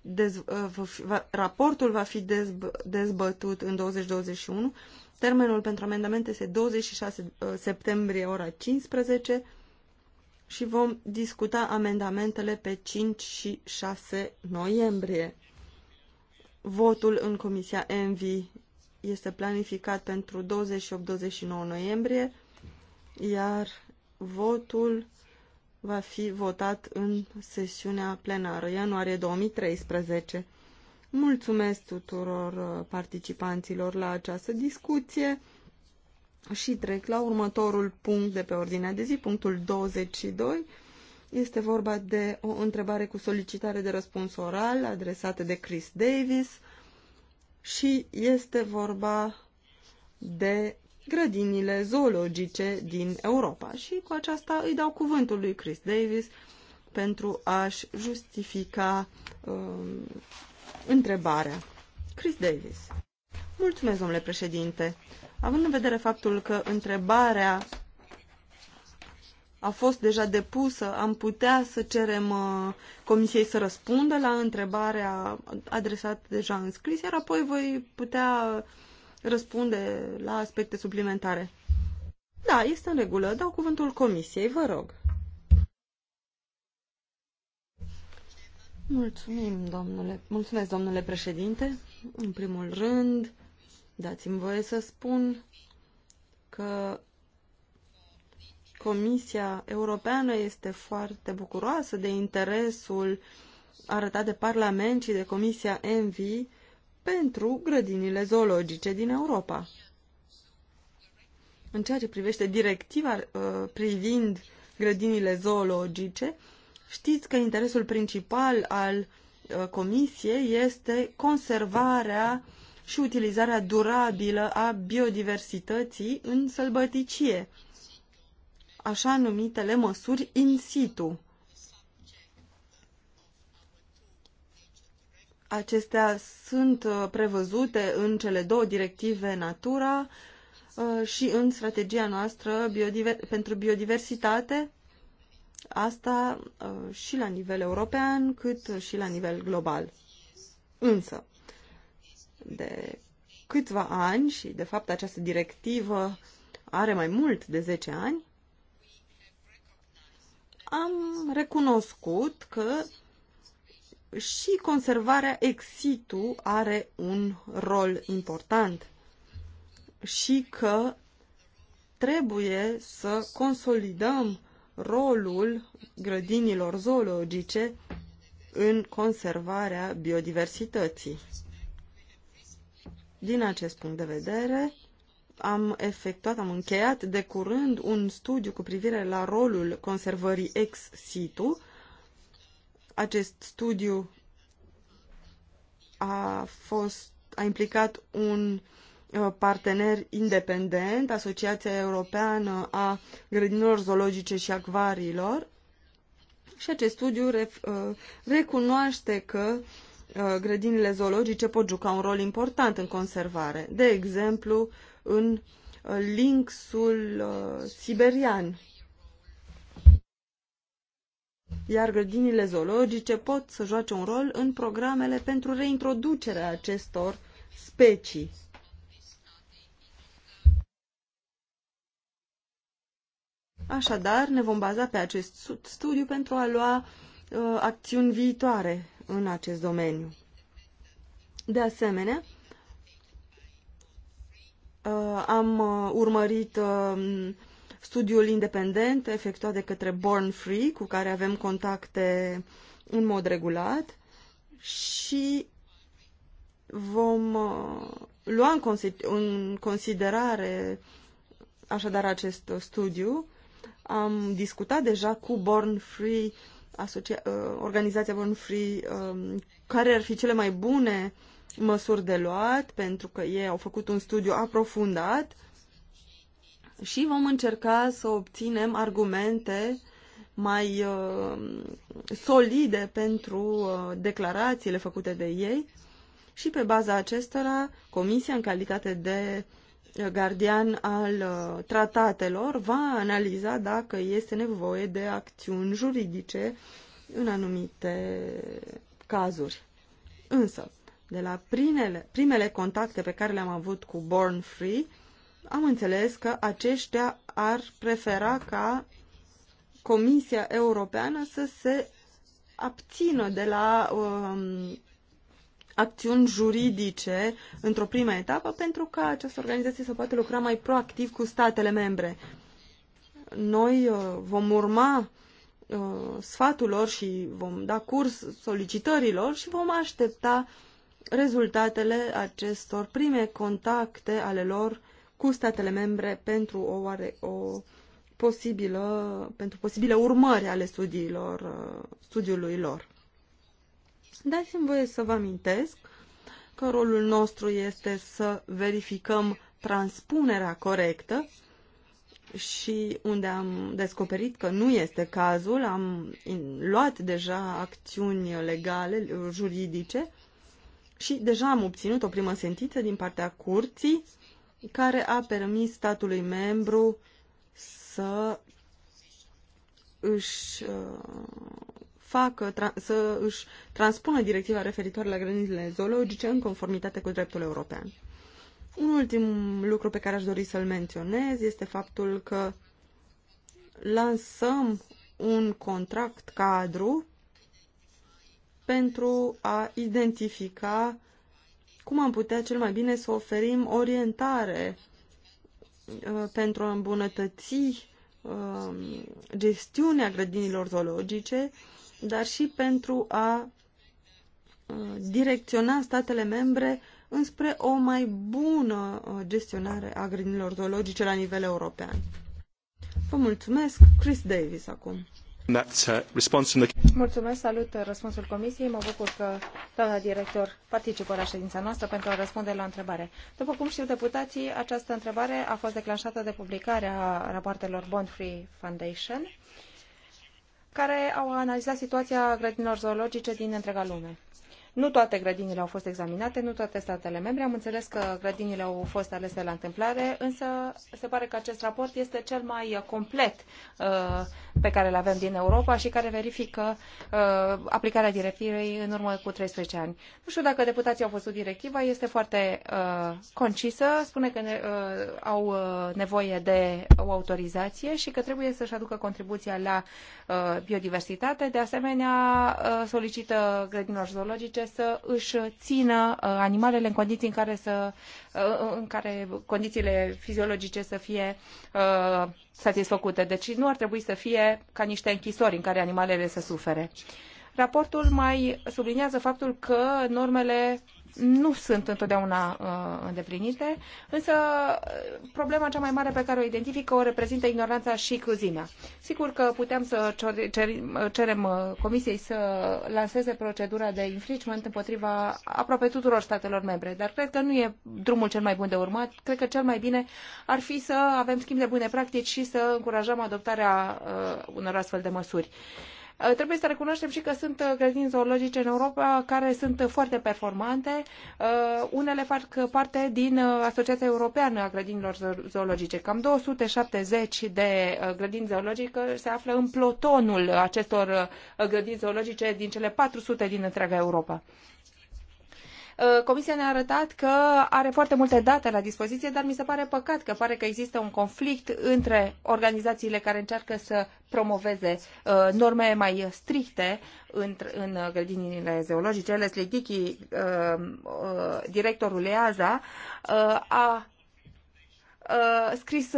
dez, uh, va, raportul va fi dezb, dezbătut în 2021. Termenul pentru amendamente este 26 uh, septembrie, ora 15 și vom discuta amendamentele pe 5 și 6 noiembrie. Votul în Comisia ENVI este planificat pentru 28-29 noiembrie, iar votul va fi votat în sesiunea plenară, ianuarie 2013. Mulțumesc tuturor uh, participanților la această discuție și trec la următorul punct de pe ordinea de zi, punctul 22. Este vorba de o întrebare cu solicitare de răspuns oral adresată de Chris Davis și este vorba de grădinile zoologice din Europa. Și cu aceasta îi dau cuvântul lui Chris Davis pentru a-și justifica um, întrebarea. Chris Davis. Mulțumesc, domnule președinte. Având în vedere faptul că întrebarea a fost deja depusă, am putea să cerem uh, comisiei să răspundă la întrebarea adresată deja în scris, iar apoi voi putea uh, răspunde la aspecte suplimentare. Da, este în regulă. Dau cuvântul comisiei, vă rog. Mulțumim, domnule. Mulțumesc, domnule președinte. În primul rând, dați-mi voie să spun că Comisia Europeană este foarte bucuroasă de interesul arătat de Parlament și de Comisia ENVI pentru grădinile zoologice din Europa. În ceea ce privește directiva uh, privind grădinile zoologice, știți că interesul principal al uh, Comisiei este conservarea și utilizarea durabilă a biodiversității în sălbăticie, așa numitele măsuri in situ. Acestea sunt uh, prevăzute în cele două directive Natura uh, și în strategia noastră biodiver pentru biodiversitate, asta uh, și la nivel european, cât și la nivel global. Însă, de câțiva ani, și de fapt această directivă are mai mult de 10 ani, am recunoscut că și conservarea exitu are un rol important și că trebuie să consolidăm rolul grădinilor zoologice în conservarea biodiversității. Din acest punct de vedere, am efectuat, am încheiat de curând un studiu cu privire la rolul conservării ex situ acest studiu a, fost, a implicat un uh, partener independent, Asociația Europeană a Grădinilor Zoologice și Acvariilor. Și acest studiu uh, recunoaște că uh, grădinile zoologice pot juca un rol important în conservare. De exemplu, în lynxul siberian iar grădinile zoologice pot să joace un rol în programele pentru reintroducerea acestor specii. Așadar, ne vom baza pe acest studiu pentru a lua uh, acțiuni viitoare în acest domeniu. De asemenea, uh, am uh, urmărit uh, Studiul independent efectuat de către Born Free, cu care avem contacte în mod regulat și vom uh, lua în considerare așadar acest studiu. Am discutat deja cu Born Free, asocia- uh, organizația Born Free, um, care ar fi cele mai bune măsuri de luat, pentru că ei au făcut un studiu aprofundat și vom încerca să obținem argumente mai uh, solide pentru uh, declarațiile făcute de ei și pe baza acestora Comisia, în calitate de uh, gardian al uh, tratatelor, va analiza dacă este nevoie de acțiuni juridice în anumite cazuri. Însă, de la primele, primele contacte pe care le-am avut cu Born Free, am înțeles că aceștia ar prefera ca Comisia Europeană să se abțină de la um, acțiuni juridice într-o primă etapă pentru ca această organizație să poată lucra mai proactiv cu statele membre. Noi uh, vom urma uh, sfatul lor și vom da curs solicitărilor și vom aștepta rezultatele acestor prime contacte ale lor cu statele membre pentru o, oare, o posibilă, pentru posibile urmări ale studiilor, uh, studiului lor. Dați-mi voie să vă amintesc că rolul nostru este să verificăm transpunerea corectă și unde am descoperit că nu este cazul, am luat deja acțiuni legale, juridice și deja am obținut o primă sentință din partea curții care a permis statului membru să își uh, facă, să își transpună directiva referitoare la granițele zoologice în conformitate cu dreptul european. Un ultim lucru pe care aș dori să-l menționez este faptul că lansăm un contract cadru pentru a identifica cum am putea cel mai bine să oferim orientare uh, pentru a îmbunătăți um, gestiunea grădinilor zoologice, dar și pentru a uh, direcționa statele membre înspre o mai bună uh, gestionare a grădinilor zoologice la nivel european. Vă mulțumesc, Chris Davis acum. Uh, salut răspunsul Comisiei. Mă bucur că doamna director participă la ședința noastră pentru a răspunde la întrebare. După cum știu deputații, această întrebare a fost declanșată de publicarea rapoartelor Bond Free Foundation, care au analizat situația grădinilor zoologice din întreaga lume. Nu toate grădinile au fost examinate, nu toate statele membre. Am înțeles că grădinile au fost alese la întâmplare, însă se pare că acest raport este cel mai complet uh, pe care îl avem din Europa și care verifică uh, aplicarea directivei în urmă cu 13 ani. Nu știu dacă deputații au văzut directiva, este foarte uh, concisă, spune că ne, uh, au uh, nevoie de o autorizație și că trebuie să-și aducă contribuția la uh, biodiversitate. De asemenea, solicită grădinilor zoologice să își țină uh, animalele în condiții în care, să, uh, în care condițiile fiziologice să fie uh, satisfăcute. Deci nu ar trebui să fie ca niște închisori în care animalele să sufere. Raportul mai subliniază faptul că normele nu sunt întotdeauna uh, îndeplinite, însă uh, problema cea mai mare pe care o identifică o reprezintă ignoranța și cruzimea. Sigur că putem să cerem uh, Comisiei să lanseze procedura de infringement împotriva aproape tuturor statelor membre, dar cred că nu e drumul cel mai bun de urmat. Cred că cel mai bine ar fi să avem schimb de bune practici și să încurajăm adoptarea uh, unor astfel de măsuri. Uh, Uh, trebuie să recunoaștem și că sunt grădini uh, zoologice în Europa care sunt uh, foarte performante. Unele fac parte din Asociația Europeană a Grădinilor Zoologice. Cam 270 de grădini zoologice se află în plotonul acestor grădini zoologice din cele 400 din întreaga Europa. Uh, comisia ne-a arătat că are foarte multe date la dispoziție, dar mi se pare păcat că pare că există un conflict între organizațiile care încearcă să promoveze uh, norme mai stricte în, în uh, grădinile zoologice. Ales Lidichi, directorul EASA, a scris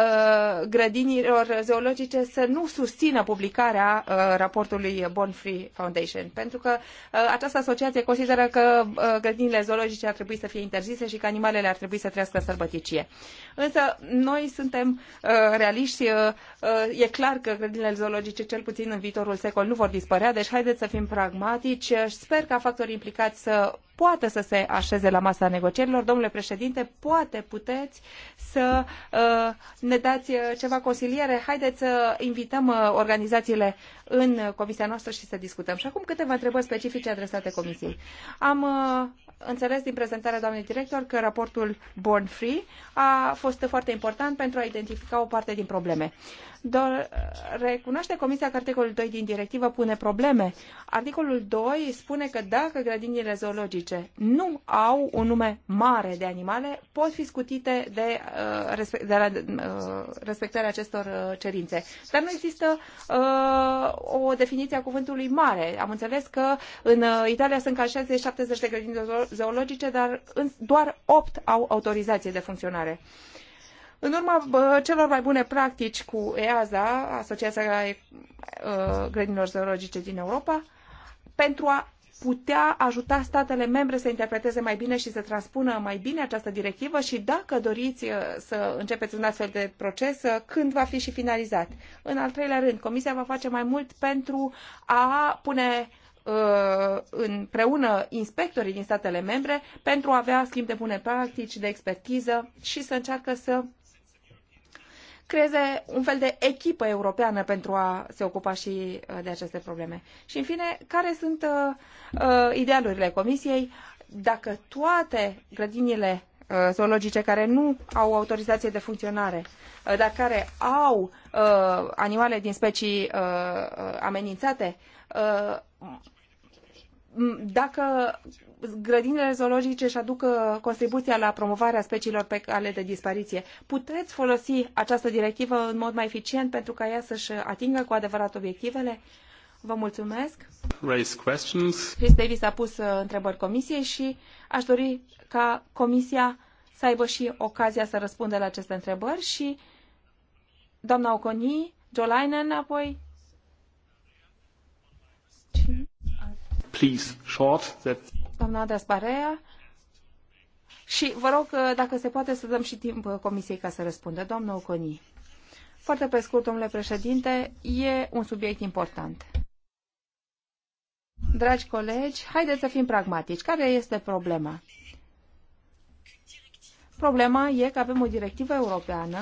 Uh, grădinilor zoologice să nu susțină publicarea uh, raportului Born Free Foundation, pentru că uh, această asociație consideră că grădinile zoologice ar trebui să fie interzise și că animalele ar trebui să trăiască în sărbăticie. Însă noi suntem realiști, e clar că grădinile zoologice, cel puțin în viitorul secol, nu vor dispărea, deci haideți să fim pragmatici. Sper ca factorii implicați să poată să se așeze la masa negocierilor. Domnule președinte, poate puteți să uh, ne dați uh, ceva consiliere. Haideți să invităm uh, organizațiile în comisia noastră și să discutăm. Și acum câteva întrebări specifice adresate comisiei. Am înțeles din prezentarea doamnei director că raportul Born Free a fost foarte important pentru a identifica o parte din probleme. Uh, doar recunoaște Comisia că articolul 2 din directivă pune probleme. Articolul 2 spune că dacă grădinile zoologice nu au un nume mare de animale, pot fi scutite de, uh, de la uh, respectarea acestor uh, cerințe. Dar nu există uh, o definiție a cuvântului mare. Am înțeles că în Italia sunt ca 60-70 de grădini zoologice, dar doar 8 au autorizație de funcționare. Uh, în urma celor mai bune practici cu EASA, Asociația uh, Grădinilor Zoologice din Europa, pentru a putea ajuta statele membre să interpreteze mai bine și să transpună mai bine această directivă și dacă doriți uh, să începeți un astfel de proces, uh, când va fi și finalizat. În al treilea rând, Comisia va face mai mult pentru a pune împreună inspectorii din statele membre pentru a avea schimb de bune practici, de expertiză și să încearcă să creeze un fel de echipă europeană pentru a se ocupa și uh, de aceste probleme. Și, în fine, care sunt uh, uh idealurile Comisiei? Dacă toate grădinile uh, zoologice care nu au autorizație de funcționare, dar care au uh, animale din specii uh, amenințate, uh, dacă grădinile zoologice își aduc contribuția la promovarea speciilor pe cale de dispariție, puteți folosi această directivă în mod mai eficient pentru ca ea să-și atingă cu adevărat obiectivele? Vă mulțumesc. Raise questions. Chris Davis a pus uh, întrebări comisiei și aș dori ca comisia să aibă și ocazia să răspundă la aceste întrebări și doamna Oconi, Jolainen, apoi please, short. That... Doamna Dasparea, și vă rog, uh, dacă se poate, să dăm și timp uh, Comisiei ca să răspundă. Doamna Oconi. Foarte pe scurt, domnule președinte, e un subiect important. Dragi colegi, haideți să fim pragmatici. Care este problema? Problema e că avem o directivă europeană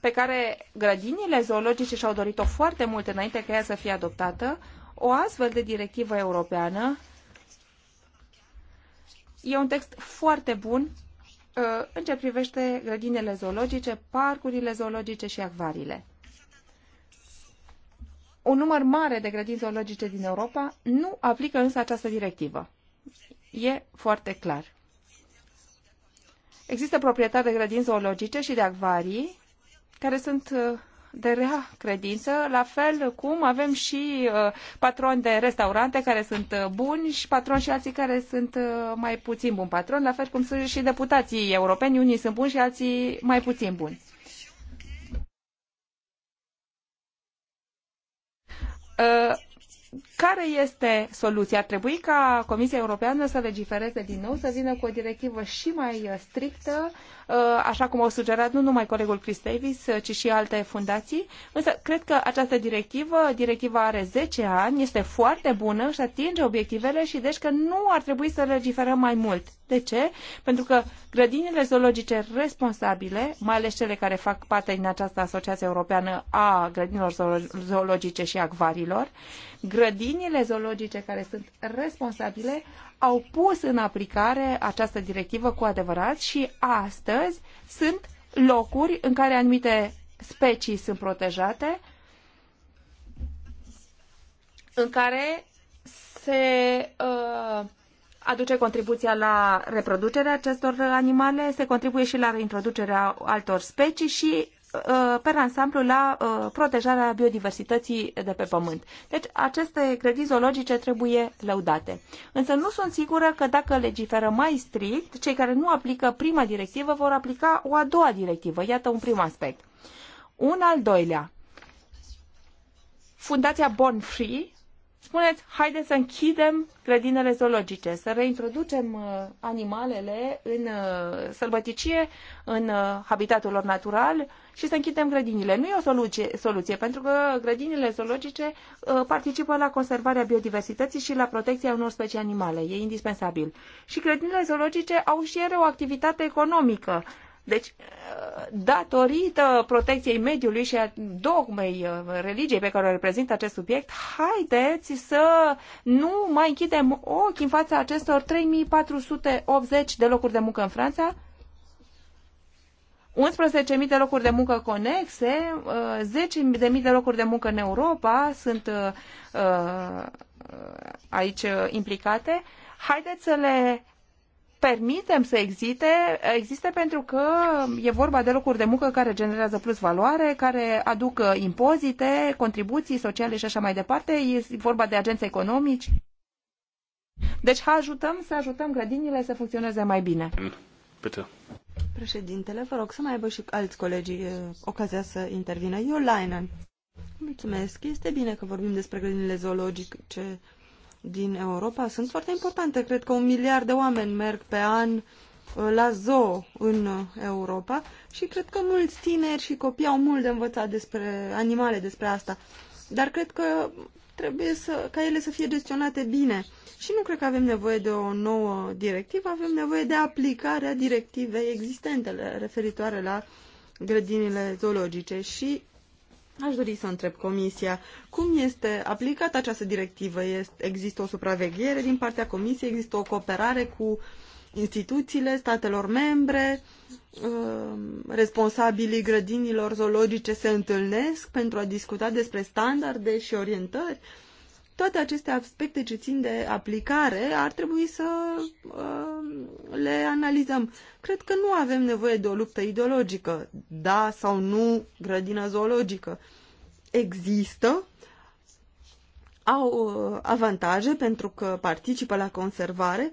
pe care grădinile zoologice și-au dorit-o foarte mult înainte ca ea să fie adoptată, o astfel de directivă europeană e un text foarte bun uh, în ce privește grădinile zoologice, parcurile zoologice și acvariile. Un număr mare de grădini zoologice din Europa nu aplică însă această directivă. E foarte clar. Există proprietari de grădini zoologice și de acvarii care sunt uh, de rea credință, la fel cum avem și uh, patroni de restaurante care sunt uh, buni și patroni și alții care sunt mai puțin buni patroni, la fel cum sunt și deputații europeni, unii sunt buni și alții mai puțin buni. Care este soluția? Ar trebui ca Comisia Europeană să legifereze din nou, să vină cu o directivă și mai strictă, Uh, așa cum au sugerat nu numai colegul Chris Davis, uh, ci și alte fundații. Însă cred că această directivă, directiva are 10 ani, este foarte bună și atinge obiectivele și deci că nu ar trebui să legiferăm mai mult. De ce? Pentru că grădinile zoologice responsabile, mai ales cele care fac parte din această Asociație Europeană a Grădinilor Zoologice și acvariilor, grădinile zoologice care sunt responsabile au pus în aplicare această directivă cu adevărat și astăzi sunt locuri în care anumite specii sunt protejate, în care se uh, aduce contribuția la reproducerea acestor animale, se contribuie și la reintroducerea altor specii și Uh, per ansamblu la uh, protejarea biodiversității de pe pământ. Deci aceste credințe zoologice trebuie lăudate. Însă nu sunt sigură că dacă legiferă mai strict, cei care nu aplică prima directivă vor aplica o a doua directivă. Iată un prim aspect. Un al doilea. Fundația Born Free spuneți, haideți să închidem grădinele zoologice, să reintroducem uh, animalele în uh, sălbăticie, în uh, habitatul lor natural și să închidem grădinile. Nu e o soluție, soluție pentru că grădinile zoologice participă la conservarea biodiversității și la protecția unor specii animale. E indispensabil. Și grădinile zoologice au și ele o activitate economică deci, datorită protecției mediului și a dogmei uh, religiei pe care o reprezintă acest subiect, haideți să nu mai închidem ochii în fața acestor 3480 de locuri de muncă în Franța, 11.000 de locuri de muncă conexe, 10.000 uh, de locuri de muncă în Europa sunt uh, aici implicate. Haideți să le permitem să existe, existe pentru că e vorba de locuri de muncă care generează plus valoare, care aduc uh, impozite, contribuții sociale și așa mai departe. E vorba de agenți economici. Deci ajutăm să ajutăm grădinile să funcționeze mai bine. Peter. Președintele, vă rog să mai aibă și alți colegi uh, ocazia să intervină. Eu, Mulțumesc. Este bine că vorbim despre grădinile zoologice din Europa sunt foarte importante. Cred că un miliard de oameni merg pe an uh, la zoo în uh, Europa și cred că mulți tineri și copii au mult de învățat despre animale, despre asta. Dar cred că trebuie să, ca ele să fie gestionate bine. Și nu cred că avem nevoie de o nouă directivă, avem nevoie de aplicarea directivei existente referitoare la grădinile zoologice și Aș dori să întreb Comisia, cum este aplicată această directivă? Este, există o supraveghere din partea Comisiei? Există o cooperare cu instituțiile statelor membre? Ă, responsabilii grădinilor zoologice se întâlnesc pentru a discuta despre standarde și orientări? Toate aceste aspecte ce țin de aplicare ar trebui să uh, le analizăm. Cred că nu avem nevoie de o luptă ideologică, da sau nu grădina zoologică. Există, au uh, avantaje pentru că participă la conservare,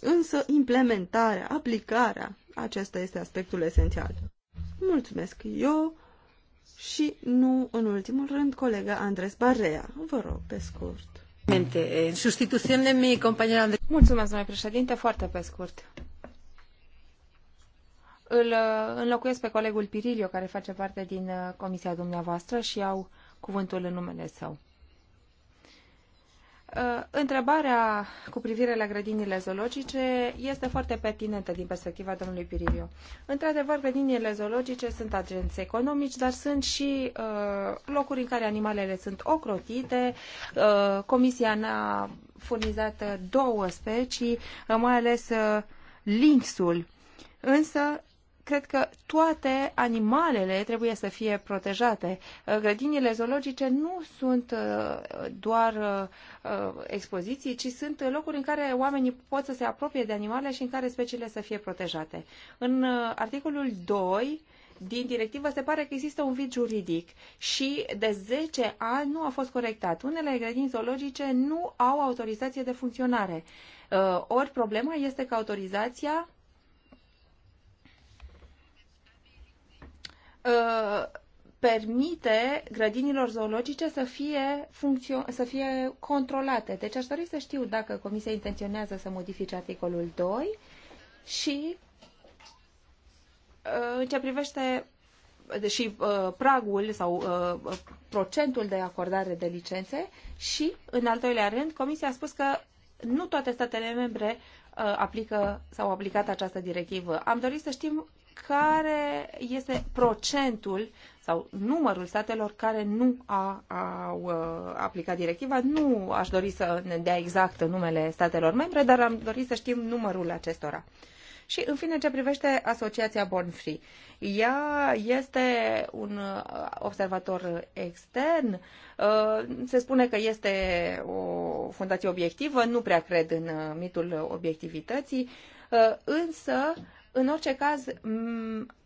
însă implementarea, aplicarea, acesta este aspectul esențial. Mulțumesc! Eu și nu în ultimul rând colega Andres Barrea. Vă rog, pe scurt. Eh, Mulțumesc, domnule președinte, foarte pe scurt. Îl eh, înlocuiesc pe colegul Pirilio, care face parte din eh, comisia dumneavoastră și au cuvântul în numele său. Uh, întrebarea cu privire la grădinile zoologice este foarte pertinentă din perspectiva domnului Piririo. Într-adevăr, grădinile zoologice sunt agenți economici, dar sunt și uh, locuri în care animalele sunt ocrotite. Uh, comisia ne-a furnizat uh, două specii, uh, mai ales uh, lynxul. Însă cred că toate animalele trebuie să fie protejate. Uh, grădinile zoologice nu sunt uh, doar uh, expoziții, ci sunt locuri în care oamenii pot să se apropie de animale și în care speciile să fie protejate. În articolul 2 din directivă se pare că există un vid juridic și de 10 ani nu a fost corectat. Unele grădini zoologice nu au autorizație de funcționare. Ori problema este că autorizația Uh, permite grădinilor zoologice să fie, să fie controlate. Deci aș dori să știu dacă Comisia intenționează să modifice articolul 2 și uh, în ce privește și uh, pragul sau procentul de acordare de licențe și, în al doilea rând, Comisia a spus că nu toate statele membre aplică sau au aplicat această directivă. Am dorit să știm care este procentul sau numărul statelor care nu a, au uh, aplicat directiva. Nu aș dori să ne dea exact numele statelor membre, dar am dori să știm numărul acestora. Și, în fine, ce privește Asociația Born Free. Ea este un uh, observator extern. Uh, se spune că este o fundație obiectivă. Nu prea cred în mitul obiectivității. Însă, în orice caz,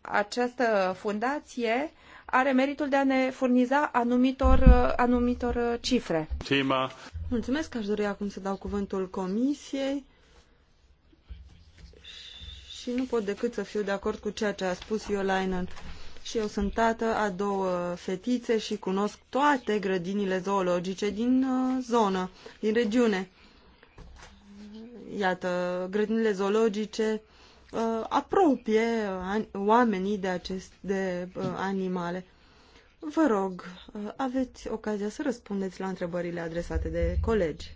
această fundație are meritul de a ne furniza anumitor, anumitor cifre. Tima. Mulțumesc, aș dori acum să dau cuvântul Comisiei și nu pot decât să fiu de acord cu ceea ce a spus Iolainen. Și eu sunt tată a două fetițe și cunosc toate grădinile zoologice din uh, zonă, din regiune. Iată, grădinile zoologice Uh, apropie uh, oamenii de aceste uh, animale. Vă rog, aveți ocazia să răspundeți la întrebările adresate de colegi.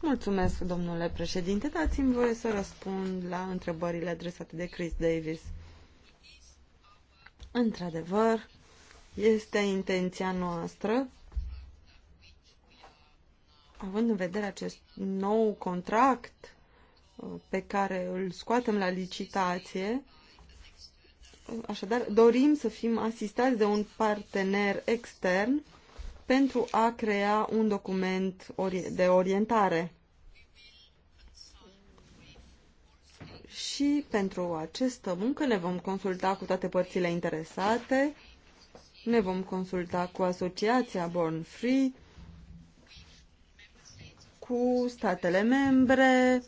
Mulțumesc, domnule președinte. Dați-mi voie să răspund la întrebările adresate de Chris Davis. Într-adevăr, este intenția noastră, având în vedere acest nou contract pe care îl scoatem la licitație. Așadar, dorim să fim asistați de un partener extern pentru a crea un document de orientare. Și pentru această muncă ne vom consulta cu toate părțile interesate, ne vom consulta cu asociația Born Free, cu statele membre,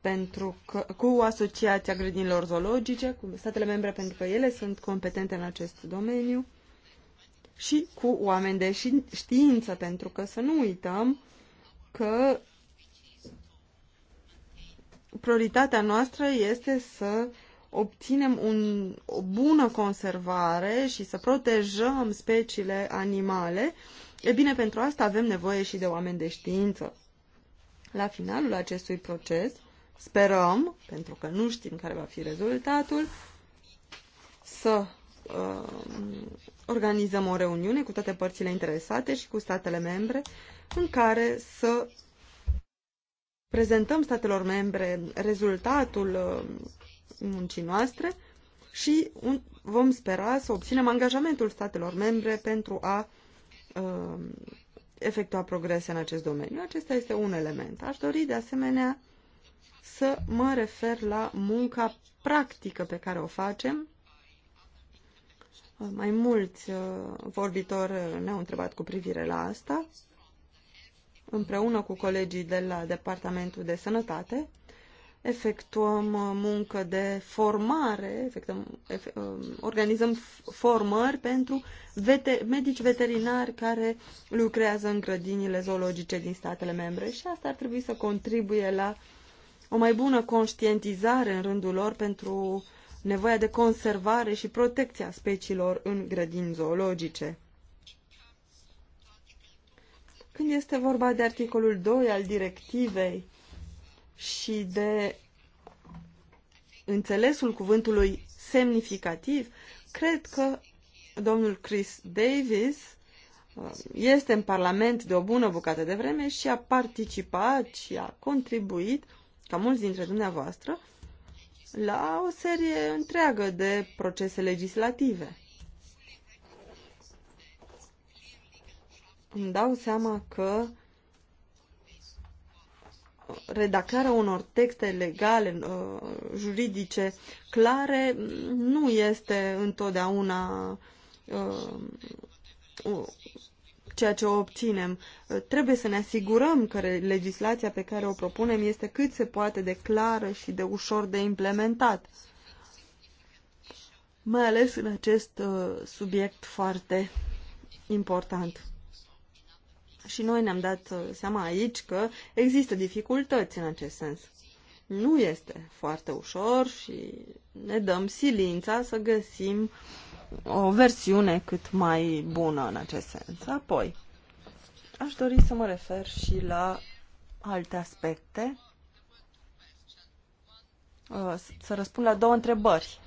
pentru că, cu Asociația Grădinilor Zoologice, cu statele membre pentru că ele sunt competente în acest domeniu și cu oameni de știință, pentru că să nu uităm că prioritatea noastră este să obținem un, o bună conservare și să protejăm speciile animale, e bine, pentru asta avem nevoie și de oameni de știință. La finalul acestui proces, sperăm, pentru că nu știm care va fi rezultatul, să uh, organizăm o reuniune cu toate părțile interesate și cu statele membre în care să prezentăm statelor membre rezultatul uh, muncii noastre și un, vom spera să obținem angajamentul statelor membre pentru a uh, efectua progrese în acest domeniu. Acesta este un element. Aș dori de asemenea să mă refer la munca practică pe care o facem. Mai mulți uh, vorbitori ne-au întrebat cu privire la asta, împreună cu colegii de la Departamentul de Sănătate. Efectuăm uh, muncă de formare, efectuăm, uh, organizăm formări pentru vete, medici veterinari care lucrează în grădinile zoologice din statele membre și asta ar trebui să contribuie la uh, o mai bună conștientizare în rândul lor pentru nevoia de conservare și protecția speciilor în grădini zoologice. Când este vorba de articolul 2 al directivei și de înțelesul cuvântului semnificativ, cred că domnul Chris Davis uh, este în Parlament de o bună bucată de vreme și a participat și a contribuit ca mulți dintre dumneavoastră, la o serie întreagă de procese legislative. Îmi dau seama că redactarea unor texte legale, uh, juridice clare, nu este întotdeauna uh, ceea ce obținem. Trebuie să ne asigurăm că legislația pe care o propunem este cât se poate de clară și de ușor de implementat. Mai ales în acest uh, subiect foarte important. Și noi ne-am dat uh, seama aici că există dificultăți în acest sens. Nu este foarte ușor și ne dăm silința să găsim uh, o versiune cât mai bună în acest sens. Apoi, aș dori să mă refer și la alte aspecte, uh, să răspund la două întrebări.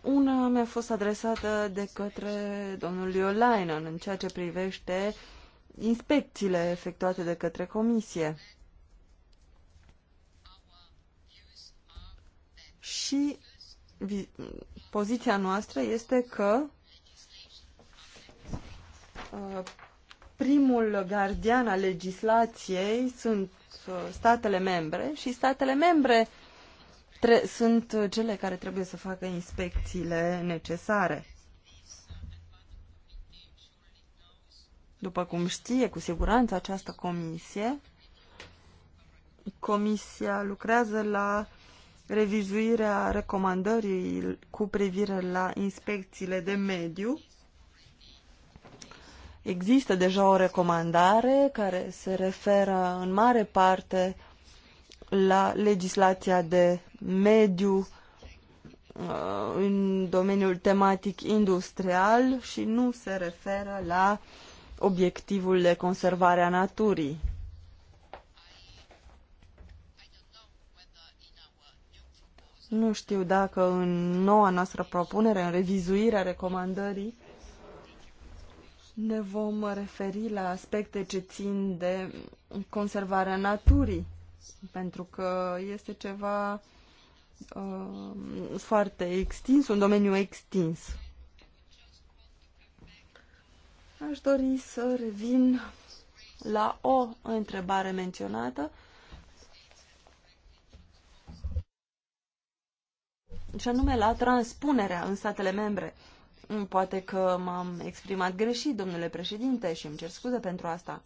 Una mi-a fost adresată de către domnul Iolainen în ceea ce privește inspecțiile efectuate de către comisie. Și poziția noastră este că uh, primul gardian al legislației sunt uh, statele membre și statele membre sunt uh, cele care trebuie să facă inspecțiile necesare. După cum știe cu siguranță această comisie, comisia lucrează la revizuirea recomandării cu privire la inspecțiile de mediu. Există deja o recomandare care se referă în mare parte la legislația de mediu uh, în domeniul tematic industrial și nu se referă la obiectivul de conservare a naturii. Nu știu dacă în noua noastră propunere, în revizuirea recomandării, ne vom referi la aspecte ce țin de conservarea naturii, pentru că este ceva uh, foarte extins, un domeniu extins. Aș dori să revin la o întrebare menționată și anume la transpunerea în statele membre. Poate că m-am exprimat greșit, domnule președinte, și îmi cer scuze pentru asta.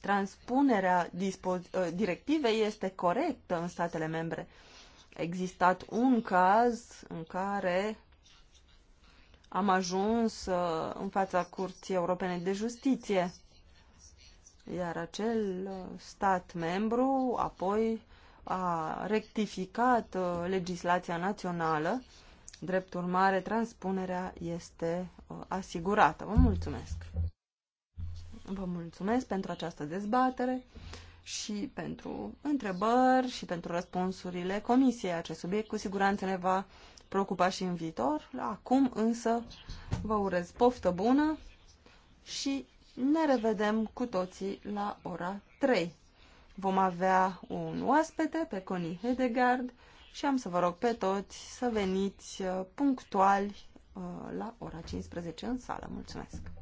Transpunerea ă, directivei este corectă în statele membre. A existat un caz în care am ajuns ă, în fața Curții Europene de Justiție, iar acel ă, stat membru apoi a rectificat uh, legislația națională. Drept urmare, transpunerea este uh, asigurată. Vă mulțumesc! Vă mulțumesc pentru această dezbatere și pentru întrebări și pentru răspunsurile comisiei. Acest subiect cu siguranță ne va preocupa și în viitor. Acum însă vă urez poftă bună și ne revedem cu toții la ora 3. Vom avea un oaspete pe Connie Hedegaard și am să vă rog pe toți să veniți uh, punctuali uh, la ora 15 în sală. Mulțumesc!